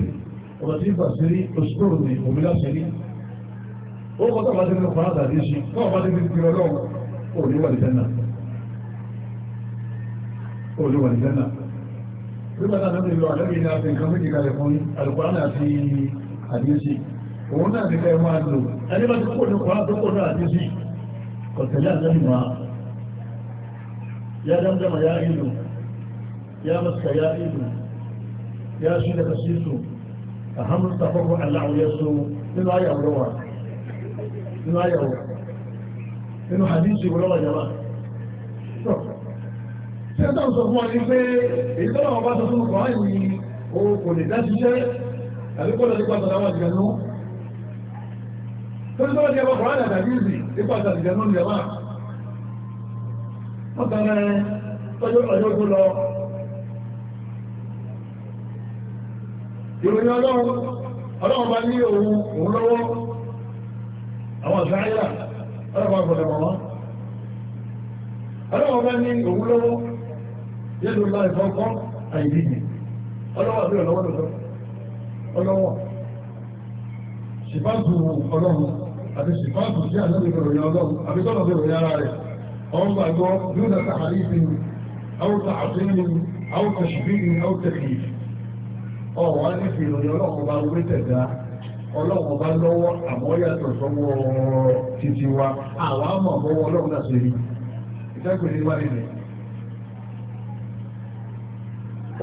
ọ̀rọ̀ tí ìgbà sí rí oṣù ní òmìnira ṣe rí ó kọ́ tó bá ti ní ọkọ̀ àdàdé ṣe tó bá ti ní ìpínlẹ̀ ọlọ́run ò wà ní tẹ́nà nígbàtà lọ́dún ìlú àlẹ́bí ní àti nǹkan méjì kalẹ̀ fún alùpàánà àti àdíyèsí òun náà ní kẹ́ máa lò ẹni bá ti kó ní kọ́lá tó kó ní àdíyèsí kọ̀tẹ̀lẹ́ àlẹ́bí máa ya dámdáma ya ìlú ya maska ya ìlú ya ṣí da ka sísù a hamdu ta aláwọ̀ ya so nínú ayàwó nínú ayàwó nínú hadisi wọ́lọ́wọ́ jama'a tí sọ fún ọ pé èyí náà bá sọ fún ọkọ̀ àìní o lè dá ṣiṣẹ́ tàbí kó lọ nípa tọ̀dá wọn ìjẹ̀nú tó ní tó ní ẹwọ́ ní ẹ̀wà wọ́n kàn rẹ̀ tọ́jú ọjọ́ tó lọ ìròyìn ọlọ́run ọlọ́run bá ní òun òun yẹ́lú láì fọ́kọ́ àìdíyì ọlọ́wọ́ àbí ọlọ́wọ́ lọ́wọ́ ọlọ́wọ́ ṣìfáàtù ọlọ́run àti ṣìfáàtù sí àlẹ́bẹ̀ ìròyìn ọlọ́run àbí tọ́lọ̀ bí ìròyìn ara rẹ̀ ọ̀rọ̀ gbàgbọ́ yóò dá tàhálífì àwọn tàhálífì àwọn tàṣìfì àwọn tẹ̀kì ọ̀rọ̀ wá ní ìròyìn ọlọ́run bá wé tẹ̀dá ọlọ́run bá lọ́wọ́ àmọ́ yàtọ̀ sọ́wọ́ títí wa àwọn àmọ̀ ọ̀bọ̀wọ́ ọlọ́run náà ṣe rí ìtẹ́kùn ní wáyé nìyẹn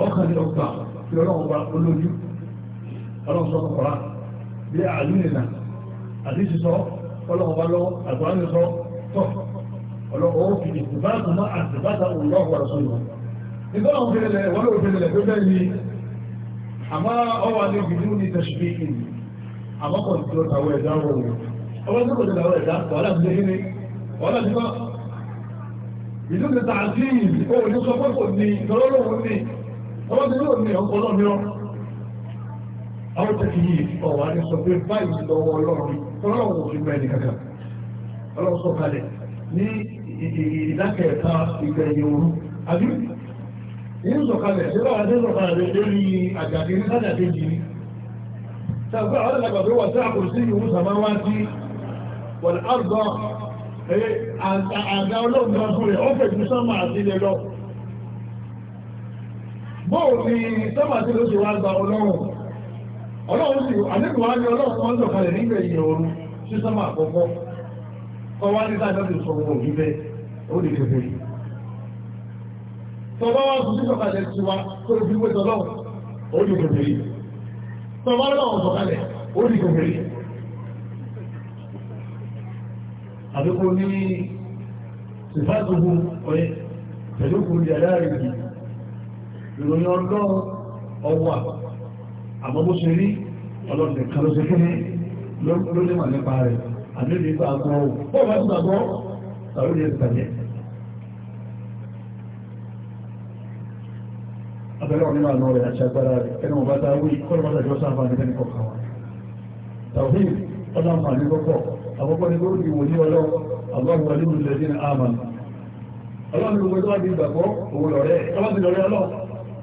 ọkàn ní ọgbà fi ọlọ́run bá olójú ọlọ́run sọ kọ̀ọ̀rá bí àlúnìlà àdíṣì sọ ọlọ́run bá lọ́wọ́ àgbáyé sọ tọ́ ọlọ́run ó fi ìbáàbù má àtìbáta olóòwò àṣọ ìwọ̀n nígbà wọn fi lẹ̀ wọ́n lóò fi lẹ̀ tó bẹ́ẹ̀ ni àmọ́ ọwà ní ìbínú ní tẹ̀sùbí ìlú àmọ́ kò ní tó tàwọn ẹ̀dá wọ̀ wọ̀ ọwọ́ tó kò ní tàwọn ẹ̀dá wàhálà ti sọ pé kò ní ìtọ́lọ́lọ́wọ́ ní Ọwọ́ ti lóò ní ọkọ̀ ọlọ́mìíràn. Àwọn tẹ̀kì yìí ọ̀wà ní sọ pé báyìí lọ́wọ́ ọlọ́run, ọlọ́run ò fi mẹ́ ní kankan. Ọlọ́run sọ kalẹ̀ ní ìdákẹ̀ẹ́ta ìgbẹ̀yìn òru. Àbí? Ìyẹn sọ kalẹ̀, ṣé báwa dé sọ kalẹ̀ lórí àjàdé ní sájà kejì ni? àwọn ìlàgbà pé wà sí àkùrùsí ìwú sàmáwá sí wọ̀n àgbà àgbà ọlọ́run kan fún rẹ̀, bóò sọ́mà tí ló ṣe wá gba ọlọ́run ọlọ́run sì àdéhùn wá ní ọlọ́run wọn lọ kalẹ̀ nígbà ìyẹn ooru sí sọ́mà àkọ́kọ́ kọ́ wá ní sáà lọ́sẹ̀ sọ òbí wa lè fi wé ó lè tètè yìí. lọ́wọ́ ó lè tètè yìí. ní ọ̀yẹ́ pẹ̀lú kùn ìròyìn ọlọ́run ọwà àmọ́ bó ṣe rí ọlọ́run nìkan ló ṣe kí ni ló lè mà nípa rẹ̀ àmì ìlú ìgbà àgbọ̀ ọ̀ bọ́ọ̀ bá ti gbàgbọ́ tàbí ìlú ìgbàjẹ́. abẹ́rẹ́ ọ̀nà àná rẹ̀ àti agbára rẹ̀ ẹni wọ́n bá dá wí kọ́lọ́ bàtà ìjọ sáfà ní ẹni kọ̀ọ̀kan wa. tàbí ọ̀nà àǹfààní kọ́kọ́ àkọ́kọ́ ni lórí ìwòye ọlọ́run àbáwọn wọlé ìlú lẹ́dínà àmàlà ọlọ́run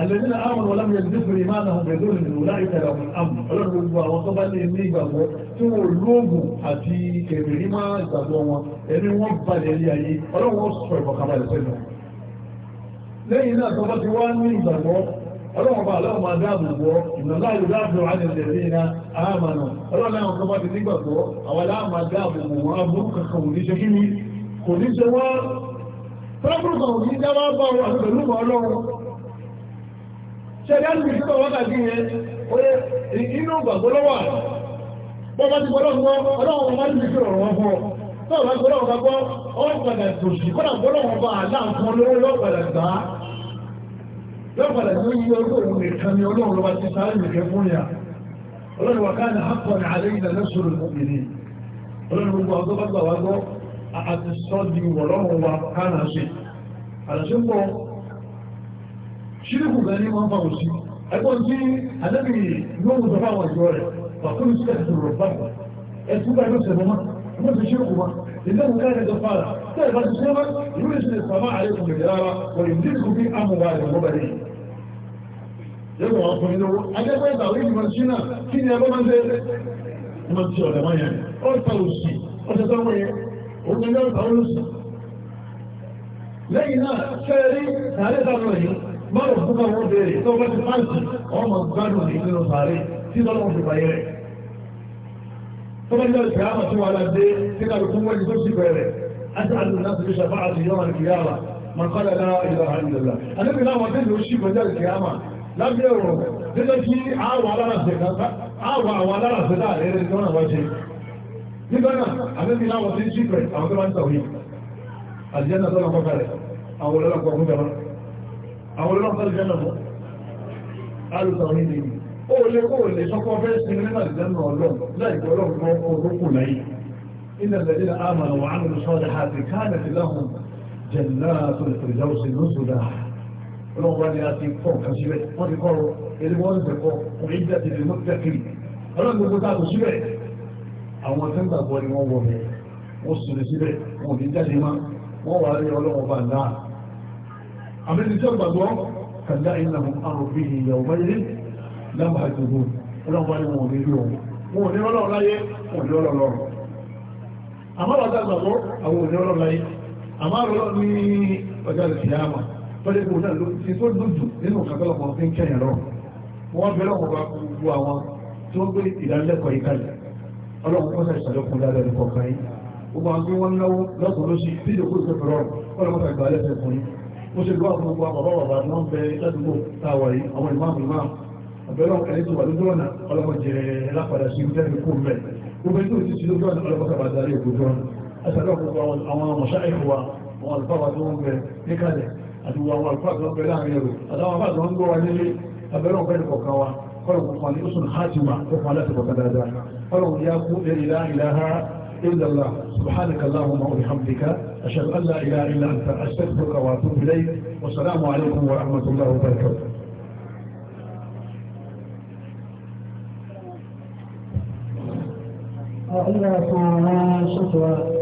الذين آمنوا ولم يلبسوا إيمانهم بظلم أولئك لهم الأمن ọlọ́run gbogbo àwọn tó bá lè ní ìgbàgbọ́ tí wọ́n lóògùn àti èbìrí máa ìgbàgbọ́ wọn ẹni wọ́n balẹ̀ ilé ayé ọlọ́run wọ́n sọ ìfọ̀kàbalẹ̀ sẹ́nu lẹ́yìn náà tó bá ti wá ní ìgbàgbọ́ ọlọ́run bá aláwọ̀ máa dáàbò bọ́ ìnáwó ìdáàbò àdìsẹ̀ ní iná àmàna ọlọ́run àwọn tó bá ti nígbàgbọ́ àwọn aláwọ̀ máa dáàbò bò wọn aburú kankan ò ní ṣe kí ni kò ní ṣe wá tọ́kùrù kan ò ní dá wá bá wọn àti pẹ̀lú ọlọ́run ṣẹ̀dáàlù ìṣẹ́bà wákàtí yẹn inú gbàgbọ́lọ́wà bọ́bá ti gbọ́lọ́ gbọ́ ọlọ́run bá ti fi ọ̀rọ̀ wọn fọ́ tọ́ọ̀bá gbọ́lọ́wọ́ bá gbọ́ ọ́n padà tòṣì kọ́nà gbọ́lọ́wọ́ bá aláàfún olówó lọ́pàdà gbá lọ́pàdà tó yí ọdún òun nìkan ni ọlọ́run lọ́ba ti sáré nìkẹ́ fún yà ọlọ́run wà káàdì hapọ̀ ní alẹ́ ìlà lẹ́sọ̀rọ̀ ìmìnir ọlọ́run gbogbo àgbọ́gbà wá gbọ́ àti sọ́ọ̀dì wọ̀lọ́run wa káàdì àṣẹ àṣẹ pọ̀ ṣíríkù gan ní wọ́n fáwọn sí ẹgbọ́n tí alẹ́bí lóhun tó fáwọn ìjọ rẹ̀ wàkúrú sí ẹ̀sùn rọ̀ bá ẹ̀sùn bá ẹ̀sùn mọ́ wọ́n ti ṣíríkù mọ́ إنه كان جفارا فإذا السماء يرسل السماء عليكم بجرارة ويمدلكم في أموال وبنين yẹ́wò wọn fún inú agbẹ́gbẹ́ ìgbàwé ìmọ̀síná kí ni ẹgbẹ́ máa ń tẹ́lẹ̀ ọmọ tí ọ̀dẹ̀ máa yẹn ọ̀tà òsì ọ̀tẹ̀ tó wọ́n yẹn òun ni ọ̀tà òsì lẹ́yìn náà fẹ́ẹ̀rí tààrẹ́ta báwo púpọ̀ wọ́n bèèrè tó bá ti fáǹsì ọmọ gbádùn ní ìpinnu sàárè tí lọ́wọ́ fi bàyẹ̀ tó bá ti lọ́wọ́ ìṣẹ́ àmọ̀ tí wọ́n á dé tí ká lókun wọ́n ti tó sì bẹ̀rẹ̀ àti àdùn náà ti fi ṣàfà àti yọ́mà ní kìyàwó man kọ́lá náà ìlà àìlọ́lá àdébì náà wọ́n tẹ́ ló ṣì kọjá ìkìyàmà lábẹ́ ọ̀rọ̀ nígbà tí àwọ̀ alárasẹ̀ kàkà àwọ̀ àwọn alárasẹ̀ náà rẹ̀ rẹ̀ tọ́nà náà wọ́n ti ṣì pẹ̀ àwọn náà tọ́nà àwọn olóòfẹ́ ìjẹ́nà bọ́ alùsàwọn ilé yìí ó lè kó lè sọ́kọ́ fẹ́ sí nínú àdìjẹ́nà ọlọ́run láì gbọ́lọ́run kan orókù láyé إن الذين آمنوا وعملوا الصالحات كانت لهم جنات الفردوس نزلا ولو بني آتي فوق كسبت وذكروا المؤمن فوق أعدت للمتقين ولم يكن ذاك سبت أو ما كان ذاك ولي وهو وصل سبت وفي ذلك ما وهو عليه ولو بناه àmì ti tí ó gbàgbọ́ kàlá ìlà àrùn fi ìyà ọba yìí lábà àjòjò ọlọ́pàá ni wọn ò ní rí òun wọn ò ní ọlọ́run láyé wọn ò ní ọlọ́run lọ́rùn àmọ́ ọ̀dá gbàgbọ́ àwọn ò ní ọlọ́run láyé àmọ́ ọlọ́run ní ọjà rẹ̀ kìí àmà tọ́lẹ̀ kò náà ti tó dùdù nínú kàtọ́lọ̀pọ̀ fi ń kẹ́yìn lọ́rùn wọ́n bẹ̀rẹ̀ wọn bá gbogbo àwọn tí wọ́n gbé ìdánilẹ́kọ̀ọ́ ìkàlẹ̀ ọlọ́run kọ́sà ìṣàlọ́kùn lálẹ́ ẹ̀kọ́ kan yìí gbogbo àwọn tí wọ́n náwó lọ́kùnrin lọ́sí tí ìdókòó ìṣẹ́fẹ̀ rọrùn ọlọ́run kọ́sà ìgbàlẹ́fẹ̀ fún yìí ó ṣe gbọ́ àgbogbo àbọ̀bọ̀ bàbá ní wọ́n bẹ ládùúgbò táwà yìí àwọn ìmáàmù ìmáàmù àbẹ̀rẹ̀ ọ̀kẹ́lẹ́ tó wà lójú ọ̀nà ọlọ́mọdé lápadà sí ìjẹ́ ìkó mẹ́ gbogbo tó ti ti lójú ọ̀nà ọlọ́mọdé bàbá darí òkúta ẹsẹ̀lẹ́ gbogbo àwọn ọmọṣá ìfọwà àwọn àlùfáà tó ń bẹ níkàlẹ̀ àti àwọn àlùfáà tó ń bẹ láàrin ẹ̀rọ àtàwọn àbá tó ń إلا الله سبحانك اللهم وبحمدك أشهد أن لا إله إلا أنت أستغفرك وأتوب إليك والسلام عليكم ورحمة الله وبركاته وإياكم شكوى